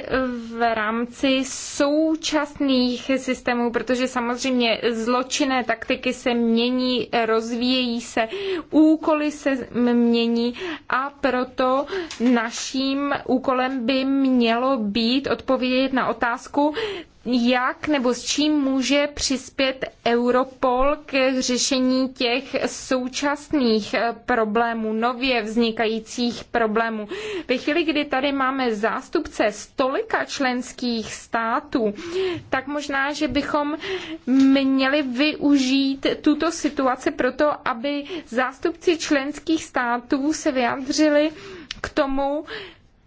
v rámci současných systémů, protože samozřejmě zločinné taktiky se mění, rozvíjejí se, úkoly se mění a proto naším úkolem by mělo být odpovědět na otázku, jak nebo s čím může přispět Europol k řešení těch současných eh, problémů, nově vznikajících problémů. Ve chvíli, kdy tady máme zástupce stolika členských států, tak možná, že bychom měli využít tuto situaci proto, aby zástupci členských států se vyjádřili k tomu,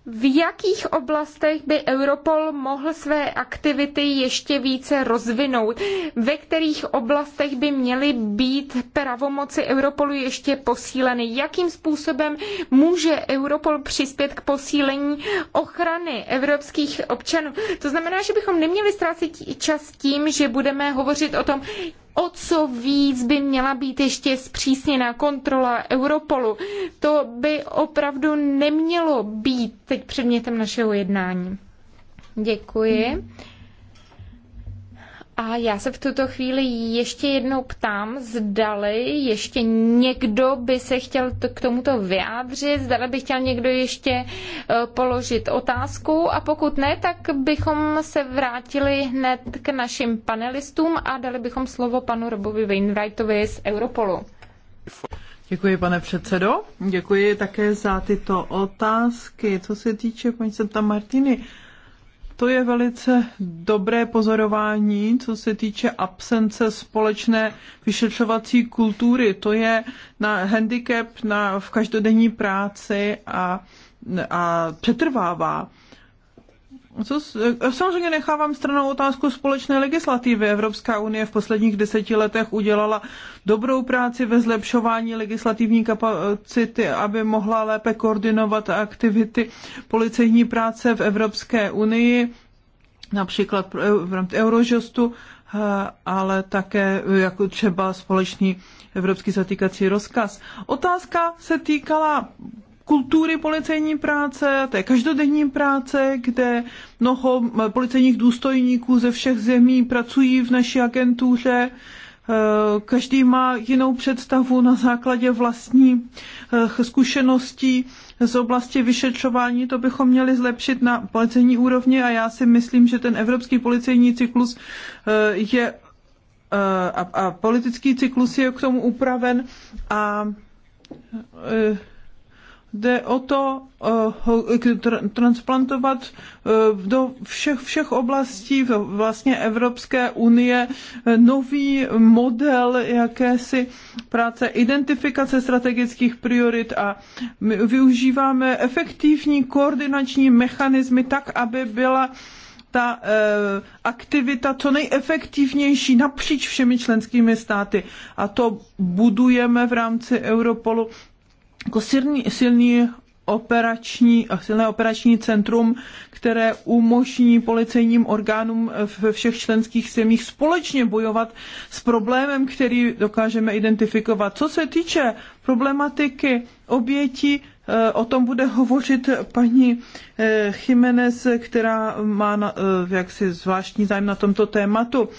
v jakých oblastech by Europol mohl své aktivity ještě více rozvinout? Ve kterých oblastech by měly být pravomoci Europolu ještě posíleny? Jakým způsobem může Europol přispět k posílení ochrany evropských občanů? To znamená, že bychom neměli ztrácet čas tím, že budeme hovořit o tom, o co víc by měla být ještě zpřísněna kontrola Europolu. To by opravdu nemělo být teď předmětem našeho jednání. Děkuji. Hmm. A já se v tuto chvíli ještě jednou ptám, zdali ještě někdo by se chtěl k tomuto vyjádřit, zdali by chtěl někdo ještě e, položit otázku a pokud ne, tak bychom se vrátili hned k našim panelistům a dali bychom slovo panu Robovi Wainwrightovi z Europolu. Děkuji, pane předsedo. Děkuji také za tyto otázky. Co se týče paní Santa Martiny, to je velice dobré pozorování, co se týče absence společné vyšetřovací kultury. To je na handicap na, v každodenní práci a, a přetrvává co, eh, samozřejmě nechávám stranou otázku společné legislativy. Evropská unie v posledních deseti letech udělala dobrou práci ve zlepšování legislativní kapacity, aby mohla lépe koordinovat aktivity policejní práce v Evropské unii, například eh, v rámci Eurožostu, eh, ale také jako třeba společný evropský zatýkací rozkaz. Otázka se týkala kultury policejní práce, té každodenní práce, kde mnoho policejních důstojníků ze všech zemí pracují v naší agentuře. Eh, každý má jinou představu na základě vlastní eh, zkušeností z oblasti vyšetřování. To bychom měli zlepšit na policejní úrovni a já si myslím, že ten evropský policejní cyklus eh, je a, a politický cyklus je k tomu upraven a jde o to eh, transplantovat eh, do všech, všech oblastí vlastně Evropské unie eh, nový model jakési práce identifikace strategických priorit a my využíváme efektivní koordinační mechanismy tak, aby byla ta aktivita co nejefektivnější napříč všemi členskými státy. A to budujeme v rámci Europolu jako silný, silný operační, silné operační centrum, které umožní policejním orgánům ve všech členských zemích společně bojovat s problémem, který dokážeme identifikovat. Co se týče problematiky obětí, eh, o tom bude hovořit paní eh, Jiménez, která má eh, jaksi zvláštní zájem na tomto tématu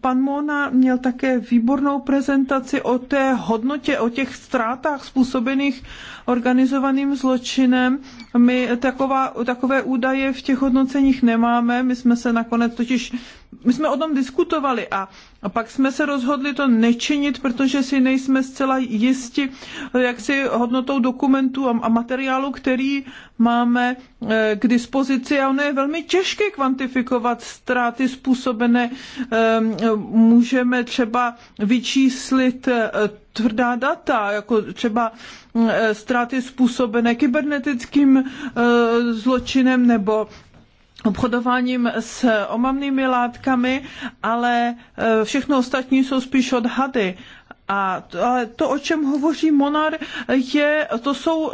pan Mona měl také výbornou prezentaci o té hodnotě, o těch ztrátách způsobených organizovaným zločinem. My taková, takové údaje v těch hodnoceních nemáme, my jsme se nakonec totiž my jsme o tom diskutovali a, a pak jsme se rozhodli to nečinit, protože si nejsme zcela jisti jak si hodnotou dokumentů a, a materiálu, který máme e, k dispozici a ono je velmi těžké kvantifikovat ztráty způsobené. E, můžeme třeba vyčíslit e, tvrdá data, jako třeba ztráty způsobené kybernetickým zločinem nebo obchodováním s omamnými látkami, ale eh, všechno ostatní jsou spíš odhady. A to, ale to, o čem hovoří Monar, je, to jsou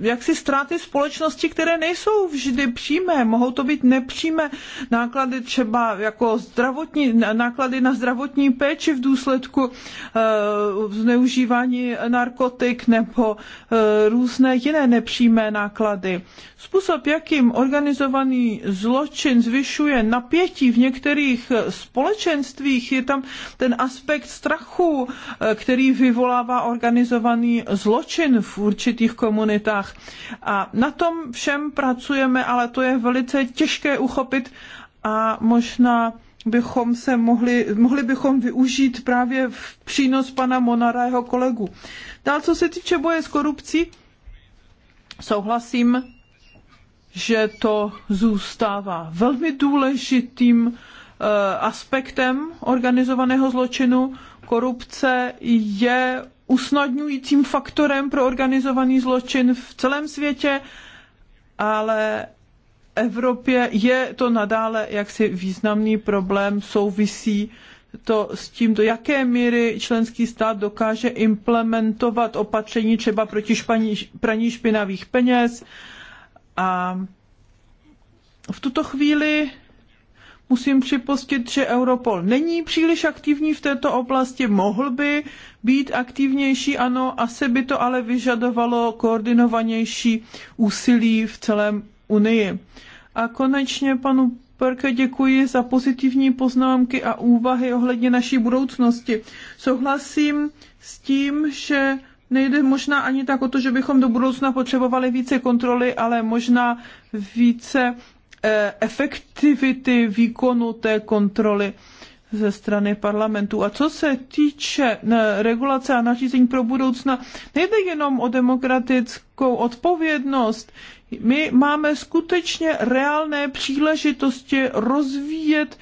jaksi ztráty společnosti, které nejsou vždy přímé. Mohou to být nepřímé náklady třeba jako zdravotní, náklady na zdravotní péči v důsledku uh, zneužívání narkotik nebo uh, různé jiné nepřímé náklady. Způsob, jakým organizovaný zločin zvyšuje napětí v některých e, společenstvích, je tam ten aspekt strachu, který vyvolává organizovaný zločin v určitých komunitách. A na tom všem pracujeme, ale to je velice těžké uchopit a možná bychom se mohli, mohli bychom využít právě v přínos pana Monara jeho kolegu. Dál, co se týče boje s korupcí, souhlasím, že to zůstává velmi důležitým eh, aspektem organizovaného zločinu korupce je usnadňujícím faktorem pro organizovaný zločin v celém světě, ale Evropě je to nadále jaksi významný problém, souvisí to s tím, do jaké míry členský stát dokáže implementovat opatření třeba proti španí, praní špinavých peněz. A v tuto chvíli Musím připustit, že Europol není příliš aktivní v této oblasti, mohl by být aktivnější, ano, asi by to ale vyžadovalo koordinovanější úsilí v celém Unii. A konečně panu Perke děkuji za pozitivní poznámky a úvahy ohledně naší budoucnosti. Souhlasím s tím, že nejde možná ani tak o to, že bychom do budoucna potřebovali více kontroly, ale možná více Eh, efektivity výkonu té kontroly ze strany parlamentu. A co se týče eh, regulace a nařízení pro budoucna, nejde jenom o demokratickou odpovědnost. My máme skutečně reálné příležitosti rozvíjet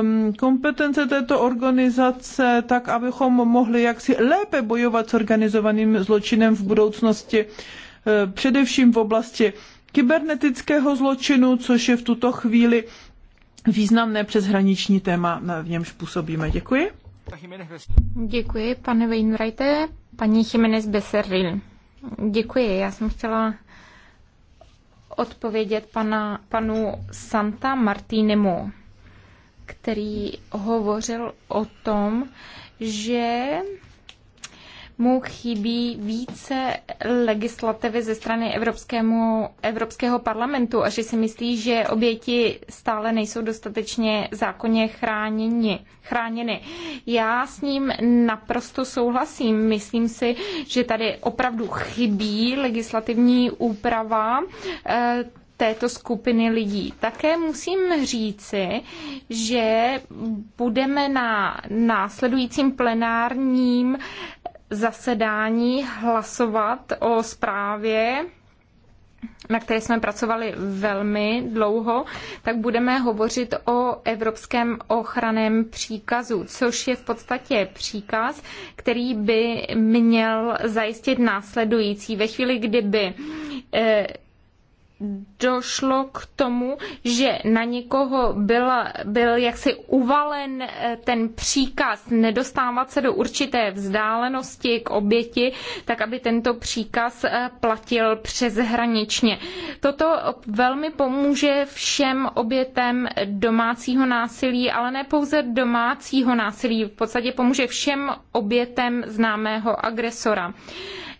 um, kompetence této organizace tak, abychom mohli jaksi lépe bojovat s organizovaným zločinem v budoucnosti, eh, především v oblasti kybernetického zločinu, což je v tuto chvíli významné přeshraniční téma, na v němž působíme. Děkuji. Děkuji, pane Weinreiter. Paní Jiménez Becerril. Děkuji, já jsem chtěla odpovědět pana, panu Santa Martinemu, který hovořil o tom, že mu chybí více legislativy ze strany Evropskému, Evropského parlamentu a že si myslí, že oběti stále nejsou dostatečně zákonně chráněni, chráněny. Já s ním naprosto souhlasím. Myslím si, že tady opravdu chybí legislativní úprava eh, této skupiny lidí. Také musím říci, že budeme na následujícím plenárním zasedání hlasovat o zprávě, na které jsme pracovali velmi dlouho, tak budeme hovořit o Evropském ochraném příkazu, což je v podstatě příkaz, který by měl zajistit následující. Ve chvíli, kdyby eh, došlo k tomu, že na někoho byla, byl jaksi uvalen eh, ten příkaz nedostávat se do určité vzdálenosti k oběti, tak aby tento příkaz eh, platil přeshraničně. Toto velmi pomůže všem obětem domácího násilí, ale ne pouze domácího násilí, v podstatě pomůže všem obětem známého agresora.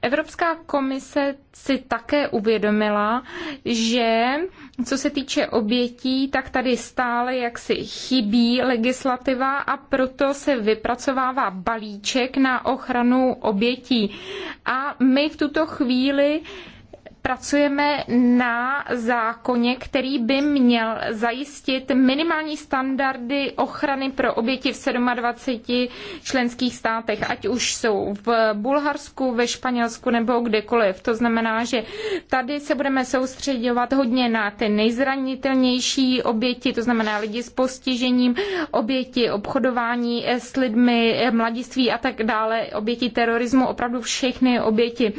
Evropská komise si také uvědomila, že co se týče obětí, tak tady stále jaksi chybí legislativa a proto se vypracovává balíček na ochranu obětí. A my v tuto chvíli pracujeme na zákoně, který by měl zajistit minimální standardy ochrany pro oběti v 27 členských státech, ať už jsou v Bulharsku, ve Španělsku nebo kdekoliv. To znamená, že tady se budeme soustředovat hodně na ty nejzranitelnější oběti, to znamená lidi s postižením, oběti obchodování s lidmi, mladiství a tak dále, oběti terorismu, opravdu všechny oběti.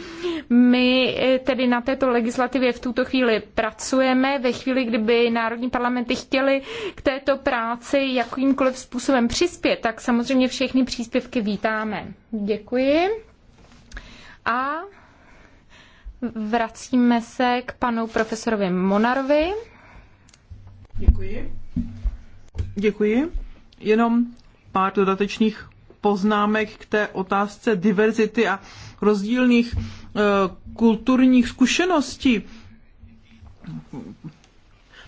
My tedy na té této legislativě v tuto chvíli pracujeme. Ve chvíli, kdyby národní parlamenty chtěly k této práci jakýmkoliv způsobem přispět, tak samozřejmě všechny příspěvky vítáme. Děkuji. A vracíme se k panu profesorovi Monarovi. Děkuji. Děkuji. Jenom pár dodatečných poznámek k té otázce diverzity a rozdílných eh, kulturních zkušeností.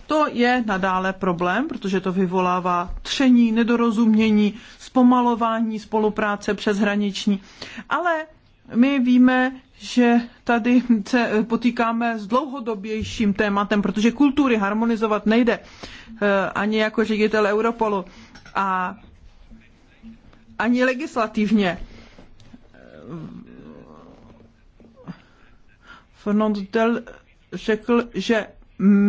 To je nadále problém, protože to vyvolává tření, nedorozumění, zpomalování spolupráce přeshraniční. Ale my víme, že tady se potýkáme s dlouhodobějším tématem, protože kultury harmonizovat nejde eh, ani jako ředitel Europolu a ani legislativně Fernand Del řekl, že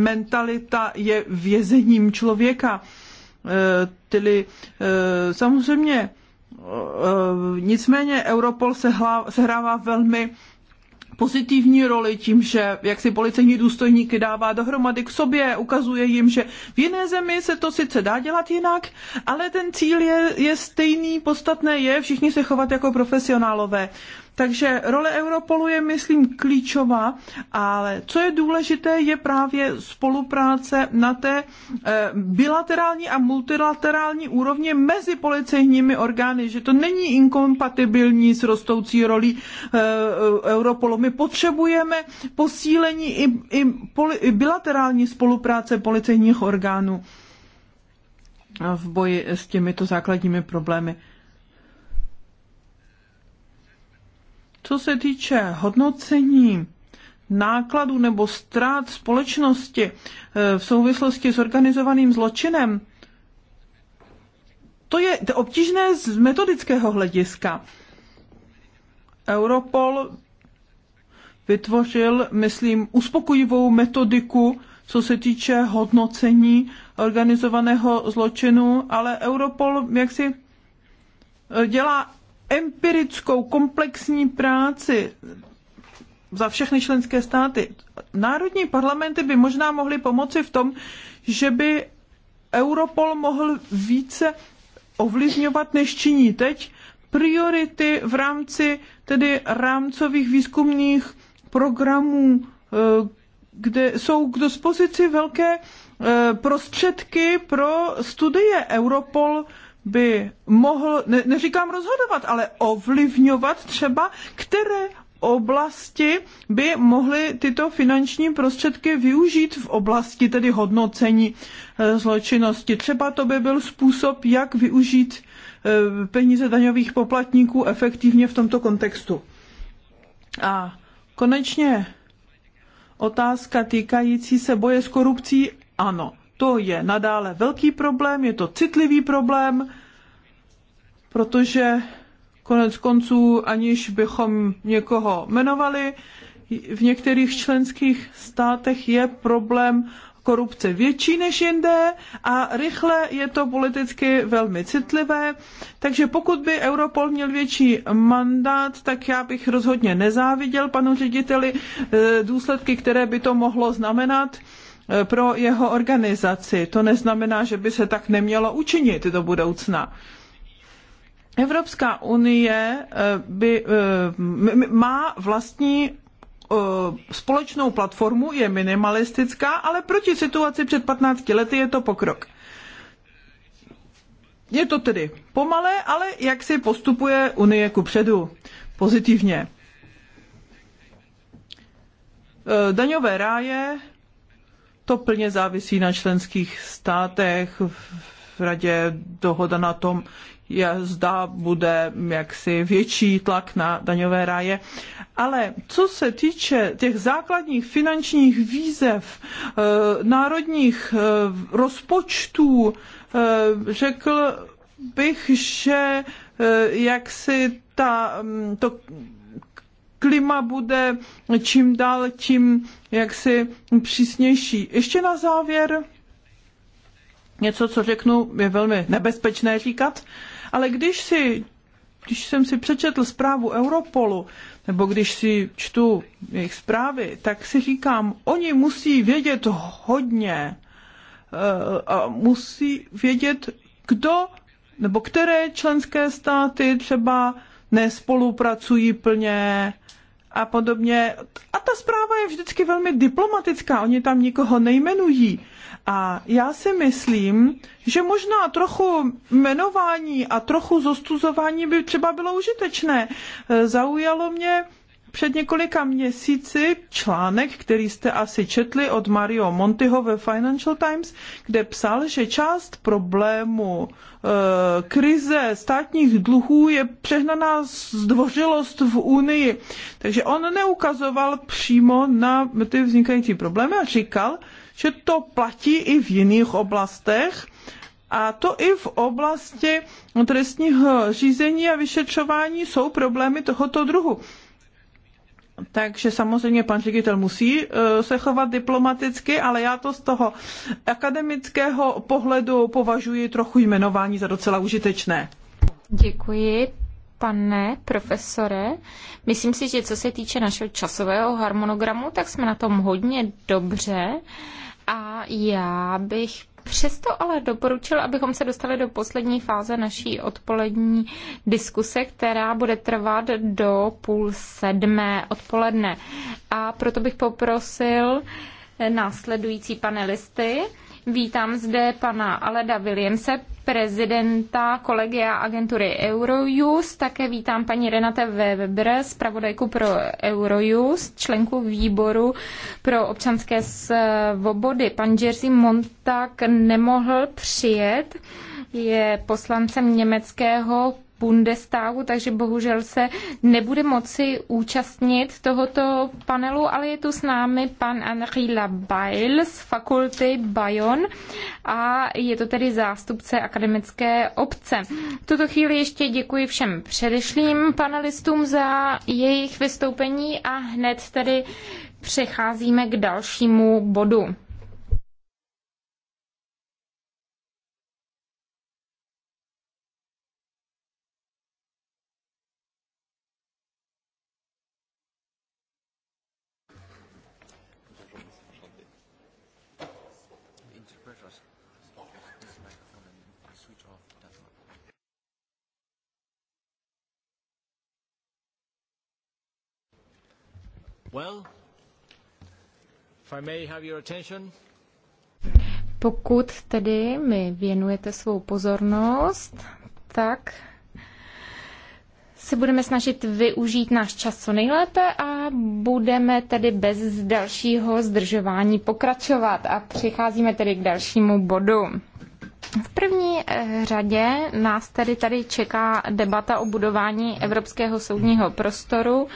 mentalita je vězením člověka. E, Tedy samozřejmě e, Nicméně Europol se sehrává velmi pozitivní roli tím, že jak si policejní důstojníky dává dohromady k sobě, ukazuje jim, že v jiné zemi se to sice dá dělat jinak, ale ten cíl je, je stejný, podstatné je všichni se chovat jako profesionálové. Takže role Europolu je, myslím, klíčová, ale co je důležité, je právě spolupráce na té eh, bilaterální a multilaterální úrovni mezi policejními orgány, že to není inkompatibilní s rostoucí rolí eh, Europolu. My potřebujeme posílení i, i, poli, i bilaterální spolupráce policejních orgánů v boji s těmito základními problémy. Co se týče hodnocení nákladů nebo ztrát společnosti eh, v souvislosti s organizovaným zločinem, to je obtížné z metodického hlediska. Europol vytvořil, myslím, uspokojivou metodiku, co se týče hodnocení organizovaného zločinu, ale Europol jaksi eh, dělá empirickou komplexní práci za všechny členské státy. Národní parlamenty by možná mohly pomoci v tom, že by Europol mohl více ovlivňovat, než činí teď, priority v rámci tedy rámcových výzkumných programů, eh, kde jsou k dispozici velké eh, prostředky pro studie Europol by mohl, ne, neříkám rozhodovat, ale ovlivňovat třeba, které oblasti by mohly tyto finanční prostředky využít v oblasti tedy hodnocení eh, zločinnosti. Třeba to by byl způsob, jak využít eh, peníze daňových poplatníků efektivně v tomto kontextu. A konečně otázka týkající se boje s korupcí, ano. To je nadále velký problém, je to citlivý problém, protože konec konců, aniž bychom někoho jmenovali, v některých členských státech je problém korupce větší než jinde a rychle je to politicky velmi citlivé. Takže pokud by Europol měl větší mandát, tak já bych rozhodně nezáviděl panu řediteli eh, důsledky, které by to mohlo znamenat Eh, pro jeho organizaci. To neznamená, že by se tak nemělo učinit do budoucna. Evropská unie eh, by, eh, má vlastní společnou platformu, je minimalistická, ale proti situaci před 15 lety je to pokrok. Je to tedy pomalé, ale jak si postupuje Unie ku předu? Pozitivně. Daňové ráje to plně závisí na členských státech. V radě dohoda na tom, je, zda bude jaksi větší tlak na daňové ráje. Ale co se týče těch základních finančních výzev, eh, národních eh, rozpočtů, eh, řekl bych, že jaksi ta, mm, to klima bude čím dál tím jaksi přísnější. Ještě na závěr něco, co řeknu, je velmi nebezpečné říkat, ale když si když jsem si přečetl zprávu Europolu, nebo když si čtu jejich zprávy, tak si říkám, oni musí vědět hodně eh, a musí vědět, kdo nebo které členské státy třeba nespolupracují plně, a podobně. A ta zpráva je vždycky velmi diplomatická, oni tam nikoho nejmenují. A já si myslím, že možná trochu jmenování a trochu zostuzování by třeba bylo užitečné. Zaujalo mě, před několika měsíci článek, který jste asi četli od Mario Montiho ve Financial Times, kde psal, že část problému e, krize státních dluhů je přehnaná zdvořilost v Unii. Takže on neukazoval přímo na ty vznikající problémy a říkal, že to platí i v jiných oblastech a to i v oblasti trestního řízení a vyšetřování jsou problémy tohoto druhu. Takže samozřejmě pan ředitel musí e, se chovat diplomaticky, ale já to z toho akademického pohledu považuji trochu jmenování za docela užitečné. Děkuji, pane profesore. Myslím si, že co se týče našeho časového harmonogramu, tak jsme na tom hodně dobře. A já bych Přesto ale doporučil, abychom se dostali do poslední fáze naší odpolední diskuse, která bude trvat do půl sedmé odpoledne. A proto bych poprosil následující panelisty, Vítám zde pana Aleda Williamse, prezidenta kolegia agentury Eurojust. Také vítám paní Renate Weber, zpravodajku pro Eurojust, členku výboru pro občanské svobody. Pan Jerzy Montag nemohl přijet, je poslancem německého Bundestagu, takže bohužel se nebude moci účastnit tohoto panelu, ale je tu s námi pan Henri Labail z fakulty Bayon a je to tedy zástupce akademické obce. V tuto chvíli ještě děkuji všem předešlým panelistům za jejich vystoupení a hned tedy přecházíme k dalšímu bodu. Pokud tedy mi věnujete svou pozornost, tak se budeme snažit využít náš čas co nejlépe a budeme tedy bez dalšího zdržování pokračovat. A přicházíme tedy k dalšímu bodu. V první eh, řadě nás tedy tady čeká debata o budování Evropského soudního prostoru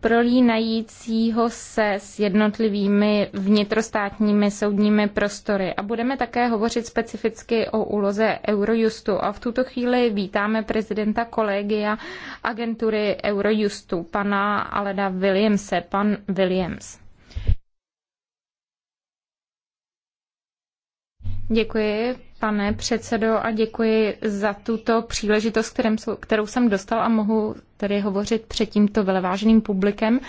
prolínajícího se s jednotlivými vnitrostátními soudními prostory. A budeme také hovořit specificky o úloze Eurojustu. A v tuto chvíli vítáme prezidenta kolegia agentury Eurojustu, pana Aleda Williamse. Pan Williams. Děkuji, pane předsedo, a děkuji za tuto příležitost, kterou jsem dostal a mohu tedy hovořit před tímto veleváženým publikem.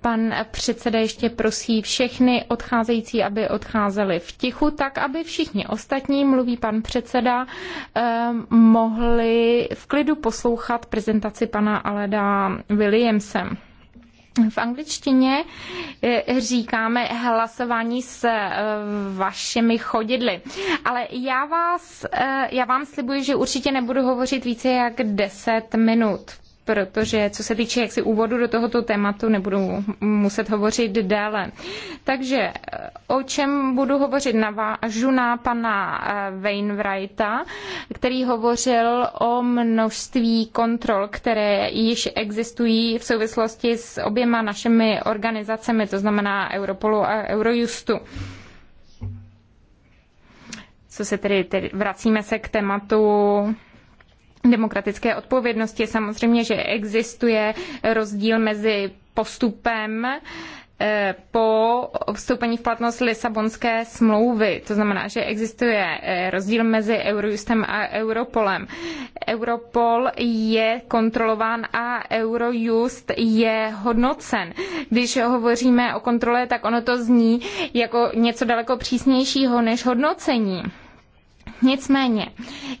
Pan předseda ještě prosí všechny odcházející, aby odcházeli v tichu, tak aby všichni ostatní, mluví pan předseda, eh, mohli v klidu poslouchat prezentaci pana Aleda Williamsem v angličtině eh, říkáme hlasování s eh, vašimi chodidly. Ale já, vás, eh, já vám slibuji, že určitě nebudu hovořit více jak 10 minut protože co se týče jaksi úvodu do tohoto tématu, nebudu muset hovořit déle. Takže eh, o čem budu hovořit? Navážu na pana eh, Wainwrighta, který hovořil o množství kontrol, které již existují v souvislosti s oběma našimi organizacemi, to znamená Europolu a Eurojustu co se tedy, tedy vracíme se k tématu demokratické odpovědnosti. Samozřejmě, že existuje rozdíl mezi postupem eh, po vstoupení v platnost Lisabonské smlouvy. To znamená, že existuje eh, rozdíl mezi Eurojustem a Europolem. Europol je kontrolován a Eurojust je hodnocen. Když hovoříme o kontrole, tak ono to zní jako něco daleko přísnějšího než hodnocení. Nicméně,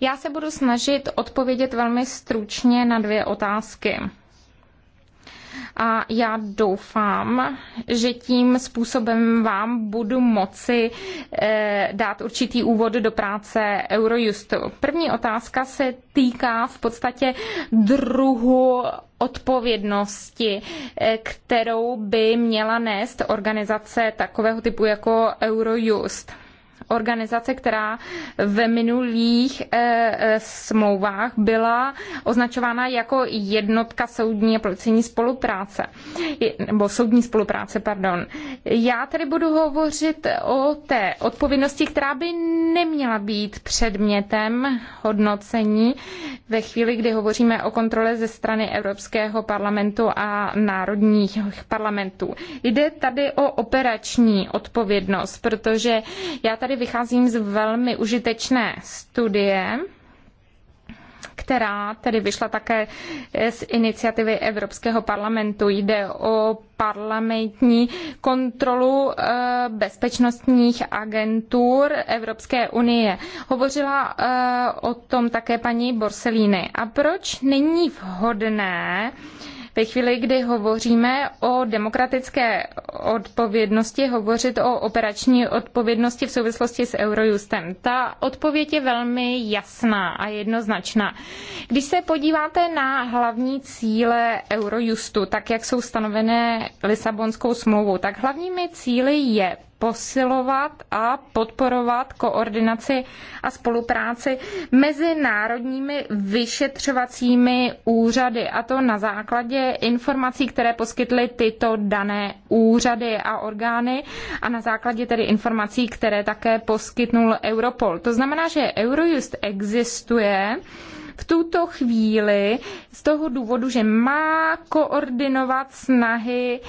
já se budu snažit odpovědět velmi stručně na dvě otázky. A já doufám, že tím způsobem vám budu moci eh, dát určitý úvod do práce Eurojustu. První otázka se týká v podstatě druhu odpovědnosti, eh, kterou by měla nést organizace takového typu jako Eurojust organizace, která v minulých e, smlouvách byla označována jako jednotka soudní a policejní spolupráce, nebo soudní spolupráce, pardon. Já tedy budu hovořit o té odpovědnosti, která by neměla být předmětem hodnocení ve chvíli, kdy hovoříme o kontrole ze strany Evropského parlamentu a národních parlamentů. Jde tady o operační odpovědnost, protože já tady vycházím z velmi užitečné studie, která tedy vyšla také z iniciativy Evropského parlamentu. Jde o parlamentní kontrolu eh, bezpečnostních agentur Evropské unie. Hovořila eh, o tom také paní Borsellini. A proč není vhodné, ve chvíli, kdy hovoříme o demokratické odpovědnosti, hovořit o operační odpovědnosti v souvislosti s Eurojustem. Ta odpověď je velmi jasná a jednoznačná. Když se podíváte na hlavní cíle Eurojustu, tak jak jsou stanovené Lisabonskou smlouvou, tak hlavními cíly je posilovat a podporovat koordinaci a spolupráci mezi národními vyšetřovacími úřady, a to na základě informací, které poskytly tyto dané úřady a orgány a na základě tedy informací, které také poskytnul Europol. To znamená, že Eurojust existuje, v tuto chvíli z toho důvodu, že má koordinovat snahy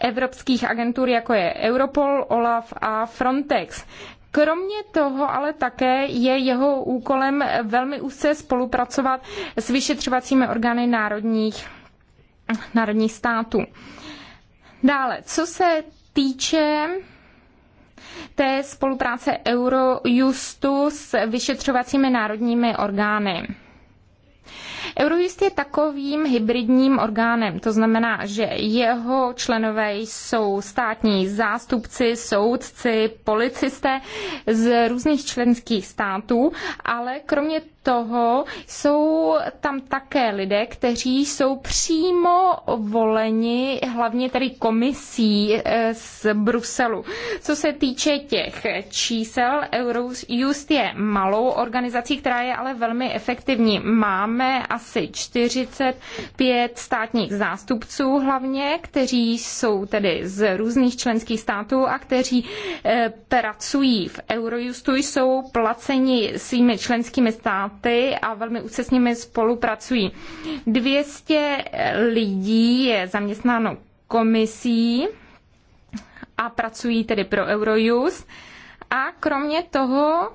evropských agentur, jako je Europol, OLAF a Frontex. Kromě toho ale také je jeho úkolem velmi úzce spolupracovat s vyšetřovacími orgány národních, národních států. Dále, co se týče té spolupráce Eurojustu s vyšetřovacími národními orgány. Eurojust je takovým hybridním orgánem, to znamená, že jeho členové jsou státní zástupci, soudci, policisté z různých členských států, ale kromě toho jsou tam také lidé, kteří jsou přímo voleni, hlavně tedy komisí eh, z Bruselu. Co se týče těch čísel, Eurojust je malou organizací, která je ale velmi efektivní. Máme asi 45 státních zástupců hlavně, kteří jsou tedy z různých členských států a kteří eh, pracují v Eurojustu, jsou placeni svými členskými státy státy a velmi úzce s nimi spolupracují. 200 lidí je zaměstnáno komisí a pracují tedy pro Eurojust. A kromě toho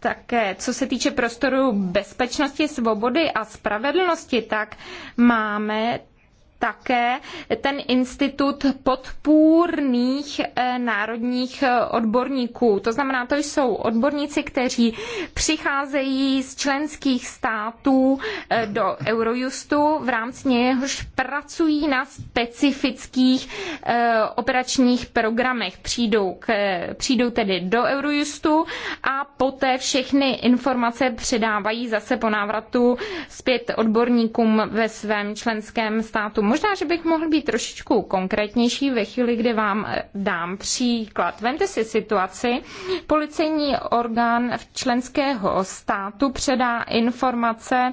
také, co se týče prostoru bezpečnosti, svobody a spravedlnosti, tak máme také ten institut podpůrných eh, národních eh, odborníků. To znamená, to jsou odborníci, kteří přicházejí z členských států eh, do Eurojustu, v rámci něhož pracují na specifických operačních programech. Přijdou, k, přijdou tedy do Eurojustu a poté všechny informace předávají zase po návratu zpět odborníkům ve svém členském státu Možná, že bych mohl být trošičku konkrétnější ve chvíli, kdy vám eh, dám příklad. Vemte si situaci, policejní orgán v členského státu předá informace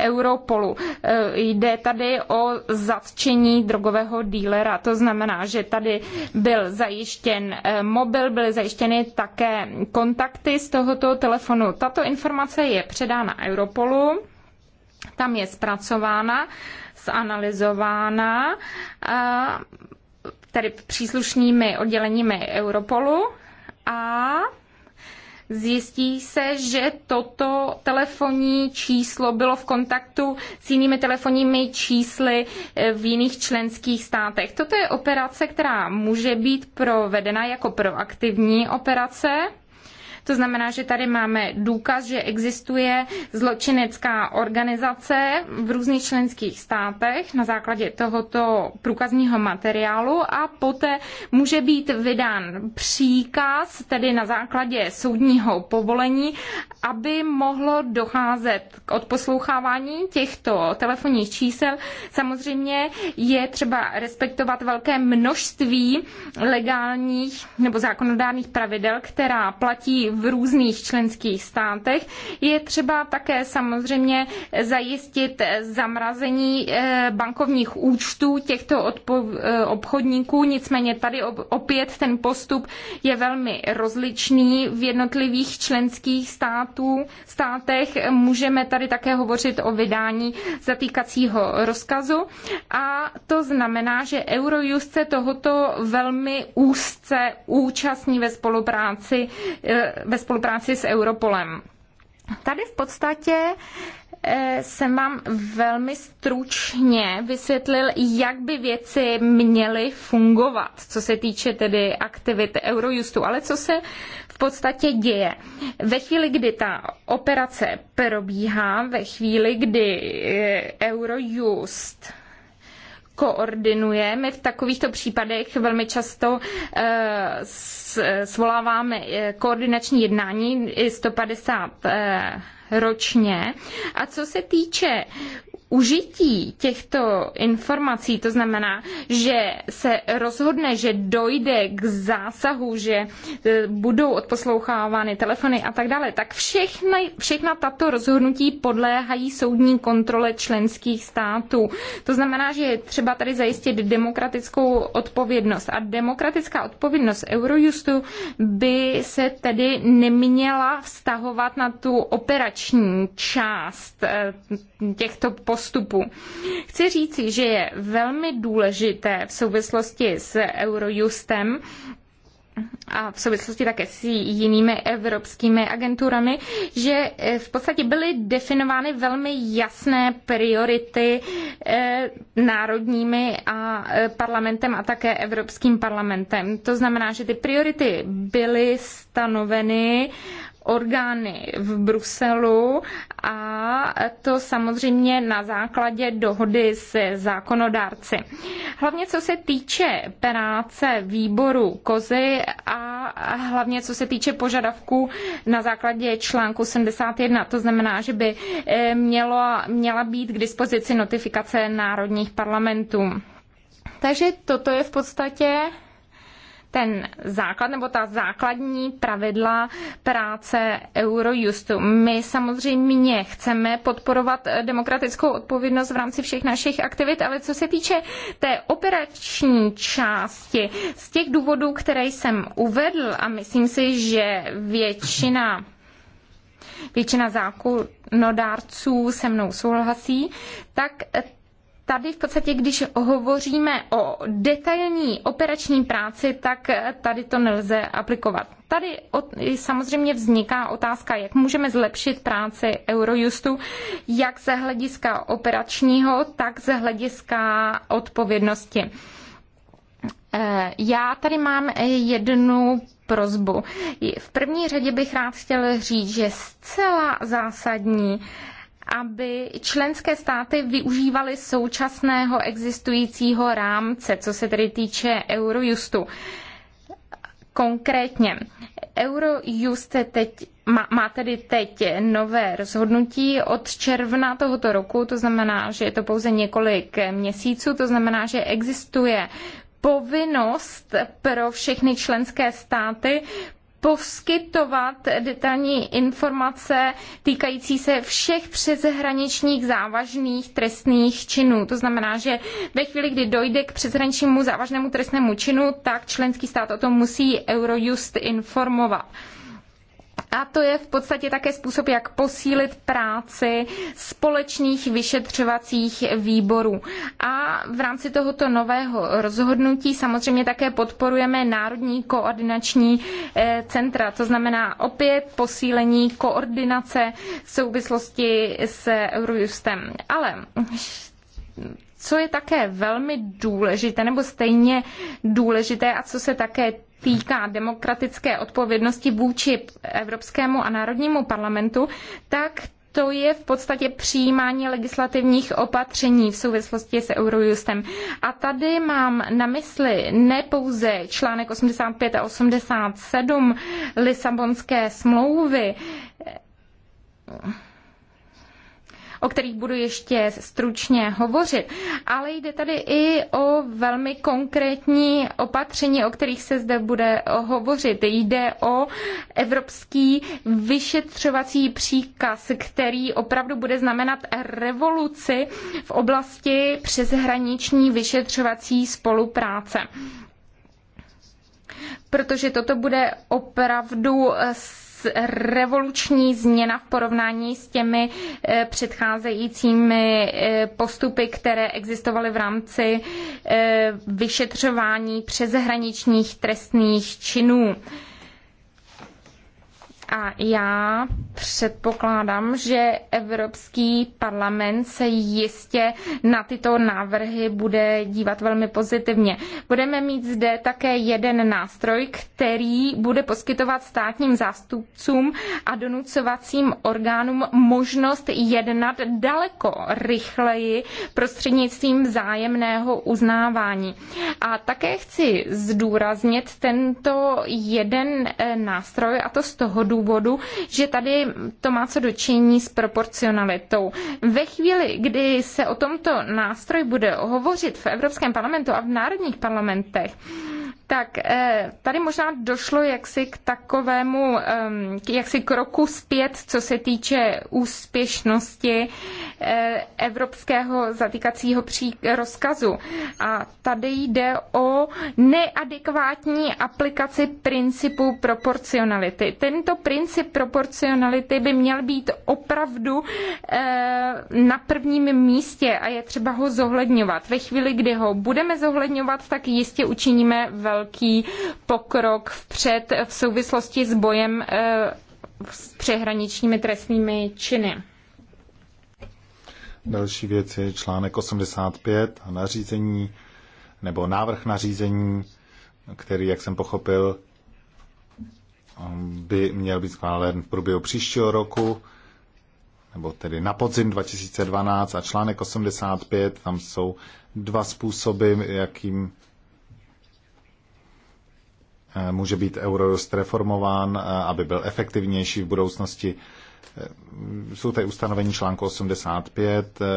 Europolu. Eh, jde tady o zatčení drogového dílera. To znamená, že tady byl zajištěn eh, mobil, byly zajištěny také kontakty z tohoto telefonu. Tato informace je předána Europolu tam je zpracována zanalizována tedy příslušnými odděleními Europolu a zjistí se, že toto telefonní číslo bylo v kontaktu s jinými telefonními čísly e, v jiných členských státech. Toto je operace, která může být provedena jako proaktivní operace to znamená, že tady máme důkaz, že existuje zločinecká organizace v různých členských státech na základě tohoto průkazního materiálu a poté může být vydán příkaz, tedy na základě soudního povolení, aby mohlo docházet k odposlouchávání těchto telefonních čísel. Samozřejmě je třeba respektovat velké množství legálních nebo zákonodárných pravidel, která platí v různých členských státech. Je třeba také samozřejmě zajistit zamrazení eh, bankovních účtů těchto eh, obchodníků, nicméně tady opět ten postup je velmi rozličný v jednotlivých členských států, státech. Můžeme tady také hovořit o vydání zatýkacího rozkazu a to znamená, že Eurojust se tohoto velmi úzce účastní ve spolupráci eh, ve spolupráci s Europolem. Tady v podstatě eh, jsem vám velmi stručně vysvětlil, jak by věci měly fungovat, co se týče tedy aktivit Eurojustu, ale co se v podstatě děje. Ve chvíli, kdy ta operace probíhá, ve chvíli, kdy eh, Eurojust koordinujeme. V takovýchto případech velmi často eh, svoláváme eh, koordinační jednání 150 eh, ročně. A co se týče užití těchto informací, to znamená, že se rozhodne, že dojde k zásahu, že e, budou odposlouchávány telefony a tak dále, tak všechna, všechna tato rozhodnutí podléhají soudní kontrole členských států. To znamená, že je třeba tady zajistit demokratickou odpovědnost. A demokratická odpovědnost Eurojustu by se tedy neměla vztahovat na tu operační část e, těchto poslů postupu. Chci říci, že je velmi důležité v souvislosti s Eurojustem, a v souvislosti také s jinými evropskými agenturami, že eh, v podstatě byly definovány velmi jasné priority eh, národními a eh, parlamentem a také evropským parlamentem. To znamená, že ty priority byly stanoveny orgány v Bruselu a to samozřejmě na základě dohody s zákonodárci. Hlavně co se týče práce výboru kozy a hlavně co se týče požadavků na základě článku 71, to znamená, že by eh, mělo, měla být k dispozici notifikace národních parlamentů. Takže toto je v podstatě ten základ nebo ta základní pravidla práce Eurojustu. My samozřejmě chceme podporovat demokratickou odpovědnost v rámci všech našich aktivit, ale co se týče té operační části, z těch důvodů, které jsem uvedl a myslím si, že většina většina zákonodárců se mnou souhlasí, tak tady v podstatě, když hovoříme o detailní operační práci, tak tady to nelze aplikovat. Tady samozřejmě vzniká otázka, jak můžeme zlepšit práci Eurojustu, jak ze hlediska operačního, tak ze hlediska odpovědnosti. Eh, já tady mám jednu prozbu. V první řadě bych rád chtěl říct, že zcela zásadní aby členské státy využívaly současného existujícího rámce, co se tedy týče Eurojustu. Konkrétně, Eurojust teď, má, má tedy teď nové rozhodnutí od června tohoto roku, to znamená, že je to pouze několik měsíců, to znamená, že existuje povinnost pro všechny členské státy poskytovat detailní informace týkající se všech přeshraničních závažných trestných činů. To znamená, že ve chvíli, kdy dojde k přeshraničnímu závažnému trestnému činu, tak členský stát o tom musí Eurojust informovat. A to je v podstatě také způsob, jak posílit práci společných vyšetřovacích výborů. A v rámci tohoto nového rozhodnutí samozřejmě také podporujeme Národní koordinační eh, centra, to znamená opět posílení koordinace v souvislosti s Eurojustem. Ale co je také velmi důležité, nebo stejně důležité a co se také týká demokratické odpovědnosti vůči Evropskému a Národnímu parlamentu, tak to je v podstatě přijímání legislativních opatření v souvislosti s Eurojustem. A tady mám na mysli ne pouze článek 85 a 87 Lisabonské smlouvy, o kterých budu ještě stručně hovořit, ale jde tady i o velmi konkrétní opatření, o kterých se zde bude hovořit. Jde o evropský vyšetřovací příkaz, který opravdu bude znamenat revoluci v oblasti přeshraniční vyšetřovací spolupráce protože toto bude opravdu revoluční změna v porovnání s těmi eh, předcházejícími eh, postupy, které existovaly v rámci eh, vyšetřování přeshraničních trestných činů. A já předpokládám, že Evropský parlament se jistě na tyto návrhy bude dívat velmi pozitivně. Budeme mít zde také jeden nástroj, který bude poskytovat státním zástupcům a donucovacím orgánům možnost jednat daleko rychleji prostřednictvím vzájemného uznávání. A také chci zdůraznit tento jeden eh, nástroj, a to z toho důvodu, důvodu, že tady to má co dočinění s proporcionalitou. Ve chvíli, kdy se o tomto nástroji bude hovořit v Evropském parlamentu a v národních parlamentech, tak eh, tady možná došlo jaksi k takovému ehm, jaksi kroku zpět, co se týče úspěšnosti evropského zatýkacího rozkazu. A tady jde o neadekvátní aplikaci principu proporcionality. Tento princip proporcionality by měl být opravdu eh, na prvním místě a je třeba ho zohledňovat. Ve chvíli, kdy ho budeme zohledňovat, tak jistě učiníme velký pokrok vpřed v souvislosti s bojem eh, s přehraničními trestnými činy. Další věci, článek 85 a nařízení, nebo návrh nařízení, který, jak jsem pochopil, um, by měl být schválen v průběhu příštího roku, nebo tedy na podzim 2012 a článek 85, tam jsou dva způsoby, jakým eh, může být Eurojust reformován, eh, aby byl efektivnější v budoucnosti. Jsou tady ustanovení článku 85 eh,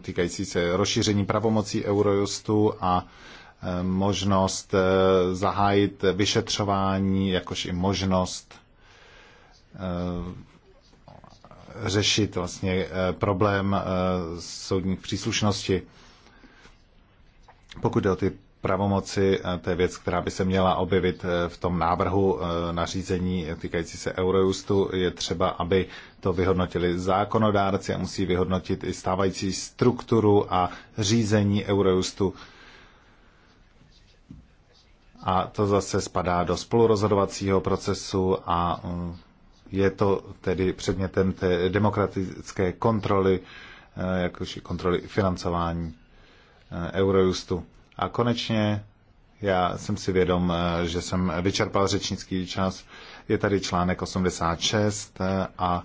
týkající se rozšíření pravomocí Eurojustu a eh, možnost eh, zahájit vyšetřování, jakož i možnost řešit vlastně problém soudních příslušnosti. Pokud jde o ty pravomoci, to je věc, která by se měla objevit eh, v tom návrhu eh, nařízení týkající se Eurojustu, je třeba, aby to vyhodnotili zákonodárci a musí vyhodnotit i stávající strukturu a řízení Eurojustu. A to zase spadá do spolurozhodovacího procesu a mm, je to tedy předmětem té demokratické kontroly, eh, jakož i kontroly financování Eurojustu. A konečně já jsem si vědom, eh, že jsem vyčerpal řečnický čas. Je tady článek 86 eh, a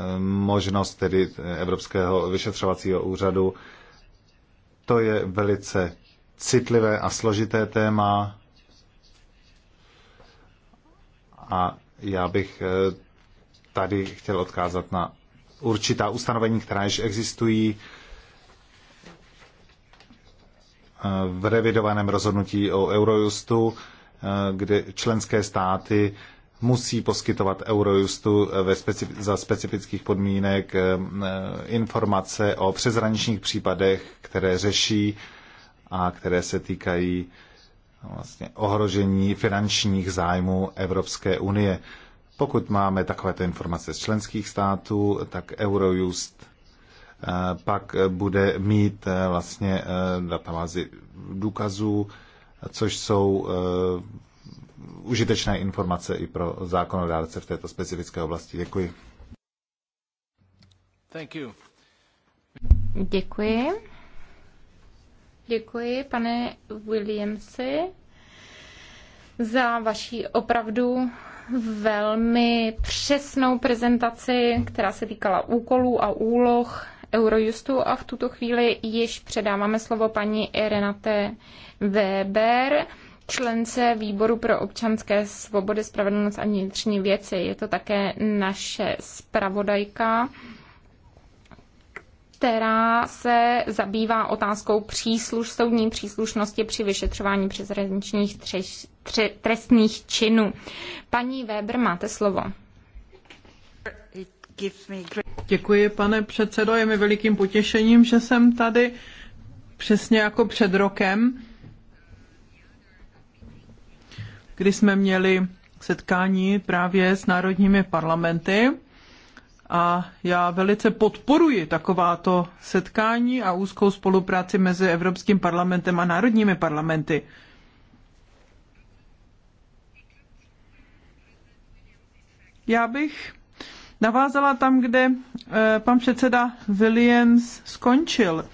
eh, možnost tedy Evropského vyšetřovacího úřadu. To je velice citlivé a složité téma. A já bych tady chtěl odkázat na určitá ustanovení, která již existují v revidovaném rozhodnutí o Eurojustu, eh, kdy členské státy musí poskytovat Eurojustu eh, ve specif- za specifických podmínek eh, informace o přezraničních případech, které řeší a které se týkají no, vlastně ohrožení finančních zájmů Evropské unie. Pokud máme takovéto informace z členských států, tak Eurojust pak eh, bude mít eh, vlastně eh, databázy důkazů, což jsou užitečné informace i pro zákonodárce v této specifické oblasti. Děkuji. Thank you. Děkuji. Děkuji, pane Williamsi, za vaši opravdu velmi přesnou prezentaci, která se týkala úkolů a úloh Eurojustu a v tuto chvíli již předáváme slovo paní Renate Weber, člence výboru pro občanské svobody, spravedlnost a vnitřní věci. Je to také naše spravodajka která se zabývá otázkou přísluš, soudní příslušnosti při vyšetřování přeshraničních trestných činů. Paní Weber, máte slovo. Děkuji, pane předsedo. Je mi velikým potěšením, že jsem tady přesně jako před rokem, kdy jsme měli setkání právě s národními parlamenty. A já velice podporuji takováto setkání a úzkou spolupráci mezi Evropským parlamentem a národními parlamenty. Já bych navázala tam, kde eh, pan předseda Williams skončil.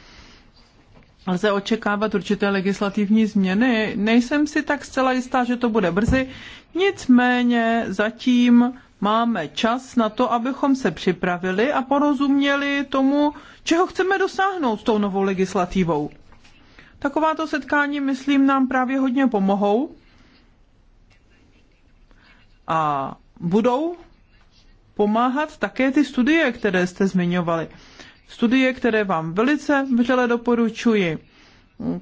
Lze očekávat určité legislativní změny. Nejsem si tak zcela jistá, že to bude brzy. Nicméně zatím máme čas na to, abychom se připravili a porozuměli tomu, čeho chceme dosáhnout s tou novou legislativou. Takováto setkání, myslím, nám právě hodně pomohou a budou pomáhat také ty studie, které jste zmiňovali. Studie, které vám velice vřele doporučuji.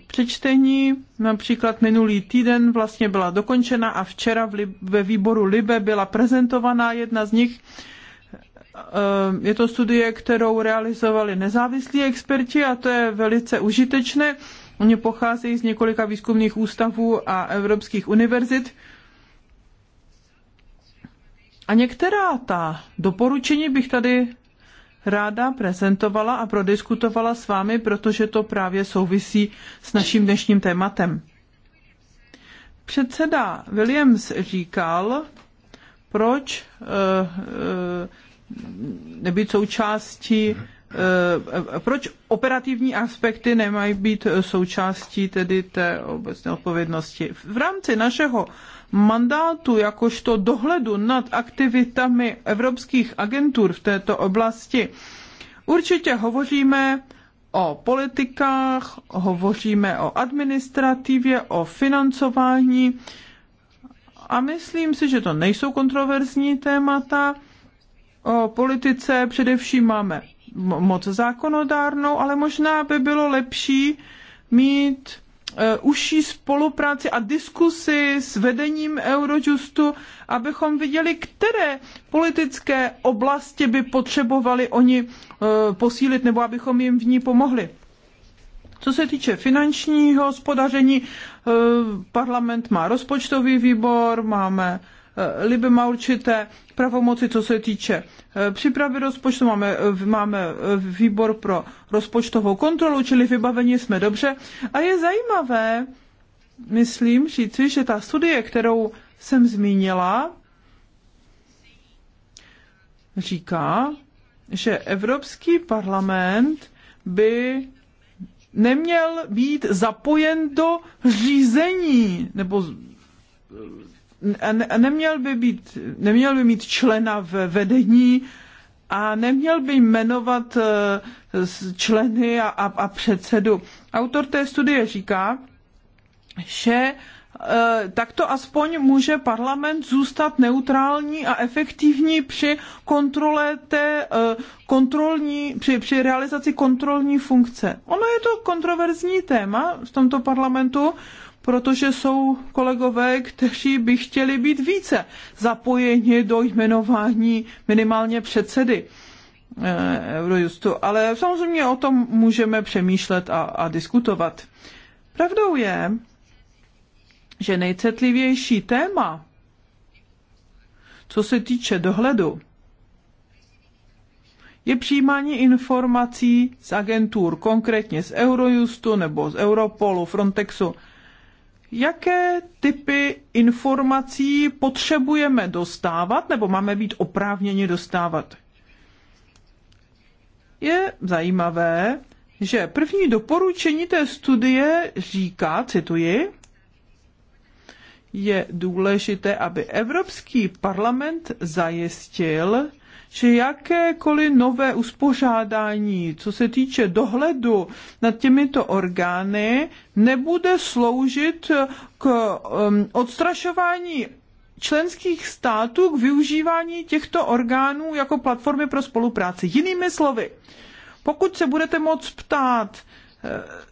Přečtení například minulý týden vlastně byla dokončena a včera v Lib- ve výboru Libe byla prezentovaná jedna z nich. Eh, je to studie, kterou realizovali nezávislí experti a to je velice užitečné. Oni pocházejí z několika výzkumných ústavů a evropských univerzit a některá ta doporučení bych tady ráda prezentovala a prodiskutovala s vámi, protože to právě souvisí s naším dnešním tématem. Předseda Williams říkal, proč uh, uh, nebýt součástí eh, proč operativní aspekty nemají být součástí tedy té obecné odpovědnosti? V rámci našeho mandátu jakožto dohledu nad aktivitami evropských agentur v této oblasti, určitě hovoříme o politikách, hovoříme o administrativě, o financování a myslím si, že to nejsou kontroverzní témata. O politice především máme moc zákonodárnou, ale možná by bylo lepší mít Eh, užší spolupráci a diskusi s vedením Eurojustu, abychom viděli, které politické oblasti by potřebovali oni eh, posílit nebo abychom jim v ní pomohli. Co se týče finančního hospodaření, eh, parlament má rozpočtový výbor, máme Eh, liby má určité pravomoci, co se týče eh, přípravy rozpočtu, máme, máme eh, výbor pro rozpočtovou kontrolu, čili vybavení jsme dobře. A je zajímavé, myslím, říci, že ta studie, kterou jsem zmínila, říká, že Evropský parlament by neměl být zapojen do řízení nebo a neměl by, být, neměl by mít člena v vedení a neměl by jmenovat eh, členy a, a, a předsedu. Autor té studie říká, že eh, takto aspoň může parlament zůstat neutrální a efektivní při kontrole té eh, kontrolní, při, při realizaci kontrolní funkce. Ono je to kontroverzní téma v tomto parlamentu, protože jsou kolegové, kteří by chtěli být více zapojeni do jmenování minimálně předsedy. Eh, Eurojustu. Ale samozřejmě o tom můžeme přemýšlet a, a diskutovat. Pravdou je, že nejcetlivější téma, co se týče dohledu, je přijímání informací z agentur, konkrétně z Eurojustu nebo z Europolu, Frontexu jaké typy informací potřebujeme dostávat nebo máme být oprávněni dostávat. Je zajímavé, že první doporučení té studie říká, cituji, je důležité, aby Evropský parlament zajistil, že jakékoliv nové uspořádání, co se týče dohledu nad těmito orgány, nebude sloužit k um, odstrašování členských států k využívání těchto orgánů jako platformy pro spolupráci. Jinými slovy, pokud se budete moc ptát, eh,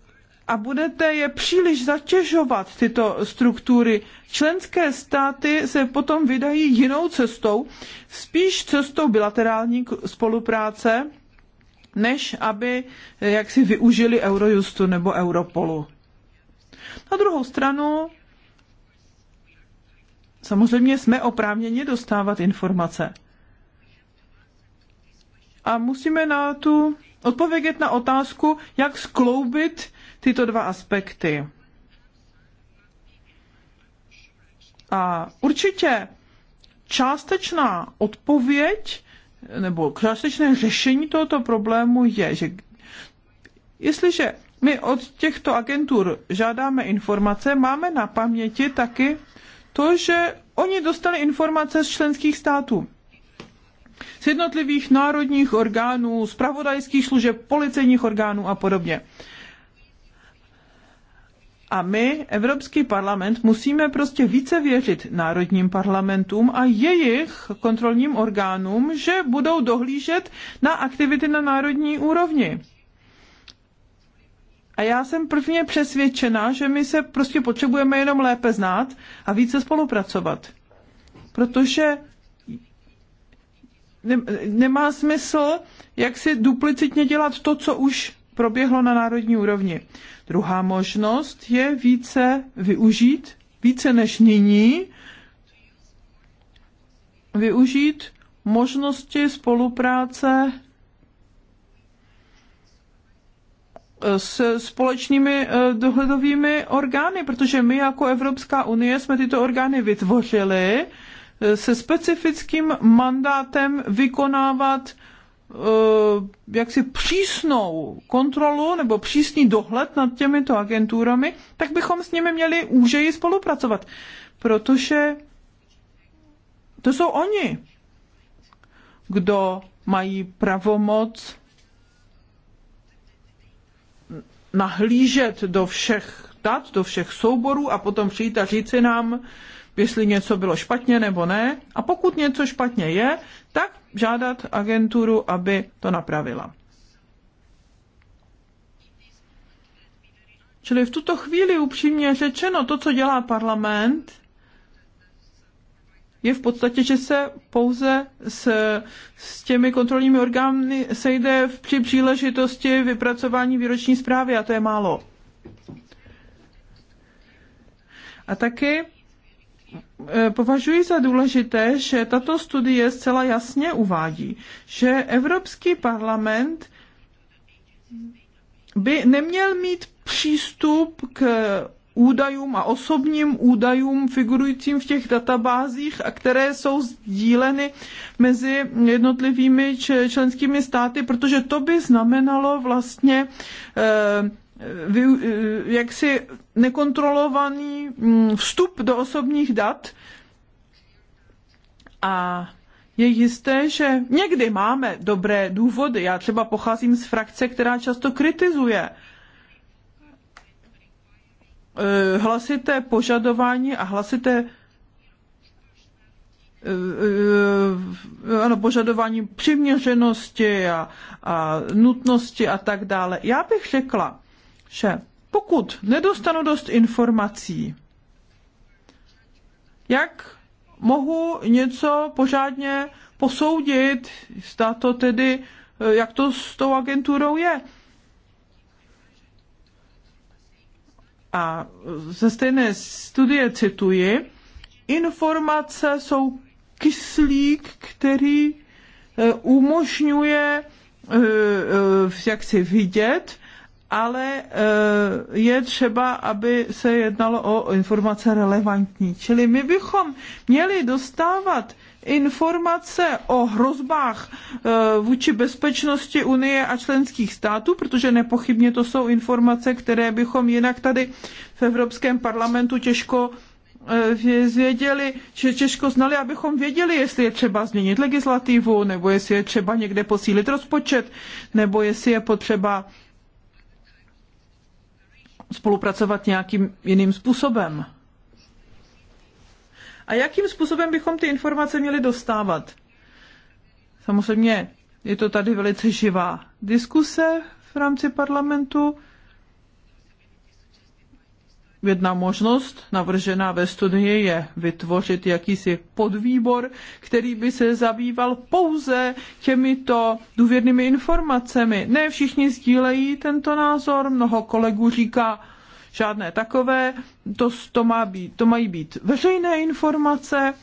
a budete je příliš zatěžovat, tyto struktury. Členské státy se potom vydají jinou cestou, spíš cestou bilaterální spolupráce, než aby jaksi využili Eurojustu nebo Europolu. Na druhou stranu, samozřejmě jsme oprávněni dostávat informace. A musíme na tu odpovědět na otázku, jak skloubit tyto dva aspekty. A určitě částečná odpověď nebo částečné řešení tohoto problému je, že jestliže my od těchto agentur žádáme informace, máme na paměti taky to, že oni dostali informace z členských států z jednotlivých národních orgánů, zpravodajských služeb, policejních orgánů a podobně. A my, Evropský parlament, musíme prostě více věřit národním parlamentům a jejich kontrolním orgánům, že budou dohlížet na aktivity na národní úrovni. A já jsem prvně přesvědčena, že my se prostě potřebujeme jenom lépe znát a více spolupracovat. Protože nemá smysl, jak si duplicitně dělat to, co už proběhlo na národní úrovni. Druhá možnost je více využít, více než nyní, využít možnosti spolupráce eh, s společnými eh, dohledovými orgány, protože my jako Evropská unie jsme tyto orgány vytvořili eh, se specifickým mandátem vykonávat Eh, jaksi přísnou kontrolu nebo přísný dohled nad těmito agenturami, tak bychom s nimi měli úžeji spolupracovat. Protože to jsou oni, kdo mají pravomoc nahlížet do všech dat, do všech souborů a potom přijít a říci nám, jestli něco bylo špatně nebo ne. A pokud něco špatně je, tak žádat agenturu, aby to napravila. Čili v tuto chvíli upřímně řečeno, to, co dělá parlament, je v podstatě, že se pouze s, s těmi kontrolními orgány sejde v, při příležitosti vypracování výroční zprávy a to je málo. A taky Eh, považuji za důležité, že tato studie zcela jasně uvádí, že Evropský parlament by neměl mít přístup k údajům a osobním údajům figurujícím v těch databázích, a které jsou sdíleny mezi jednotlivými členskými státy, protože to by znamenalo vlastně eh, Eh, jaksi nekontrolovaný mm, vstup do osobních dat a je jisté, že někdy máme dobré důvody. Já třeba pocházím z frakce, která často kritizuje eh, hlasité požadování a hlasité eh, ano, požadování přiměřenosti a, a nutnosti a tak dále. Já bych řekla, že pokud nedostanu dost informací, jak mohu něco pořádně posoudit, zda to tedy, jak to s tou agenturou je. A ze stejné studie cituji, informace jsou kyslík, který eh, umožňuje eh, eh, jak si vidět, ale eh, je třeba, aby se jednalo o informace relevantní. Čili my bychom měli dostávat informace o hrozbách eh, vůči bezpečnosti Unie a členských států, protože nepochybně to jsou informace, které bychom jinak tady v Evropském parlamentu těžko eh, zvěděli, že těžko znali, abychom věděli, jestli je třeba změnit legislativu, nebo jestli je třeba někde posílit rozpočet, nebo jestli je potřeba spolupracovat nějakým jiným způsobem. A jakým způsobem bychom ty informace měli dostávat? Samozřejmě je to tady velice živá diskuse v rámci parlamentu. Jedna možnost navržená ve studii je vytvořit jakýsi podvýbor, který by se zabýval pouze těmito důvěrnými informacemi. Ne všichni sdílejí tento názor, mnoho kolegů říká, žádné takové, to, to, má být, to mají být veřejné informace,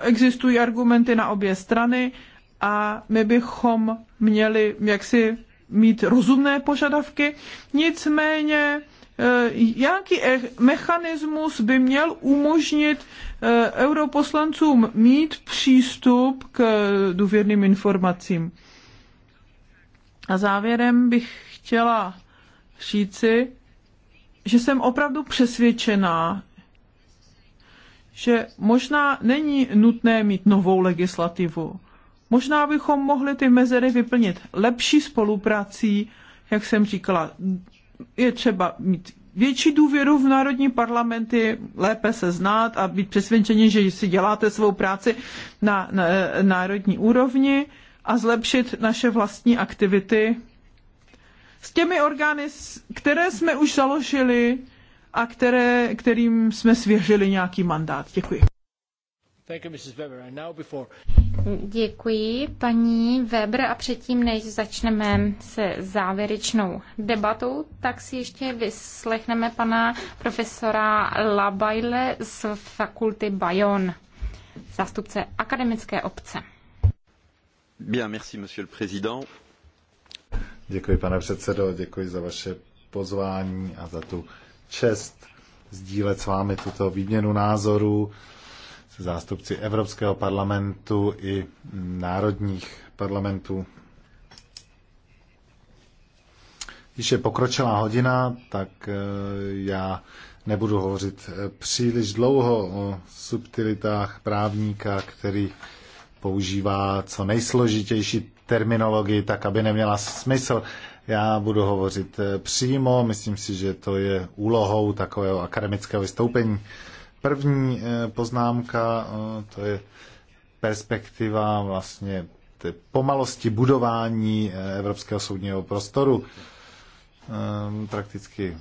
existují argumenty na obě strany a my bychom měli jaksi mít rozumné požadavky. Nicméně Eh, jaký eh, mechanismus by měl umožnit eh, europoslancům mít přístup k důvěrným informacím. A závěrem bych chtěla říci, že jsem opravdu přesvědčená, že možná není nutné mít novou legislativu. Možná bychom mohli ty mezery vyplnit lepší spoluprací, jak jsem říkala, je třeba mít větší důvěru v národní parlamenty, lépe se znát a být přesvědčeni, že si děláte svou práci na, na eh, národní úrovni a zlepšit naše vlastní aktivity s těmi orgány, které jsme už založili a které, kterým jsme svěřili nějaký mandát. Děkuji. Děkuji, paní Weber. A předtím, než začneme se závěrečnou debatou, tak si ještě vyslechneme pana profesora Labajle z fakulty Bayon, zástupce akademické obce. Bien, merci, monsieur le président. Děkuji, pane předsedo, děkuji za vaše pozvání a za tu čest sdílet s vámi tuto výměnu názorů se zástupci Evropského parlamentu i národních parlamentů. Když je pokročilá hodina, tak eh, já nebudu hovořit eh, příliš dlouho o subtilitách právníka, který používá co nejsložitější terminologii, tak aby neměla smysl. Já budu hovořit eh, přímo, myslím si, že to je úlohou takového akademického vystoupení. První eh, poznámka, eh, to je perspektiva vlastně pomalosti budování eh, Evropského soudního prostoru. Ehm, prakticky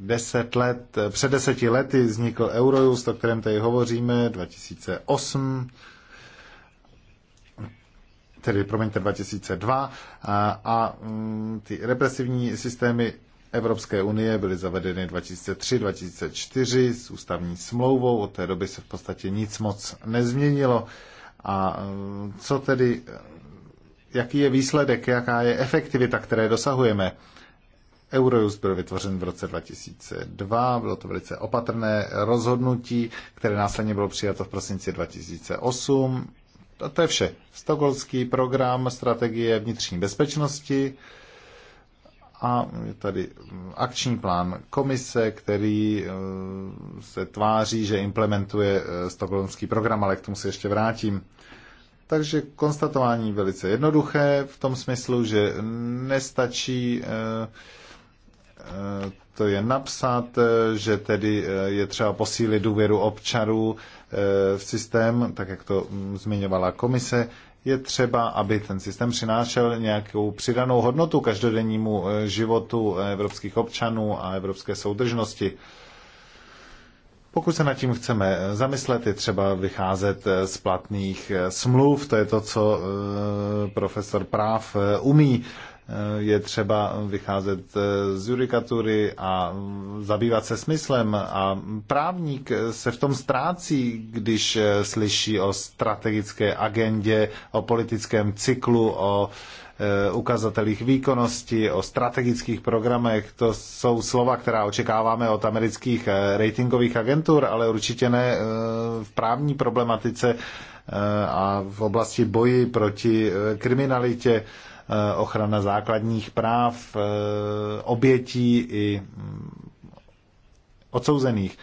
deset let, před deseti lety vznikl Eurojust, o kterém tady hovoříme, 2008, tedy promiňte 2002, a, a mm, ty represivní systémy Evropské unie byly zavedeny 2003-2004 s ústavní smlouvou. Od té doby se v podstatě nic moc nezměnilo. A eh, co tedy, eh, jaký je výsledek, jaká je efektivita, které dosahujeme? Eurojust byl vytvořen v roce 2002, bylo to velice opatrné rozhodnutí, které následně bylo přijato v prosinci 2008. A to je vše. Stokholmský program strategie vnitřní bezpečnosti, a je tady mm, akční plán komise, který eh, se tváří, že implementuje eh, stokholmský program, ale k tomu se ještě vrátím. Takže konstatování velice jednoduché v tom smyslu, že nestačí eh, to je napsat, že tedy je třeba posílit důvěru občanů v systém, tak jak to mm, zmiňovala komise je třeba, aby ten systém přinášel nějakou přidanou hodnotu každodennímu eh, životu eh, evropských občanů a evropské soudržnosti. Pokud se nad tím chceme eh, zamyslet, je třeba vycházet z platných smluv, to je to, co profesor práv umí. Eh, je třeba vycházet eh, z judikatury a mm, zabývat se smyslem. A právník eh, se v tom ztrácí, když slyší o strategické agendě, o politickém cyklu, o ukazatelích výkonnosti, o strategických programech. To jsou slova, která očekáváme od amerických ratingových agentur, ale určitě ne v právní problematice a v oblasti boji proti kriminalitě Eh, ochrana základních práv eh, obětí i mm, odsouzených.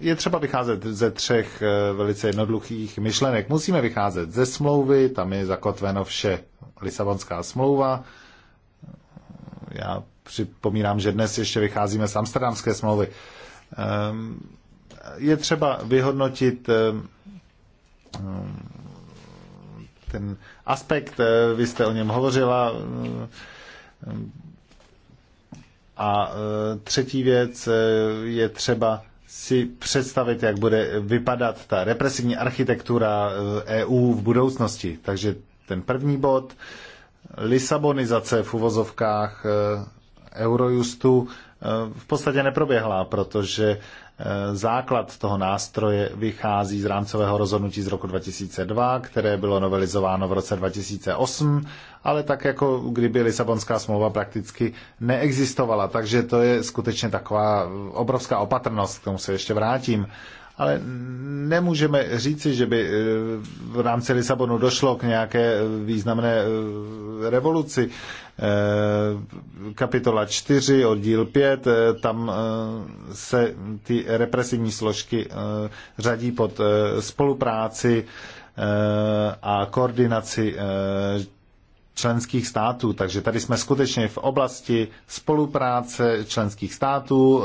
Je třeba vycházet ze třech eh, velice jednoduchých myšlenek. Musíme vycházet ze smlouvy, tam je zakotveno vše. Lisabonská smlouva. Já připomínám, že dnes ještě vycházíme z Amsterdamské smlouvy. Ehm, je třeba vyhodnotit ehm, ten aspekt, eh, vy jste o něm hovořila. Eh, a eh, třetí věc je třeba si představit, jak bude vypadat ta represivní architektura EU e v budoucnosti. Takže ten první bod, Lisabonizace v uvozovkách Eurojustu v podstatě neproběhla, protože Eh, základ toho nástroje vychází z rámcového rozhodnutí z roku 2002, které bylo novelizováno v roce 2008, ale tak jako kdyby Lisabonská smlouva prakticky neexistovala. Takže to je skutečně taková obrovská opatrnost, k tomu se ještě vrátím ale nemůžeme říci, že by eh, v rámci Lisabonu došlo k nějaké eh, významné eh, revoluci. Kapitola 4, oddíl 5, tam se ty represivní složky řadí pod spolupráci a koordinaci členských států. Takže tady jsme skutečně v oblasti spolupráce členských států,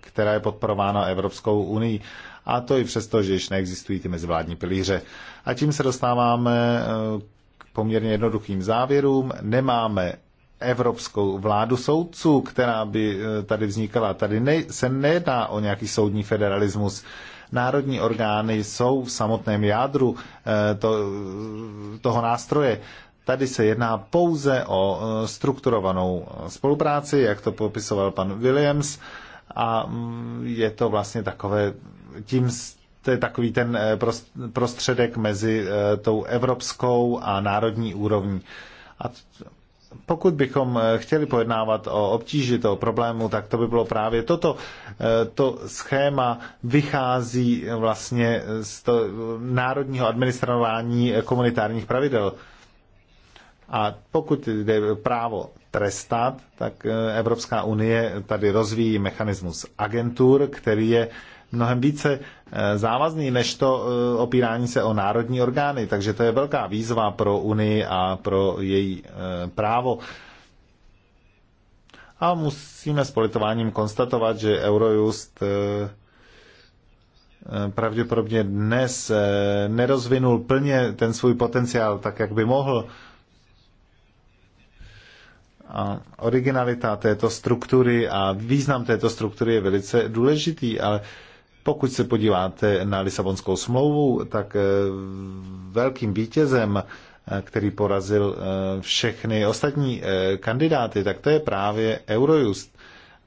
která je podporována Evropskou unii a to i přesto, že již neexistují ty mezivládní pilíře. A tím se dostáváme eh, k poměrně jednoduchým závěrům. Nemáme evropskou vládu soudců, která by eh, tady vznikala. Tady ne, se nejedná o nějaký soudní federalismus. Národní orgány jsou v samotném jádru eh, to, toho nástroje. Tady se jedná pouze o strukturovanou spolupráci, jak to popisoval pan Williams a mm, je to vlastně takové, tím to je takový ten eh, prostředek mezi eh, tou evropskou a národní úrovní. A pokud bychom eh, chtěli pojednávat o obtíži toho problému, tak to by bylo právě toto. To schéma vychází vlastně z to národního administrování komunitárních pravidel. A pokud jde právo trestat, tak eh, Evropská unie tady rozvíjí mechanismus agentur, který je mnohem více eh, závazný než to eh, opírání se o národní orgány. Takže to je velká výzva pro Unii a pro její právo. A musíme s politováním konstatovat, že Eurojust pravděpodobně dnes nerozvinul plně ten svůj potenciál tak, jak by mohl a originalita této struktury a význam této struktury je velice důležitý, ale pokud se podíváte na Lisabonskou smlouvu, tak eh, velkým vítězem, eh, který porazil eh, všechny ostatní kandidáty, tak to je právě Eurojust.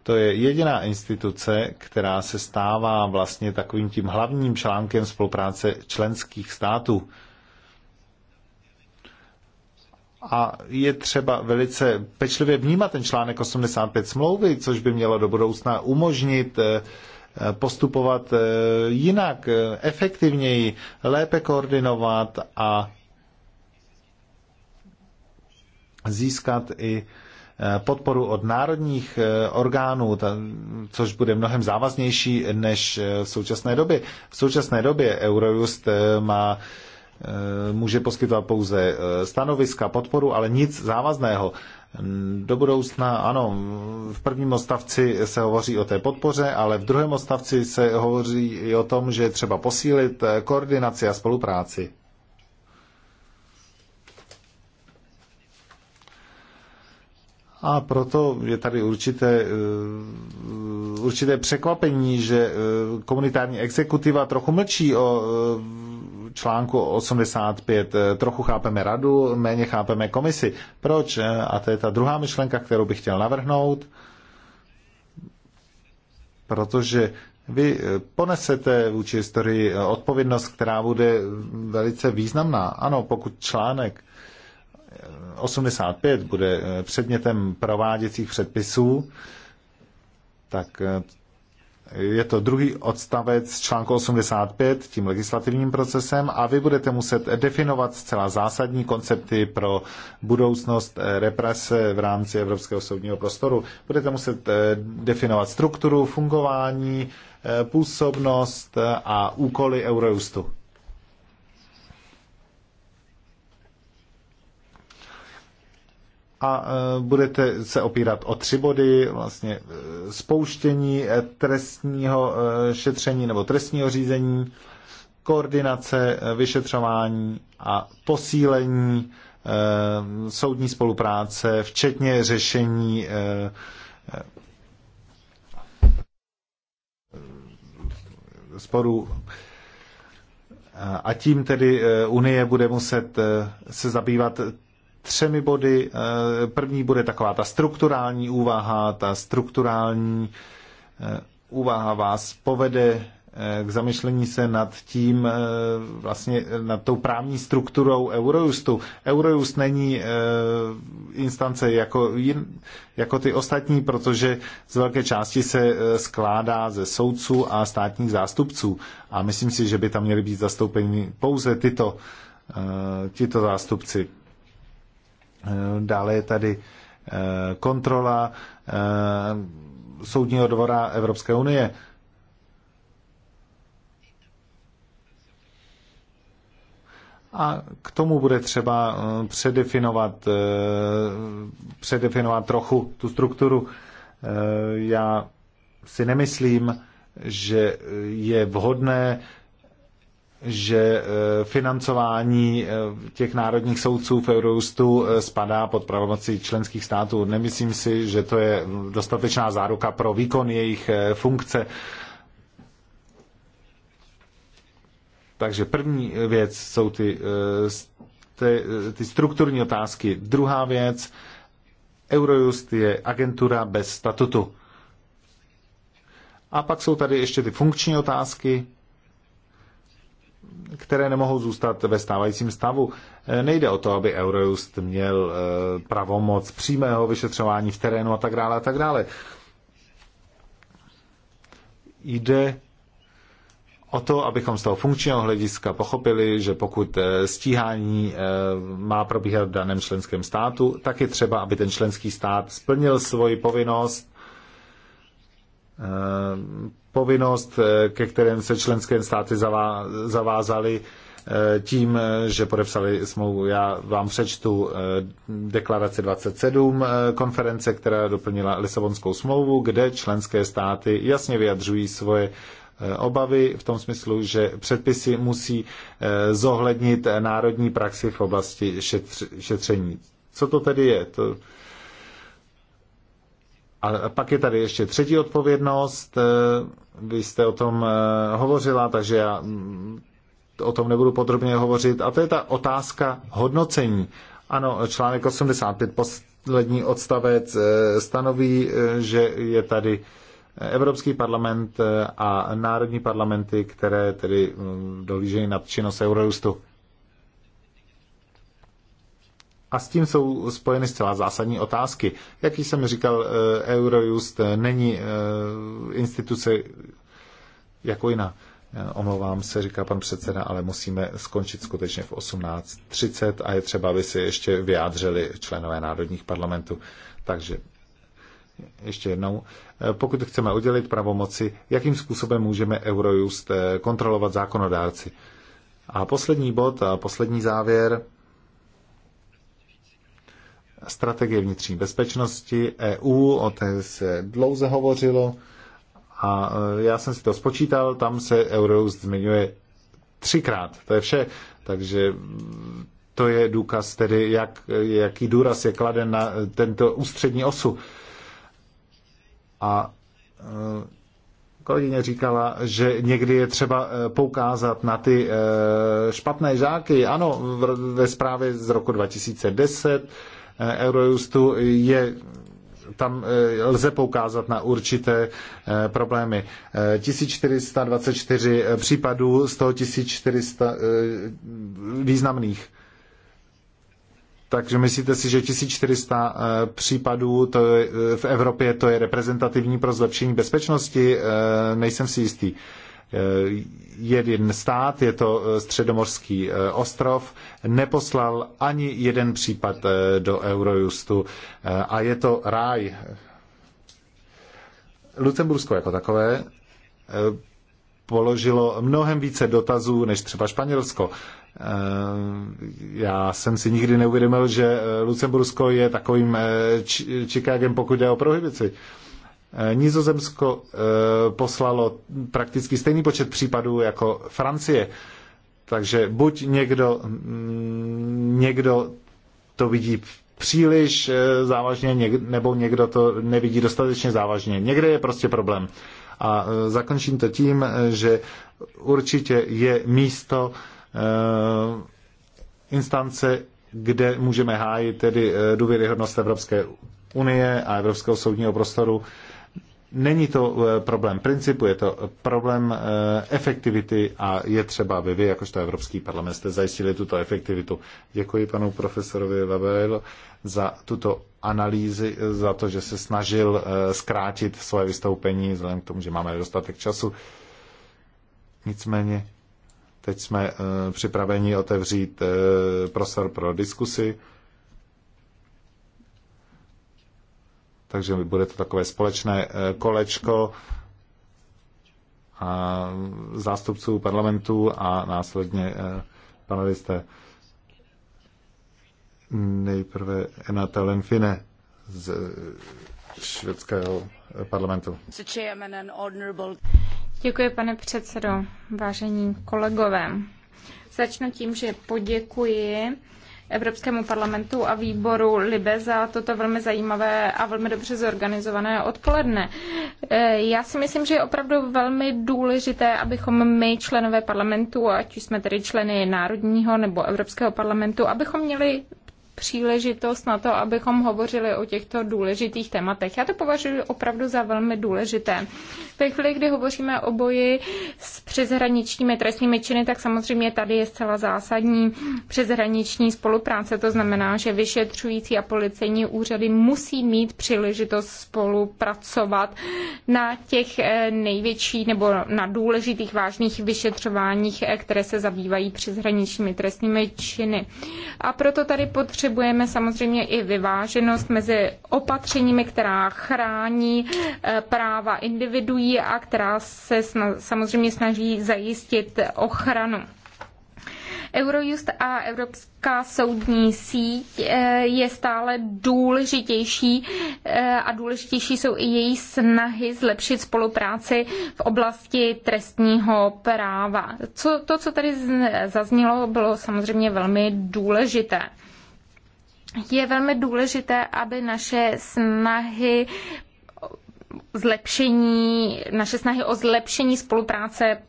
To je jediná instituce, která se stává vlastně takovým tím hlavním článkem spolupráce členských států a je třeba velice pečlivě vnímat ten článek 85 smlouvy, což by mělo do budoucna umožnit eh, postupovat eh, jinak, eh, efektivněji, lépe koordinovat a získat i podporu od národních orgánů, což bude mnohem závaznější než v současné době. V současné době Eurojust má Eh, může poskytovat pouze eh, stanoviska, podporu, ale nic závazného. Mm, do budoucna, ano, v prvním odstavci se hovoří o té podpoře, ale v druhém odstavci se hovoří i o tom, že je třeba posílit eh, koordinaci a spolupráci. A proto je tady určité, určité překvapení, že komunitární exekutiva trochu mlčí o článku 85 eh, trochu chápeme radu, méně chápeme komisi. Proč? Eh, a to je ta druhá myšlenka, kterou bych chtěl navrhnout. Protože vy eh, ponesete vůči historii odpovědnost, která bude velice významná. Ano, pokud článek 85 bude předmětem prováděcích předpisů, tak je to druhý odstavec článku 85 tím legislativním procesem a vy budete muset definovat zcela zásadní koncepty pro budoucnost eh, represe v rámci Evropského soudního prostoru. Budete muset eh, definovat strukturu, fungování, eh, působnost a úkoly Eurojustu. a e, budete se opírat o tři body, vlastně e, spouštění e, trestního šetření nebo trestního řízení, koordinace vyšetřování a posílení soudní spolupráce, včetně řešení sporů. A tím tedy Unie bude muset se zabývat třemi body. Eh, první bude taková ta strukturální úvaha, ta strukturální eh, úvaha vás povede eh, k zamyšlení se nad tím, vlastně nad tou právní strukturou Eurojustu. Eurojust není instance jako, jin, jako ty ostatní, protože z velké části se skládá ze soudců a státních zástupců. A myslím si, že by tam měly být zastoupeni pouze tyto, tyto zástupci. Eh, dále je tady eh, kontrola eh, Soudního dvora Evropské unie. A k tomu bude třeba předefinovat, předefinovat trochu tu strukturu. Já si nemyslím, že je vhodné že eh, financování eh, těch národních soudců v Eurojustu eh, spadá pod pravomocí členských států. Nemyslím si, že to je dostatečná záruka pro výkon jejich funkce. Takže první věc jsou ty, ty, ty strukturní otázky. Druhá věc, Eurojust je agentura bez statutu. A pak jsou tady ještě ty funkční otázky, které nemohou zůstat ve stávajícím stavu. E, nejde o to, aby Eurojust měl e, pravomoc přímého vyšetřování v terénu a tak dále a tak dále. Jde o to, abychom z toho funkčního hlediska pochopili, že pokud e, stíhání má probíhat v daném členském státu, tak je třeba, aby ten členský stát splnil svoji povinnost povinnost, eh, ke kterém se členské státy zavázaly eh, tím, že podepsali smlouvu. Já vám přečtu eh, deklaraci 27 konference, která doplnila Lisabonskou smlouvu, kde členské státy jasně vyjadřují svoje obavy v tom smyslu, že předpisy musí zohlednit národní praxi v oblasti šetření. Co to tedy je? To... A pak je tady ještě třetí odpovědnost, vy jste o tom eh, hovořila, takže já mm, o tom nebudu podrobně hovořit. A to je ta otázka hodnocení. Ano, článek 85, poslední odstavec eh, stanoví, eh, že je tady Evropský parlament a národní parlamenty, které tedy mm, dohlížejí nad činnost Eurojustu. A s tím jsou spojeny zcela zásadní otázky. Jak jsem říkal, eh, Eurojust eh, není eh, instituce jako jiná. Omlouvám se, říká pan předseda, ale musíme skončit skutečně v 18.30 a je třeba, aby se ještě vyjádřili členové národních parlamentů. Takže ještě jednou, pokud chceme udělit pravomoci, jakým způsobem můžeme Eurojust kontrolovat zákonodárci. A poslední bod a poslední závěr, strategie vnitřní bezpečnosti EU, o té se dlouze hovořilo a e, já jsem si to spočítal, tam se Eurojust zmiňuje třikrát, to je vše, takže mm, to je důkaz tedy, jak, jaký důraz je kladen na e, tento ústřední osu. A e, kolegyně říkala, že někdy je třeba poukázat na ty špatné žáky. Ano, ve zprávě z roku 2010 Eurojustu je tam eh, lze poukázat na určité eh, problémy. 1424 eh, případů, z toho 1400 významných. Takže myslíte si, že 1400 případů to v Evropě to je reprezentativní pro zlepšení bezpečnosti? Nejsem si jistý. Eh, jeden stát, je to eh, středomořský eh, ostrov, neposlal ani jeden případ do Eurojustu a je to ráj. Lucembursko jako takové položilo mnohem více dotazů než třeba Španělsko. Já jsem si nikdy neuvědomil, že Lucembursko je takovým čikágem, pokud jde o prohibici. Eh, Nizozemsko eh, poslalo prakticky stejný počet případů jako Francie. Takže buď někdo, mm, někdo to vidí příliš eh, závažně, nebo někdo to nevidí dostatečně závažně. Někde je prostě problém. A zakončím to tím, že určitě je místo instance, kde můžeme hájit tedy důvěryhodnost Evropské unie a Evropského soudního prostoru Není to eh, problém principu, je to problém eh, efektivity a je třeba, aby vy, jakožto Evropský parlament, jste zajistili tuto efektivitu. Děkuji panu profesorovi Lavel za tuto analýzy, za to, že se snažil eh, zkrátit svoje vystoupení, vzhledem k tomu, že máme dostatek času. Nicméně, teď jsme připraveni otevřít prostor pro diskusi. Takže bude to takové společné eh, kolečko a zástupců parlamentu a následně eh, panelisté. Nejprve Enata Lenfine z eh, švédského parlamentu. Děkuji, pane předsedo, vážení kolegové. Začnu tím, že poděkuji Evropskému parlamentu a výboru Libe za toto velmi zajímavé a velmi dobře zorganizované odpoledne. E, já si myslím, že je opravdu velmi důležité, abychom my, členové parlamentu, ať už jsme tedy členy Národního nebo Evropského parlamentu, abychom měli příležitost na to, abychom hovořili o těchto důležitých tématech. Já to považuji opravdu za velmi důležité. Ve chvíli, kdy hovoříme o boji s přeshraničními trestnými činy, tak samozřejmě tady je zcela zásadní přeshraniční spolupráce. To znamená, že vyšetřující a policejní úřady musí mít příležitost spolupracovat na těch eh, největších nebo na důležitých vážných vyšetřováních, eh, které se zabývají přeshraničními trestnými činy. A proto tady potřebujeme potřebujeme samozřejmě i vyváženost mezi opatřeními, která chrání eh, práva individuí a která se samozřejmě snaží zajistit ochranu. Eurojust a Evropská soudní síť eh, je stále důležitější eh, a důležitější jsou i její snahy zlepšit spolupráci v oblasti trestního práva. Co, to, co tady zaznělo, bylo samozřejmě velmi důležité je velmi důležité, aby naše snahy zlepšení, naše snahy o zlepšení spolupráce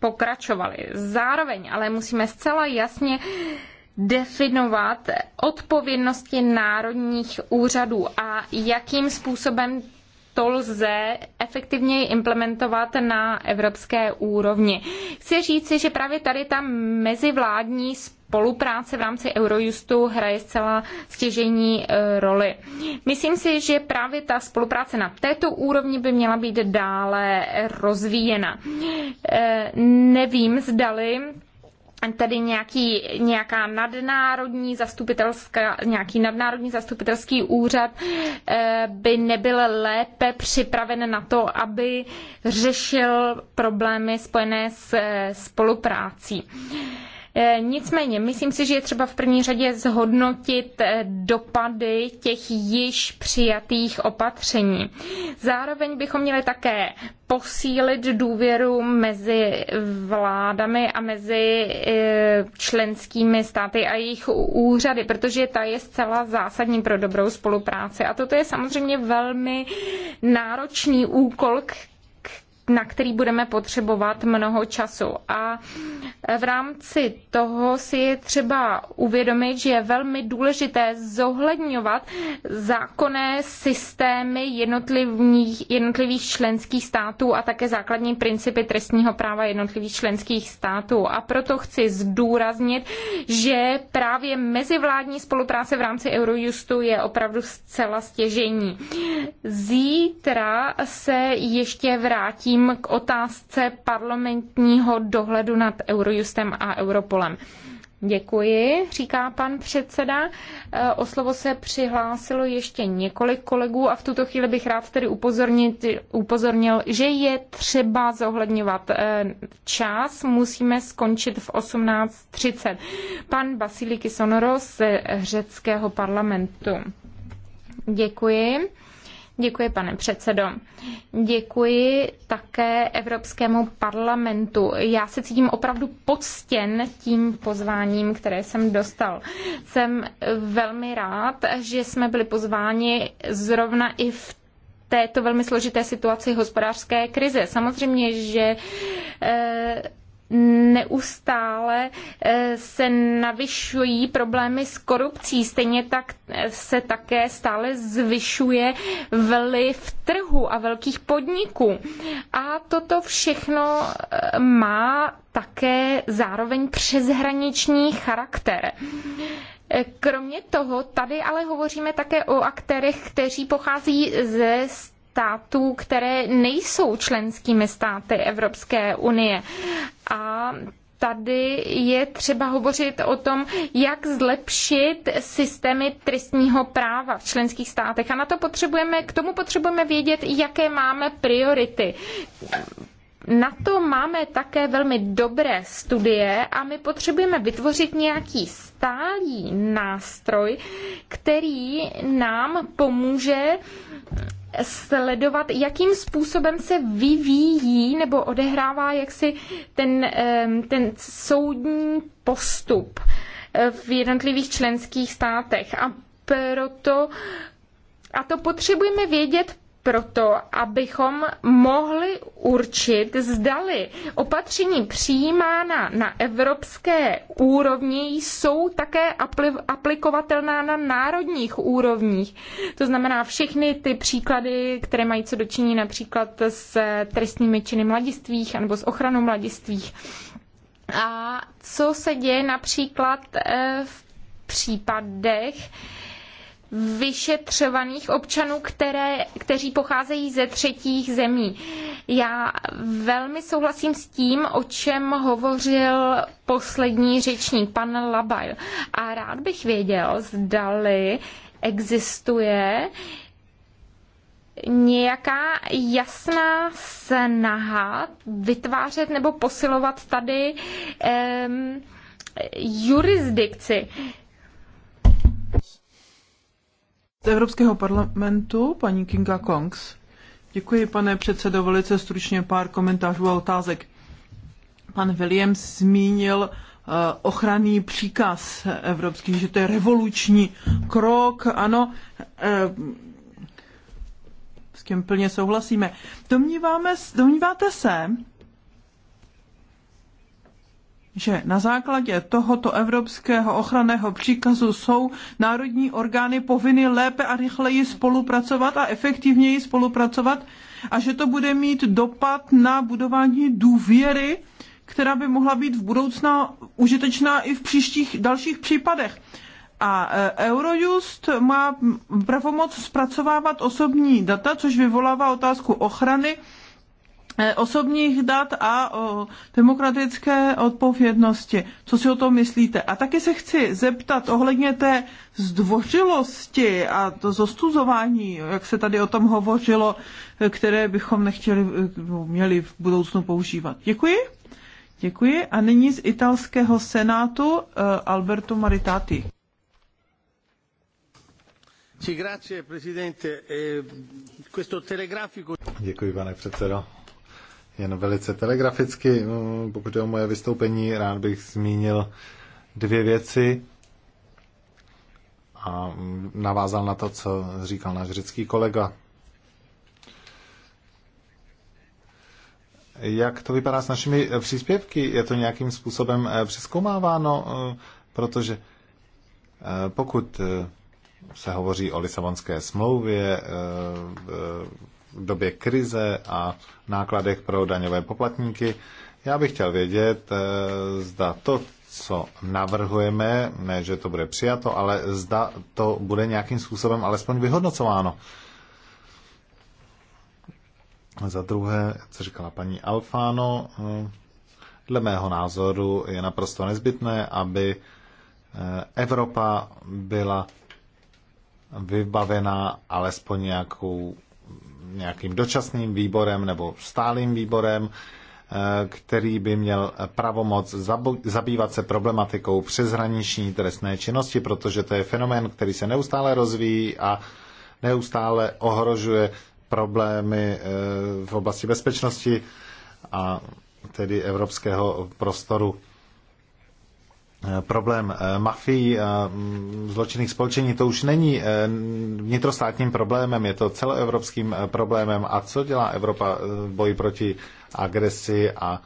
pokračovaly. Zároveň ale musíme zcela jasně definovat odpovědnosti národních úřadů a jakým způsobem to lze efektivněji implementovat na evropské úrovni. Chci říci, že právě tady ta mezivládní spolupráce v rámci Eurojustu hraje zcela stěžení e, roli. Myslím si, že právě ta spolupráce na této úrovni by měla být dále rozvíjena. E, nevím, zdali tady nějaký, nějaká nadnárodní zastupitelská, nějaký nadnárodní zastupitelský úřad eh, by nebyl lépe připraven na to, aby řešil problémy spojené s eh, spoluprácí. Eh, nicméně, myslím si, že je třeba v první řadě zhodnotit eh, dopady těch již přijatých opatření. Zároveň bychom měli také posílit důvěru mezi vládami a mezi eh, členskými státy a jejich úřady, protože ta je zcela zásadní pro dobrou spolupráci. A toto je samozřejmě velmi náročný úkol, na který budeme potřebovat mnoho času. A v rámci toho si je třeba uvědomit, že je velmi důležité zohledňovat zákonné systémy jednotlivých, jednotlivých členských států a také základní principy trestního práva jednotlivých členských států. A proto chci zdůraznit, že právě mezivládní spolupráce v rámci Eurojustu je opravdu zcela stěžení. Zítra se ještě vrátím tím k otázce parlamentního dohledu nad Eurojustem a Europolem. Děkuji, říká pan předseda. E, o slovo se přihlásilo ještě několik kolegů a v tuto chvíli bych rád tedy upozornit, upozornil, že je třeba zohledňovat e, čas. Musíme skončit v 18.30. Pan Basilikis Sonoros z řeckého parlamentu. Děkuji. Děkuji, pane předsedo. Děkuji také Evropskému parlamentu. Já se cítím opravdu poctěn tím pozváním, které jsem dostal. Jsem velmi rád, že jsme byli pozváni zrovna i v této velmi složité situaci hospodářské krize. Samozřejmě, že eh, neustále eh, se navyšují problémy s korupcí, stejně tak eh, se také stále zvyšuje vliv trhu a velkých podniků. A toto všechno eh, má také zároveň přeshraniční charakter. Kromě toho, tady ale hovoříme také o aktérech, kteří pochází ze států, které nejsou členskými státy Evropské unie. A tady je třeba hovořit o tom, jak zlepšit systémy trestního práva v členských státech. A na to potřebujeme, k tomu potřebujeme vědět, jaké máme priority. Na to máme také velmi dobré studie a my potřebujeme vytvořit nějaký stálý nástroj, který nám pomůže sledovat, jakým způsobem se vyvíjí nebo odehrává jaksi ten, ten soudní postup eh, v jednotlivých členských státech. A proto a to potřebujeme vědět proto, abychom mohli určit, zdali opatření přijímána na evropské úrovni jsou také aplikovatelná na národních úrovních. To znamená všechny ty příklady, které mají co dočinit například s trestními činy mladistvých nebo s ochranou mladistvých. A co se děje například eh, v případech, vyšetřovaných občanů, které, kteří pocházejí ze třetích zemí. Já velmi souhlasím s tím, o čem hovořil poslední řečník, pan Labajl. A rád bych věděl, zdali existuje nějaká jasná snaha vytvářet nebo posilovat tady um, jurisdikci z Evropského parlamentu paní Kinga Kongs. Děkuji, pane předsedo, velice stručně pár komentářů a otázek. Pan Williams zmínil eh, ochranný příkaz evropský, že to je revoluční krok, ano, eh, s tím plně souhlasíme. Domníváme, domníváte se, že na základě tohoto evropského ochranného příkazu jsou národní orgány povinny lépe a rychleji spolupracovat a efektivněji spolupracovat a že to bude mít dopad na budování důvěry, která by mohla být v budoucna užitečná i v příštích dalších případech. A e, Eurojust má pravomoc zpracovávat osobní data, což vyvolává otázku ochrany Eh, osobních dat a o demokratické odpovědnosti. Co si o tom myslíte? A taky se chci zeptat ohledně té zdvořilosti a to zostuzování, jak se tady o tom hovořilo, eh, které bychom nechtěli, eh, měli v budoucnu používat. Děkuji. Děkuji. A nyní z italského senátu Alberto Maritati. Děkuji, pane předsedo. Jen velice telegraficky, no, pokud je o moje vystoupení, rád bych zmínil dvě věci a navázal na to, co říkal náš řecký kolega. Jak to vypadá s našimi příspěvky? Je to nějakým způsobem eh, přeskoumáváno? Eh, protože eh, pokud se hovoří o Lisabonské smlouvě, době krize a nákladech pro daňové poplatníky. Já bych chtěl vědět, eh, zda to, co navrhujeme, ne, že to bude přijato, ale zda to bude nějakým způsobem alespoň vyhodnocováno. Za druhé, co říkala paní Alfano, eh, dle mého názoru je naprosto nezbytné, aby eh, Evropa byla vybavená alespoň nějakou nějakým dočasným výborem nebo stálým výborem, eh, který by měl pravomoc zabývat se problematikou přeshraniční trestné činnosti, protože to je fenomén, který se neustále rozvíjí a neustále ohrožuje problémy eh, v oblasti bezpečnosti a tedy evropského prostoru Eh, problém eh, mafií a mm, zločinných společení, to už není eh, vnitrostátním problémem, je to celoevropským problémem. A co dělá Evropa v boji proti agresi a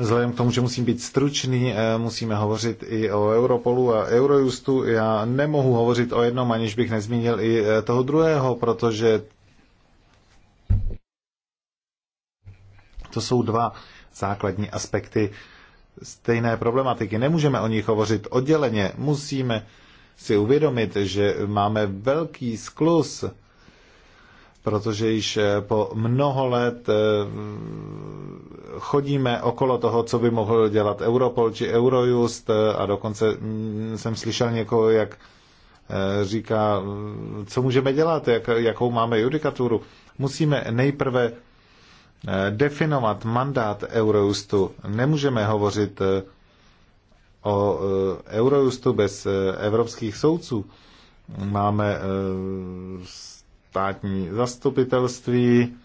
Vzhledem k tomu, že musím být stručný, musíme hovořit i o Europolu a Eurojustu. Já nemohu hovořit o jednom, aniž bych nezmínil i toho druhého, protože to jsou dva základní aspekty stejné problematiky. Nemůžeme o nich hovořit odděleně. Musíme si uvědomit, že máme velký sklus, protože již eh, po mnoho let eh, chodíme okolo toho, co by mohl dělat Europol či Eurojust eh, a dokonce mm, jsem slyšel někoho, jak říká, co můžeme dělat, jak, jakou máme judikaturu. Musíme nejprve definovat mandát Eurojustu. Nemůžeme hovořit eh, o eh, Eurojustu bez eh, evropských soudců. Máme státní zastupitelství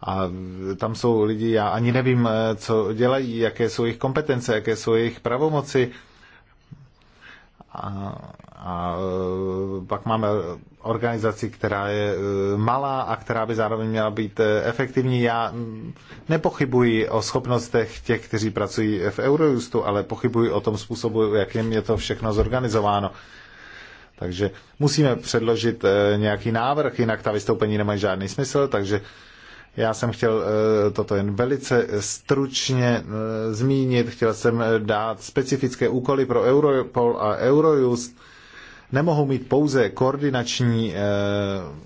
a tam jsou lidi, já ani nevím, co dělají, jaké jsou jejich kompetence, jaké jsou jejich pravomoci. A, a pak máme organizaci, která je e, malá a která by zároveň měla být e, efektivní. Já mm, nepochybuji o schopnostech těch, kteří pracují v Eurojustu, ale pochybuji o tom způsobu, jakým je to všechno zorganizováno. Takže musíme předložit e, nějaký návrh, jinak ta vystoupení nemají žádný smysl, takže já jsem chtěl toto jen velice stručně zmínit. Chtěl jsem dát specifické úkoly pro Europol a Eurojust nemohou mít pouze koordinační eh,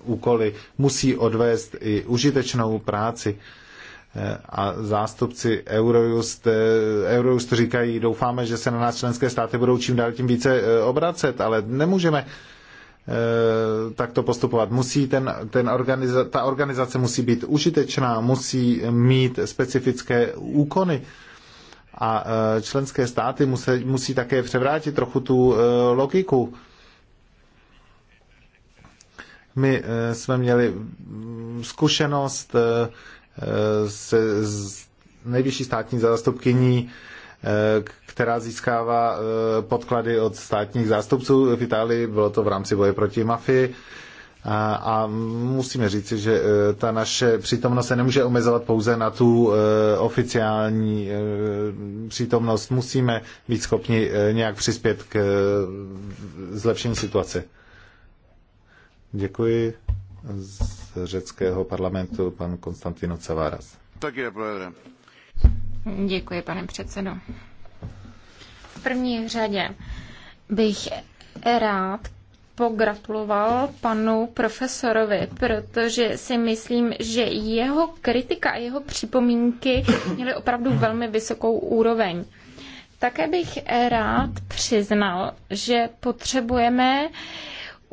úkoly, musí odvést i užitečnou práci eh, a zástupci Eurojust, eh, Eurojust říkají, doufáme, že se na nás členské státy budou čím dál tím více obracet, ale nemůžeme takto postupovat. Musí ten, ten organiza, ta organizace musí být užitečná, musí mít specifické úkony a členské státy musí, musí také převrátit trochu tu logiku my eh, jsme měli mm, zkušenost eh, eh, se z nejvyšší státní zástupkyní, která získává podklady od státních zástupců v Itálii. Bylo to v rámci boje proti mafii. A, a musíme říci, že ta naše přítomnost se nemůže omezovat pouze na tu oficiální přítomnost. Musíme být schopni nějak přispět k zlepšení situace. Děkuji z řeckého parlamentu pan Konstantino Cavaras. Tak je, Děkuji, pane předsedo. V první řadě bych rád pogratuloval panu profesorovi, protože si myslím, že jeho kritika a jeho připomínky měly opravdu velmi vysokou úroveň. Také bych rád přiznal, že potřebujeme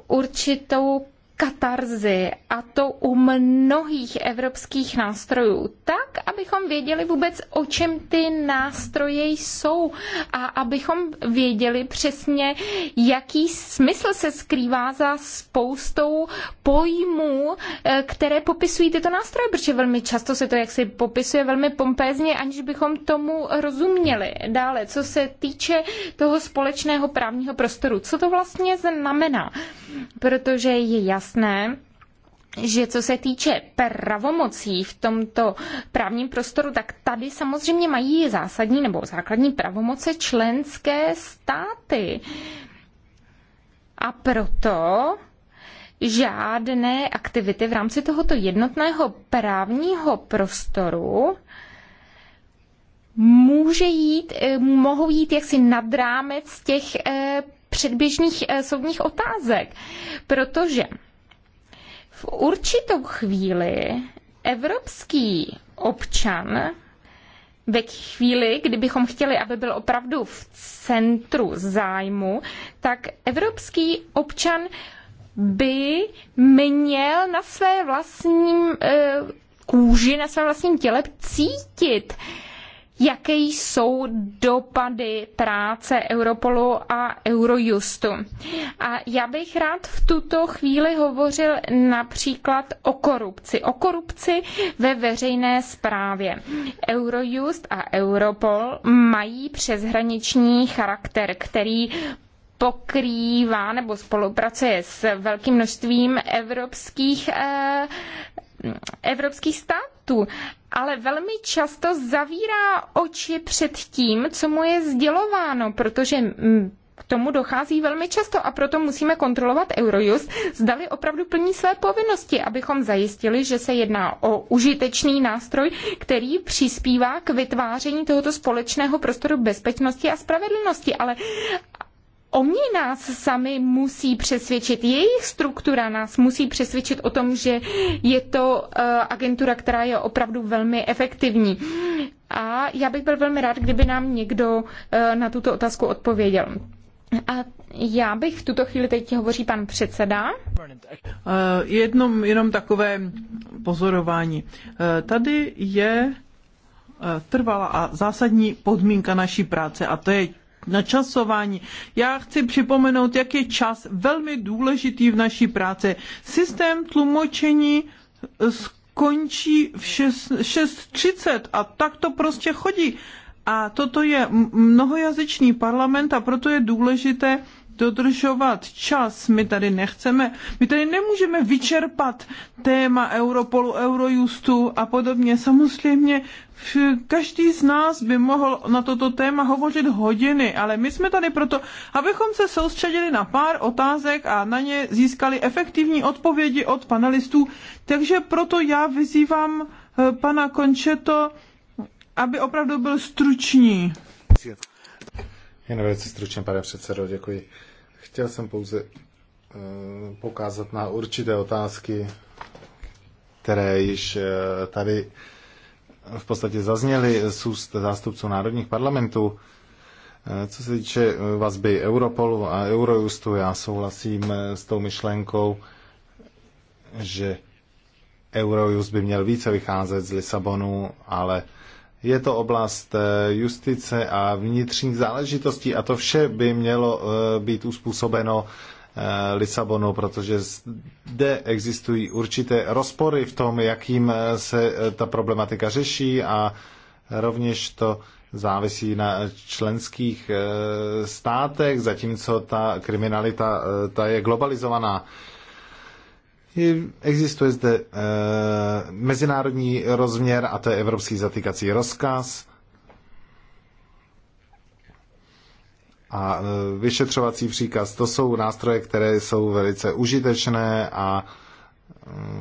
určitou katarzi a to u mnohých evropských nástrojů, tak, abychom věděli vůbec, o čem ty nástroje jsou a abychom věděli přesně, jaký smysl se skrývá za spoustou pojmů, eh, které popisují tyto nástroje, protože velmi často se to jaksi popisuje velmi pompézně, aniž bychom tomu rozuměli. Dále, co se týče toho společného právního prostoru, co to vlastně znamená? Protože je jasné, jasné, že co se týče pravomocí v tomto právním prostoru, tak tady samozřejmě mají zásadní nebo základní pravomoce členské státy. A proto žádné aktivity v rámci tohoto jednotného právního prostoru může jít, eh, mohou jít jaksi nad rámec těch eh, předběžných eh, soudních otázek. Protože v určitou chvíli evropský občan ve chvíli, kdybychom chtěli, aby byl opravdu v centru zájmu, tak evropský občan by měl na své vlastním eh, kůži, na svém vlastním těle cítit jaké jsou dopady práce Europolu a Eurojustu. A já bych rád v tuto chvíli hovořil například o korupci. O korupci ve veřejné správě. Eurojust a Europol mají přeshraniční charakter, který pokrývá nebo spolupracuje s velkým množstvím evropských, eh, evropských států ale velmi často zavírá oči před tím, co mu je sdělováno, protože mm, k tomu dochází velmi často a proto musíme kontrolovat Eurojust, zdali opravdu plní své povinnosti, abychom zajistili, že se jedná o užitečný nástroj, který přispívá k vytváření tohoto společného prostoru bezpečnosti a spravedlnosti. Ale Oni nás sami musí přesvědčit, jejich struktura nás musí přesvědčit o tom, že je to eh, agentura, která je opravdu velmi efektivní. A já bych byl velmi rád, kdyby nám někdo eh, na tuto otázku odpověděl. A já bych v tuto chvíli teď hovoří pan předseda. Eh, jednom, jenom takové pozorování. Tady je trvalá a zásadní podmínka naší práce a to je načasování. Já chci připomenout, jak je čas velmi důležitý v naší práci. Systém tlumočení eh, skončí v 6.30 a tak to prostě chodí. A toto je mnohojazyčný parlament a proto je důležité, dodržovat čas. My tady nechceme, my tady nemůžeme vyčerpat téma Europolu, Eurojustu a podobně. Samozřejmě každý z nás by mohl na toto téma hovořit hodiny, ale my jsme tady proto, abychom se soustředili na pár otázek a na ně získali efektivní odpovědi od panelistů. Takže proto já vyzývám eh, pana Končeto, aby opravdu byl stručný. Jen velice stručně, pane předsedo, děkuji. Chtěl jsem pouze eh, poukázat na určité otázky, které již eh, tady v podstatě zazněly z úst zástupců národních parlamentů. Eh, co se týče vazby Europolu a Eurojustu, já souhlasím s tou myšlenkou, že Eurojust by měl více vycházet z Lisabonu, ale je to oblast eh, justice a vnitřních záležitostí a to vše by mělo eh, být uspůsobeno eh, Lisabonu, protože zde existují určité rozpory v tom, jakým se ta problematika řeší a rovněž to závisí na členských státech, zatímco ta kriminalita ta je globalizovaná. Existuje zde e, mezinárodní rozměr a to je evropský zatýkací rozkaz. A e, vyšetřovací příkaz, to jsou nástroje, které jsou velice užitečné a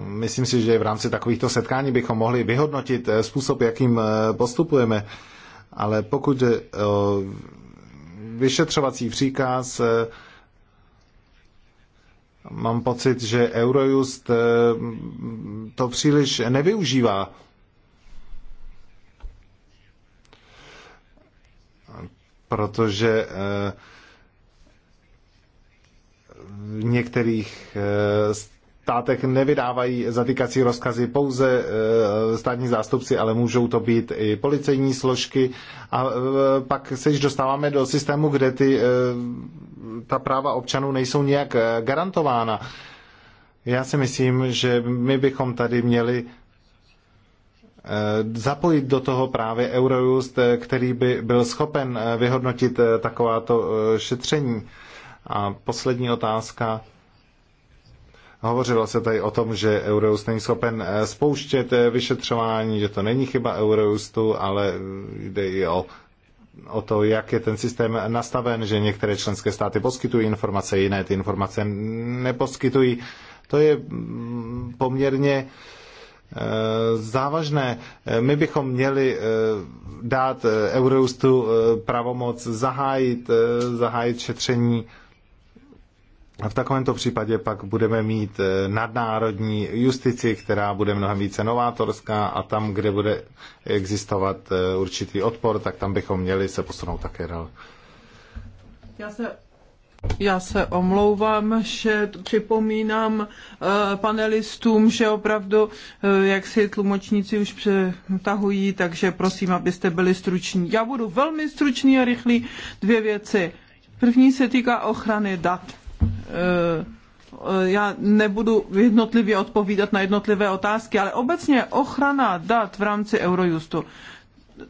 mm, Myslím si, že v rámci takovýchto setkání bychom mohli vyhodnotit eh, způsob, jakým postupujeme, ale pokud vyšetřovací příkaz, Mám pocit, že Eurojust eh, to příliš nevyužívá. Protože eh, v některých eh, státech nevydávají zatýkací rozkazy pouze e, státní zástupci, ale můžou to být i policejní složky. A e, pak se již dostáváme do systému, kde ty, e, ta práva občanů nejsou nějak garantována. Já si myslím, že my bychom tady měli zapojit do toho právě Eurojust, který by byl schopen vyhodnotit takováto šetření. A poslední otázka Hovořilo se tady o tom, že Eurojust není schopen eh, spouštět eh, vyšetřování, že to není chyba Eurojustu, ale eh, jde i o o to, jak je ten systém nastaven, že některé členské státy poskytují informace, jiné ty informace neposkytují. To je mm, poměrně závažné. My bychom měli dát Eurojustu pravomoc zahájit, zahájit šetření v takovémto případě pak budeme mít eh, nadnárodní justici, která bude mnohem více novátorská a tam, kde bude existovat eh, určitý odpor, tak tam bychom měli se posunout také dál. Já se já se omlouvám, že připomínám eh, panelistům, že opravdu, jak si tlumočníci už přetahují, takže prosím, abyste byli struční. Já budu velmi stručný a rychlý. Dvě věci. První se týká ochrany dat Eh, eh, já nebudu jednotlivě odpovídat na jednotlivé otázky, ale obecně ochrana dat v rámci Eurojustu.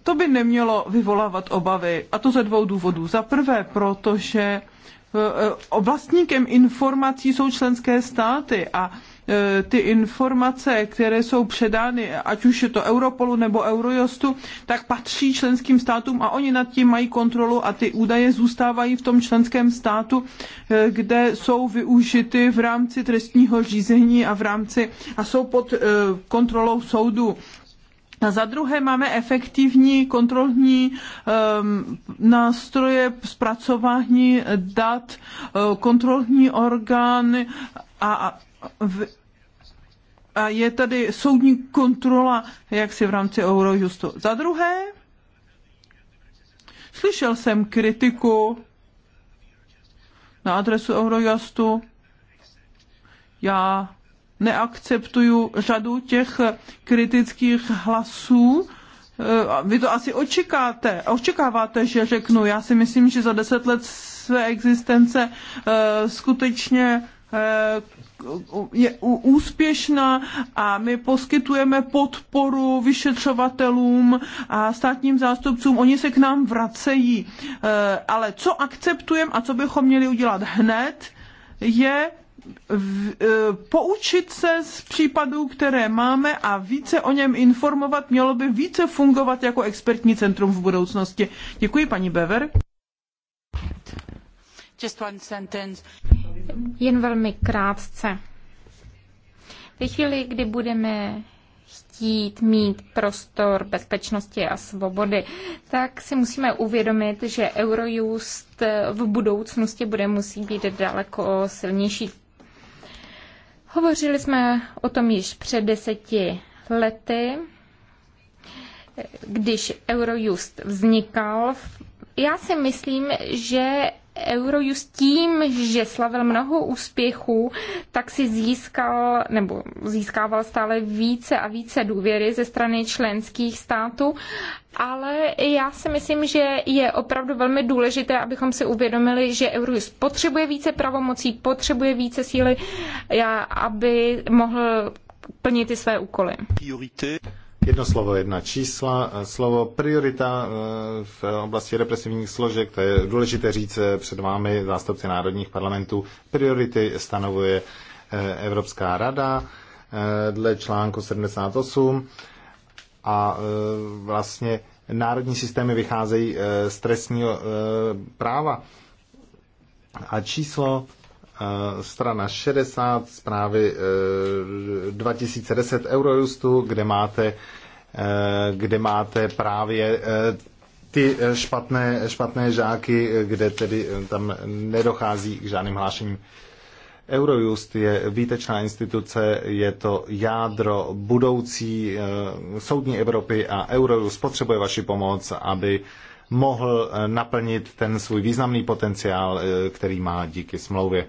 To by nemělo vyvolávat obavy, a to ze dvou důvodů. Za prvé, protože eh, vlastníkem informací jsou členské státy a E, ty informace, které jsou předány, ať už je to Europolu nebo Eurojustu, tak patří členským státům a oni nad tím mají kontrolu a ty údaje zůstávají v tom členském státu, e, kde jsou využity v rámci trestního řízení a v rámci a jsou pod e, kontrolou soudu. A za druhé máme efektivní kontrolní um, nástroje zpracování dat, kontrolní orgány a v, a je tady soudní kontrola, jak si v rámci Eurojustu. Za druhé, slyšel jsem kritiku na adresu Eurojustu. Já neakceptuju řadu těch kritických hlasů, e, vy to asi očekáte, očekáváte, že řeknu. Já si myslím, že za deset let své existence e, skutečně e, je úspěšná a my poskytujeme podporu vyšetřovatelům a státním zástupcům. Oni se k nám vracejí. Eh, ale co akceptujeme a co bychom měli udělat hned, je eh, poučit se z případů, které máme a více o něm informovat, mělo by více fungovat jako expertní centrum v budoucnosti. Děkuji, paní Bever. Jen velmi krátce. Ve chvíli, kdy budeme chtít mít prostor bezpečnosti a svobody, tak si musíme uvědomit, že Eurojust v budoucnosti bude musí být daleko silnější. Hovořili jsme o tom již před deseti lety, když Eurojust vznikal. Já si myslím, že Eurojust tím, že slavil mnoho úspěchů, tak si získal nebo získával stále více a více důvěry ze strany členských států. Ale já si myslím, že je opravdu velmi důležité, abychom si uvědomili, že Eurojust potřebuje více pravomocí, potřebuje více síly, aby mohl plnit ty své úkoly. Priority. Jedno slovo, jedna čísla. Slovo priorita eh, v oblasti represivních složek, to je důležité říct eh, před vámi zástupci národních parlamentů. Priority stanovuje eh, Evropská rada dle článku 78 a vlastně národní systémy vycházejí z trestního práva. A číslo strana 60 zprávy 2010 Eurojustu, kde máte Eh, kde máte právě eh, ty eh, špatné, špatné žáky, kde tedy tam nedochází k žádným hlášením. Eurojust je výtečná instituce, je to jádro budoucí soudní Evropy a Eurojust potřebuje vaši pomoc, aby mohl naplnit ten svůj významný potenciál, který má díky smlouvě.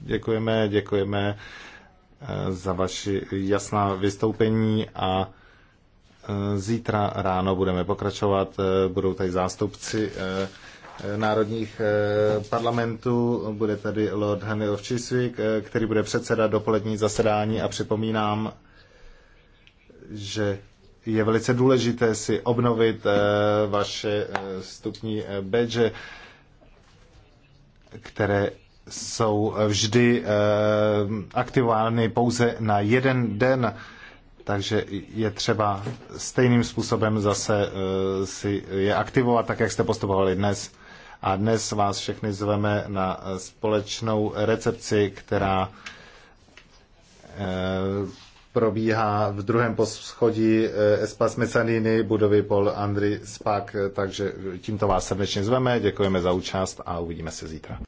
Děkujeme, děkujeme za vaši jasná vystoupení a e, zítra ráno budeme pokračovat. E, budou tady zástupci e, národních parlamentů. Bude tady Lord Henry of Chiswick, který bude předsedat dopolední zasedání a připomínám, že je velice důležité si obnovit vaše stupní badge, které jsou vždy eh, aktivovány pouze na jeden den, takže je třeba stejným způsobem zase eh, si je aktivovat, tak jak jste postupovali dnes. A dnes vás všechny zveme na společnou recepci, která eh, probíhá v druhém poschodí Espas Mezzanini budovy Paul Andri Spak, takže tímto vás srdečně zveme, děkujeme za účast a uvidíme se zítra.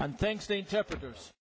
And thanks to interpreters.